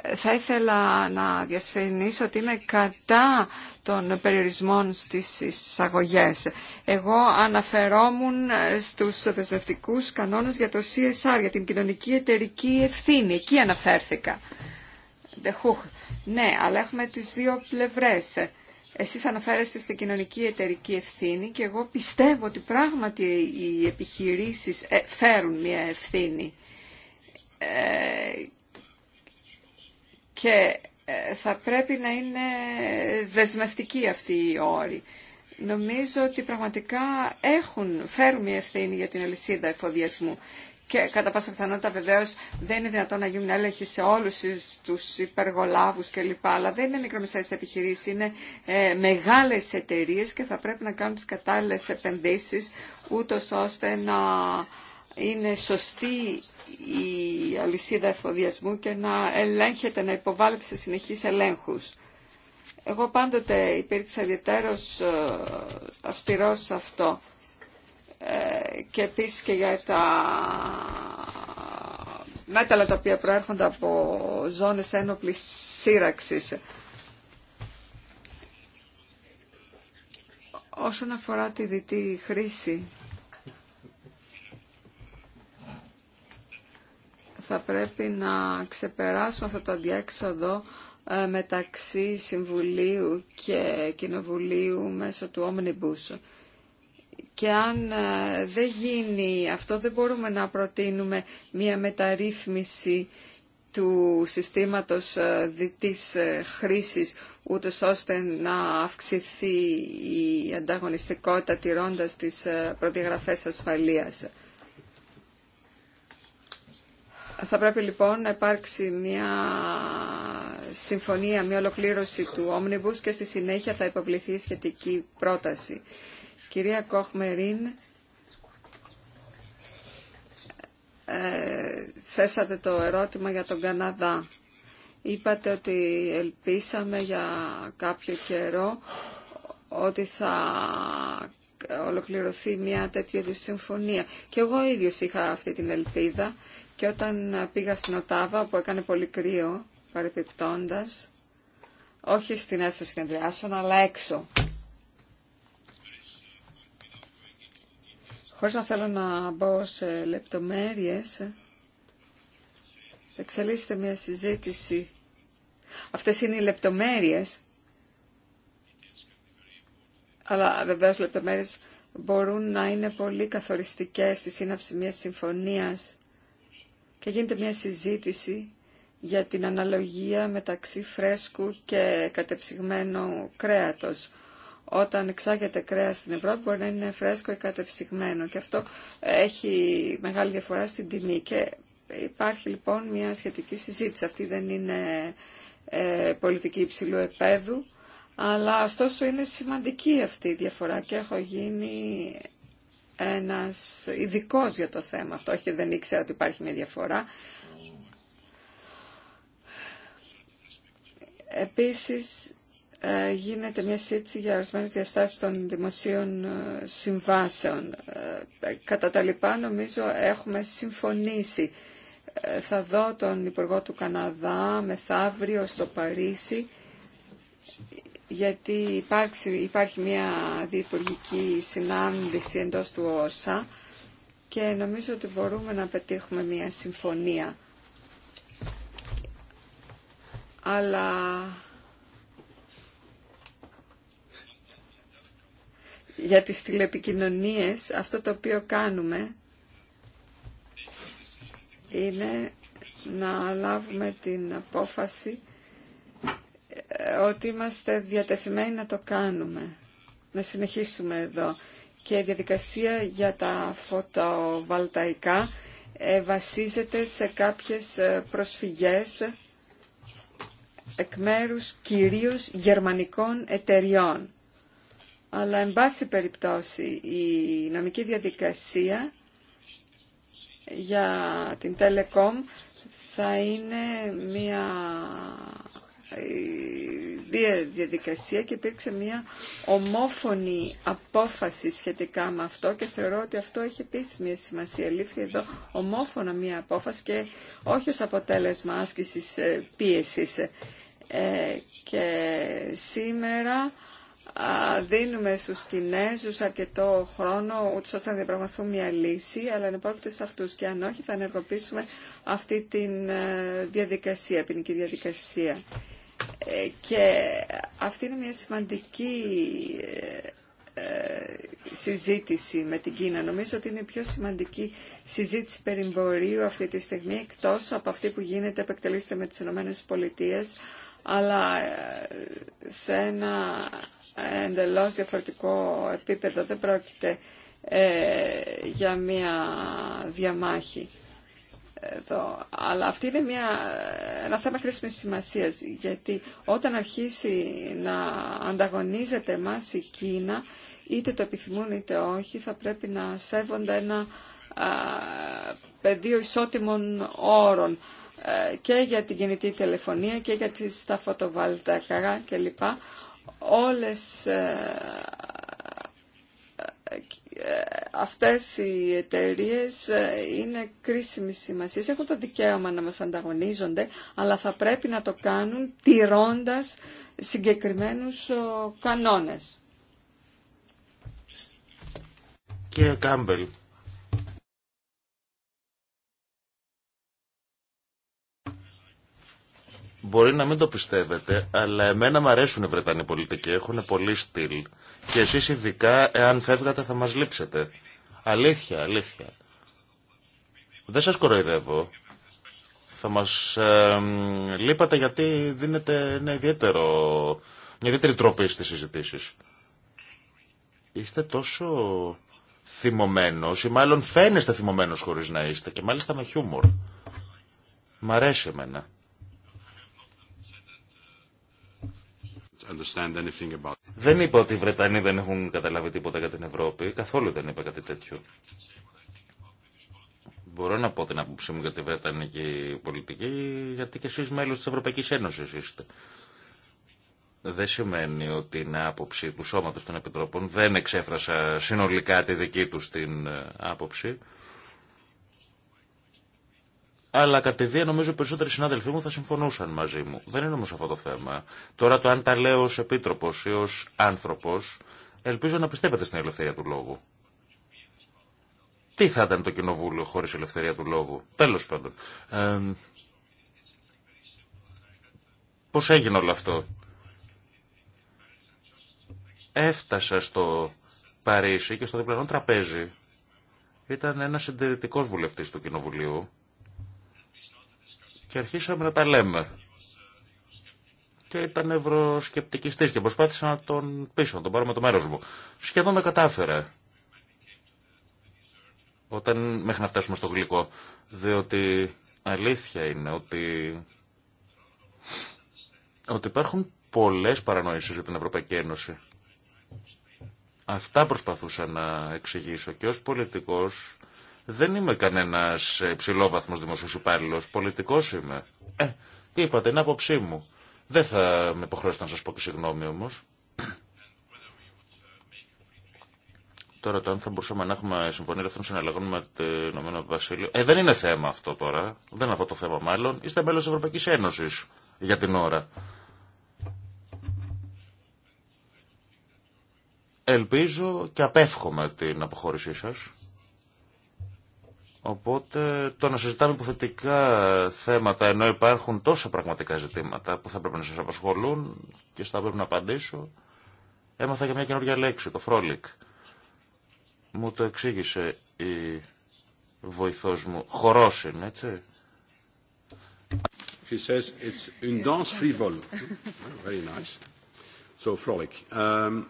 ε, θα ήθελα να διασφαινίσω ότι είμαι κατά των περιορισμών στις εισαγωγές. Εγώ αναφερόμουν ε, στους δεσμευτικούς κανόνες για το CSR, για την κοινωνική εταιρική ευθύνη. Εκεί αναφέρθηκα. Ναι, αλλά έχουμε τις δύο πλευρές. Εσείς αναφέρεστε στην κοινωνική εταιρική ευθύνη και εγώ πιστεύω ότι πράγματι οι επιχειρήσεις ε, φέρουν μια ευθύνη. Ε, και ε, θα πρέπει να είναι δεσμευτική αυτή η όρη. Νομίζω ότι πραγματικά έχουν, φέρουν μια ευθύνη για την αλυσίδα εφοδιασμού και κατά πάσα πιθανότητα βεβαίω δεν είναι δυνατόν να γίνουν έλεγχοι σε όλου του υπεργολάβου κλπ. Αλλά δεν είναι μικρομεσαίε επιχειρήσει, είναι ε, μεγάλε εταιρείε και θα πρέπει να κάνουν τι κατάλληλε επενδύσει ούτω ώστε να είναι σωστή η αλυσίδα εφοδιασμού και να ελέγχεται, να υποβάλλεται σε συνεχεί ελέγχους. Εγώ πάντοτε υπήρξα ιδιαίτερο ε, αυστηρό σε αυτό. Ε, και επίση και για τα μέταλλα τα οποία προέρχονται από ζώνες ένοπλης σύραξης. Όσον αφορά τη δυτή χρήση, θα πρέπει να ξεπεράσουμε αυτό το διέξοδο ε, μεταξύ Συμβουλίου και Κοινοβουλίου μέσω του Omnibus και αν ε, δεν γίνει αυτό δεν μπορούμε να προτείνουμε μια μεταρρύθμιση του συστήματος ε, διτής ε, χρήσης ούτως ώστε να αυξηθεί η ανταγωνιστικότητα τηρώντας τις προδιαγραφές ασφαλείας. Θα πρέπει λοιπόν να υπάρξει μια συμφωνία, μια ολοκλήρωση του Omnibus και στη συνέχεια θα υποβληθεί σχετική πρόταση. Κυρία Κοχμερίν, ε, θέσατε το ερώτημα για τον Καναδά. Είπατε ότι ελπίσαμε για κάποιο καιρό ότι θα ολοκληρωθεί μια τέτοια συμφωνία. Και εγώ ίδιος είχα αυτή την ελπίδα και όταν πήγα στην Οτάβα που έκανε πολύ κρύο παρεπιπτόντας, όχι στην αίθουσα συνεδριάσεων αλλά έξω Χωρίς να θέλω να μπω σε λεπτομέρειες, εξελίσσεται μια συζήτηση. Αυτές είναι οι λεπτομέρειες, αλλά βεβαίως λεπτομέρειες μπορούν να είναι πολύ καθοριστικές στη σύναψη μιας συμφωνίας και γίνεται μια συζήτηση για την αναλογία μεταξύ φρέσκου και κατεψυγμένου κρέατος όταν εξάγεται κρέας στην Ευρώπη μπορεί να είναι φρέσκο ή κατεψυγμένο και αυτό έχει μεγάλη διαφορά στην τιμή και υπάρχει λοιπόν μια σχετική συζήτηση. Αυτή δεν είναι ε, πολιτική υψηλού επέδου αλλά ωστόσο είναι σημαντική αυτή η διαφορά και έχω λοιπον μια σχετικη συζητηση αυτη δεν ειναι ένας ειδικό για το θέμα αυτό, όχι δεν ήξερα ότι υπάρχει μια διαφορά. Επίσης, ε, γίνεται μια σύντηση για ορισμένε διαστάσει των δημοσίων ε, συμβάσεων. Ε, κατά τα λοιπά, νομίζω έχουμε συμφωνήσει. Θα δω τον Υπουργό του Καναδά μεθαύριο στο Παρίσι, γιατί υπάρχει μια διευπουργική συνάντηση εντός του ΩΣΑ και νομίζω ότι μπορούμε να πετύχουμε μια συμφωνία. Αλλά για τις τηλεπικοινωνίες αυτό το οποίο κάνουμε είναι να λάβουμε την απόφαση ε, ότι είμαστε διατεθειμένοι να το κάνουμε, να συνεχίσουμε εδώ. Και η διαδικασία για τα φωτοβαλταϊκά ε, βασίζεται σε κάποιες ε, προσφυγές εκ μέρους κυρίως γερμανικών εταιριών. Αλλά, εν πάση περιπτώσει, η νομική διαδικασία για την Telecom θα είναι ε, μια διαδικασία και υπήρξε μια ομόφωνη απόφαση σχετικά με αυτό και θεωρώ ότι αυτό έχει επίση μια σημασία. Λήφθη εδώ ομόφωνα μια απόφαση και όχι ως αποτέλεσμα άσκησης ε, πίεσης. Ε, και σήμερα δίνουμε στους Κινέζους αρκετό χρόνο ούτως ώστε να διαπραγματευτούν μια λύση αλλά ανεπόκειται σε αυτούς και αν όχι θα ενεργοποιήσουμε αυτή τη ε, διαδικασία, ποινική διαδικασία. Ε, και αυτή είναι μια σημαντική ε, συζήτηση με την Κίνα. Νομίζω ότι είναι η πιο σημαντική συζήτηση περιμπορίου αυτή τη στιγμή εκτός από αυτή που γίνεται, επεκτελείστε με τις ΗΠΑ αλλά σε ένα εντελώς διαφορετικό επίπεδο. Δεν πρόκειται ε, για μία διαμάχη. Εδώ. Αλλά αυτή είναι μια, ένα θέμα χρήσιμη σημασία. Γιατί όταν αρχίσει να ανταγωνίζεται εμά η Κίνα, είτε το επιθυμούν είτε όχι, θα πρέπει να σέβονται ένα πεδίο ισότιμων όρων ε, και για την κινητή τηλεφωνία και για τις, τα φωτοβολταϊκά κλπ όλες ε, ε, αυτές οι εταιρείε ε, είναι κρίσιμη σημασία. Έχουν το δικαίωμα να μας ανταγωνίζονται, αλλά θα πρέπει να το κάνουν τηρώντας συγκεκριμένους κανόνες.
Κύριε Κάμπελ, Μπορεί να μην το πιστεύετε, αλλά εμένα μου αρέσουν οι Βρετανοί πολιτικοί, έχουν πολύ στυλ. Και εσείς ειδικά, εάν φεύγατε θα μας λείψετε. Αλήθεια, αλήθεια. Δεν σας κοροϊδεύω. Θα μας ε, λείπατε γιατί δίνετε ένα ιδιαίτερο, μια ιδιαίτερη τρόπη στις συζητήσεις. Είστε τόσο θυμωμένος ή μάλλον φαίνεστε θυμωμένος χωρίς να είστε και μάλιστα με χιούμορ. Μ' αρέσει εμένα. understand anything about Δεν είπα ότι οι Βρετανοί δεν έχουν καταλάβει τίποτα για την Ευρώπη. Καθόλου δεν είπα κάτι τέτοιο. Μπορώ να πω την άποψή μου για τη Βρετανική πολιτική, γιατί και εσείς μέλος της Ευρωπαϊκής Ένωσης είστε. Δεν σημαίνει ότι είναι άποψη του σώματος των Επιτροπών. Δεν εξέφρασα συνολικά τη δική τους την ε, άποψη αλλά κατεδία νομίζω περισσότεροι συνάδελφοί μου θα συμφωνούσαν μαζί μου. Δεν είναι όμως αυτό το θέμα. Τώρα το αν τα λέω ω επίτροπος ή ω άνθρωπος, ελπίζω να πιστεύετε στην ελευθερία του λόγου. Τι θα ήταν το κοινοβούλιο χωρίς ελευθερία του λόγου. Τέλος πάντων. Ε, πώς έγινε όλο αυτό. Έφτασα στο Παρίσι και στο διπλανό τραπέζι. Ήταν ένας συντηρητικός βουλευτής του κοινοβουλίου και αρχίσαμε να τα λέμε. Και ήταν ευρωσκεπτικιστής και προσπάθησα να τον πείσω, να τον πάρω με το μέρος μου. Σχεδόν τα κατάφερε. Όταν μέχρι να φτάσουμε στο γλυκό. Διότι αλήθεια είναι ότι, ότι υπάρχουν πολλές παρανοήσεις για την Ευρωπαϊκή Ένωση. Αυτά προσπαθούσα να εξηγήσω και ως πολιτικός δεν είμαι κανένας ψηλόβαθμος δημοσίου υπάλληλο, πολιτικός είμαι. Ε, είπατε, είναι άποψή μου. Δεν θα με υποχρεώσετε να σας πω και συγγνώμη όμως. Τώρα το αν θα μπορούσαμε να έχουμε συμφωνία ελεύθερων συναλλαγών με το Ηνωμένο Βασίλειο. Ε, δεν είναι θέμα αυτό τώρα. Δεν είναι αυτό το θέμα μάλλον. Είστε μέλο τη Ευρωπαϊκή Ένωση για την ώρα. Ελπίζω και απέφχομαι την αποχώρησή σας. Οπότε το να συζητάμε υποθετικά θέματα ενώ υπάρχουν τόσα πραγματικά ζητήματα που θα πρέπει να σας απασχολούν και στα πρέπει να απαντήσω, έμαθα για μια καινούργια λέξη, το φρόλικ. Μου το εξήγησε η βοηθός μου. Χορός είναι, έτσι.
She says it's une danse frivole. Very nice. So frolic. Um...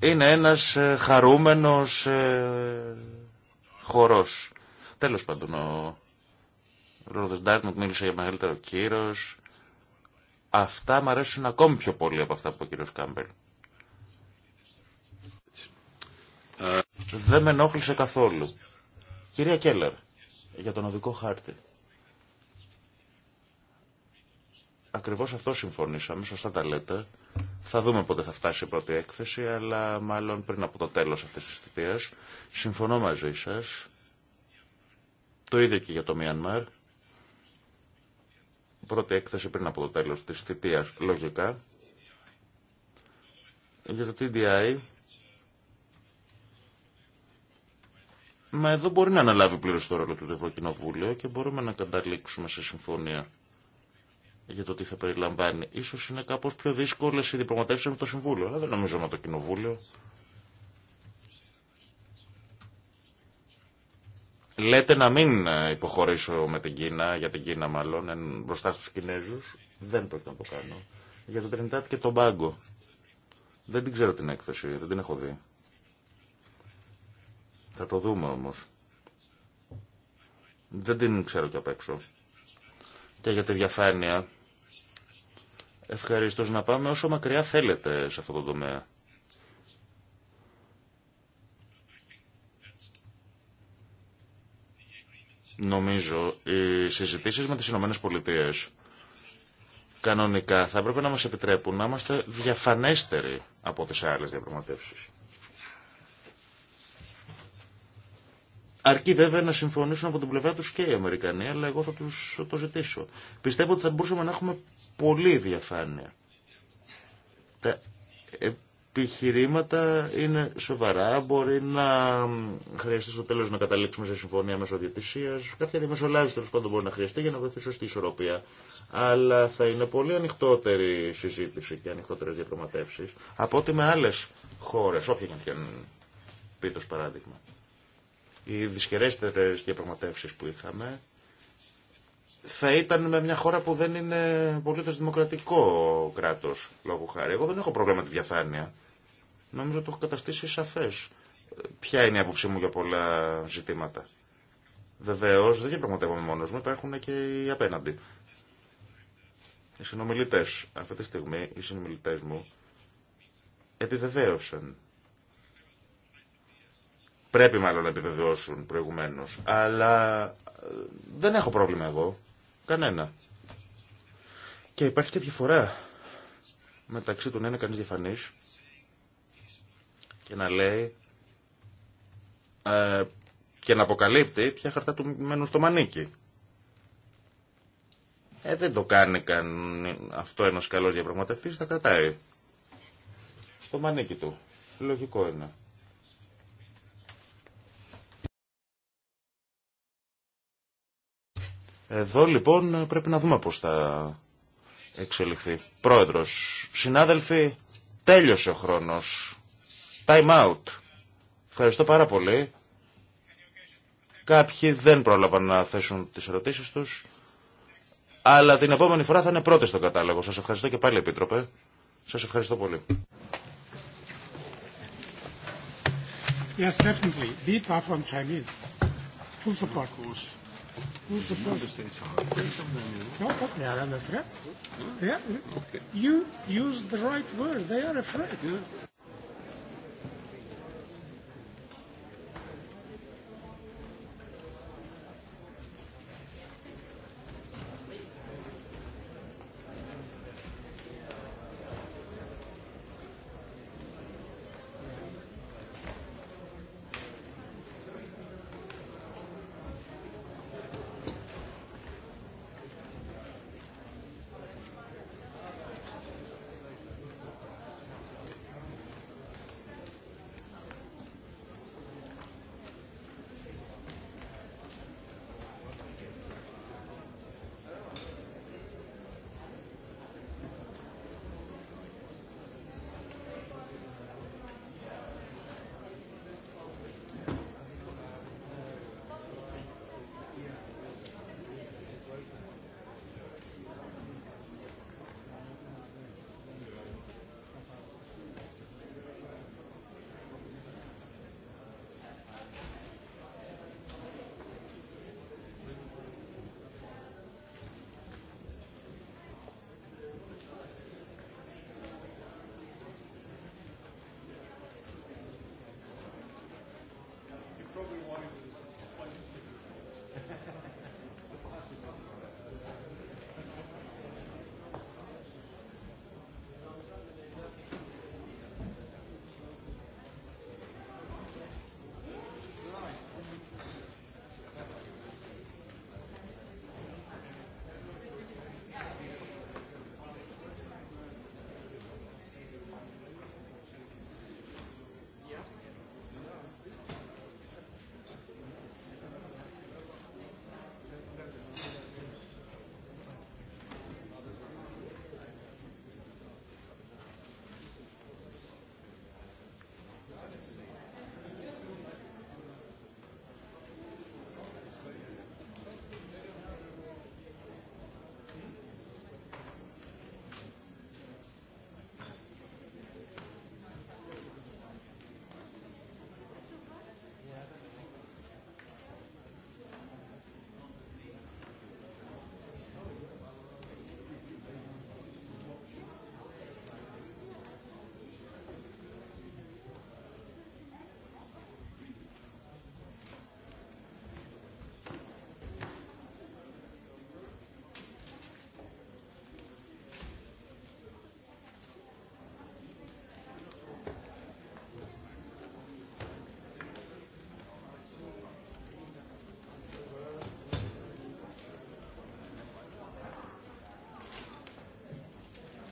Είναι ένας ε, χαρούμενος ε, χορός. Τέλος πάντων, ο Ρόδο Ντάρτμουντ μίλησε για μεγαλύτερο κύρος. Αυτά μου αρέσουν ακόμη πιο πολύ από αυτά που ο κύριο Κάμπελ. Δεν με ενόχλησε καθόλου. Κυρία Κέλλερ, για τον οδικό χάρτη. Ακριβώς αυτό συμφωνήσαμε, σωστά τα λέτε. Θα δούμε πότε θα φτάσει η πρώτη έκθεση, αλλά μάλλον πριν από το τέλος αυτής της θητείας. Συμφωνώ μαζί σας το ίδιο και για το Μιανμάρ. Πρώτη έκθεση πριν από το τέλος της θητείας, λογικά. Για το TDI, Μα εδώ μπορεί να αναλάβει πλήρω το ρόλο του Ευρωκοινοβούλιο και μπορούμε να καταλήξουμε σε συμφωνία για το τι θα περιλαμβάνει. Ίσως είναι κάπως πιο δύσκολες οι διπλωματεύσεις με το Συμβούλιο, αλλά δεν νομίζω με το Κοινοβούλιο Λέτε να μην ε, υποχωρήσω με την Κίνα, για την Κίνα μάλλον, εν, μπροστά στους Κινέζους. Δεν πρόκειται να το κάνω. Για το Τρινιτάτ και τον Πάγκο. Δεν την ξέρω την έκθεση, δεν την έχω δει. Θα το δούμε όμως. Δεν την ξέρω και απ' έξω. Και για τη διαφάνεια, ευχαριστώ να πάμε όσο μακριά θέλετε σε αυτό το τομέα. Νομίζω οι συζητήσεις με τις Ηνωμένες Πολιτείες κανονικά θα έπρεπε να μας επιτρέπουν να είμαστε διαφανέστεροι από τις άλλες διαπραγματεύσεις. Αρκεί βέβαια να συμφωνήσουν από την πλευρά τους και οι Αμερικανοί, αλλά εγώ θα τους το ζητήσω. Πιστεύω ότι θα μπορούσαμε να έχουμε πολύ διαφάνεια. Τα επιχειρήματα είναι σοβαρά. Μπορεί να χρειαστεί στο τέλο να καταλήξουμε σε συμφωνία μέσω διαιτησία. Κάποια διαμεσολάβηση τέλο πάντων μπορεί να χρειαστεί για να βρεθεί σωστή ισορροπία. Αλλά θα είναι πολύ ανοιχτότερη συζήτηση και ανοιχτότερε διαπραγματεύσει από ότι με άλλε χώρε, όποια και αν παράδειγμα. Οι δυσκερέστερε διαπραγματεύσει που είχαμε θα ήταν με μια χώρα που δεν είναι πολύ δημοκρατικό κράτος, λόγω χάρη. Εγώ δεν έχω πρόβλημα με τη διαφάνεια. Νομίζω το έχω καταστήσει σαφές. Ποια είναι η άποψή μου για πολλά ζητήματα. Βεβαίω, δεν διαπραγματεύομαι μόνο μου, υπάρχουν και οι απέναντι. Οι συνομιλητέ. Αυτή τη στιγμή οι συνομιλητέ μου επιβεβαίωσαν. Πρέπει μάλλον να επιβεβαιώσουν προηγουμένω. Αλλά ε, δεν έχω πρόβλημα εγώ. Κανένα. Και υπάρχει και διαφορά μεταξύ του να είναι κανείς διαφανής και να λέει ε, και να αποκαλύπτει ποια χαρτά του μένουν στο μανίκι. Ε, δεν το κάνει καν αυτό ένας καλός διαπραγματευτής, θα κρατάει. Στο μανίκι του. Λογικό είναι. Εδώ λοιπόν πρέπει να δούμε πώς θα εξελιχθεί. Πρόεδρος, συνάδελφοι, τέλειωσε ο χρόνος. Time out. Ευχαριστώ πάρα πολύ. Κάποιοι δεν πρόλαβαν να θέσουν τις ερωτήσεις τους, αλλά την επόμενη φορά θα είναι πρώτες στο κατάλογο. Σας ευχαριστώ και πάλι, Επίτροπε. Σας ευχαριστώ πολύ. Yes, definitely. from Chinese. Full support. You use the right word. They are afraid.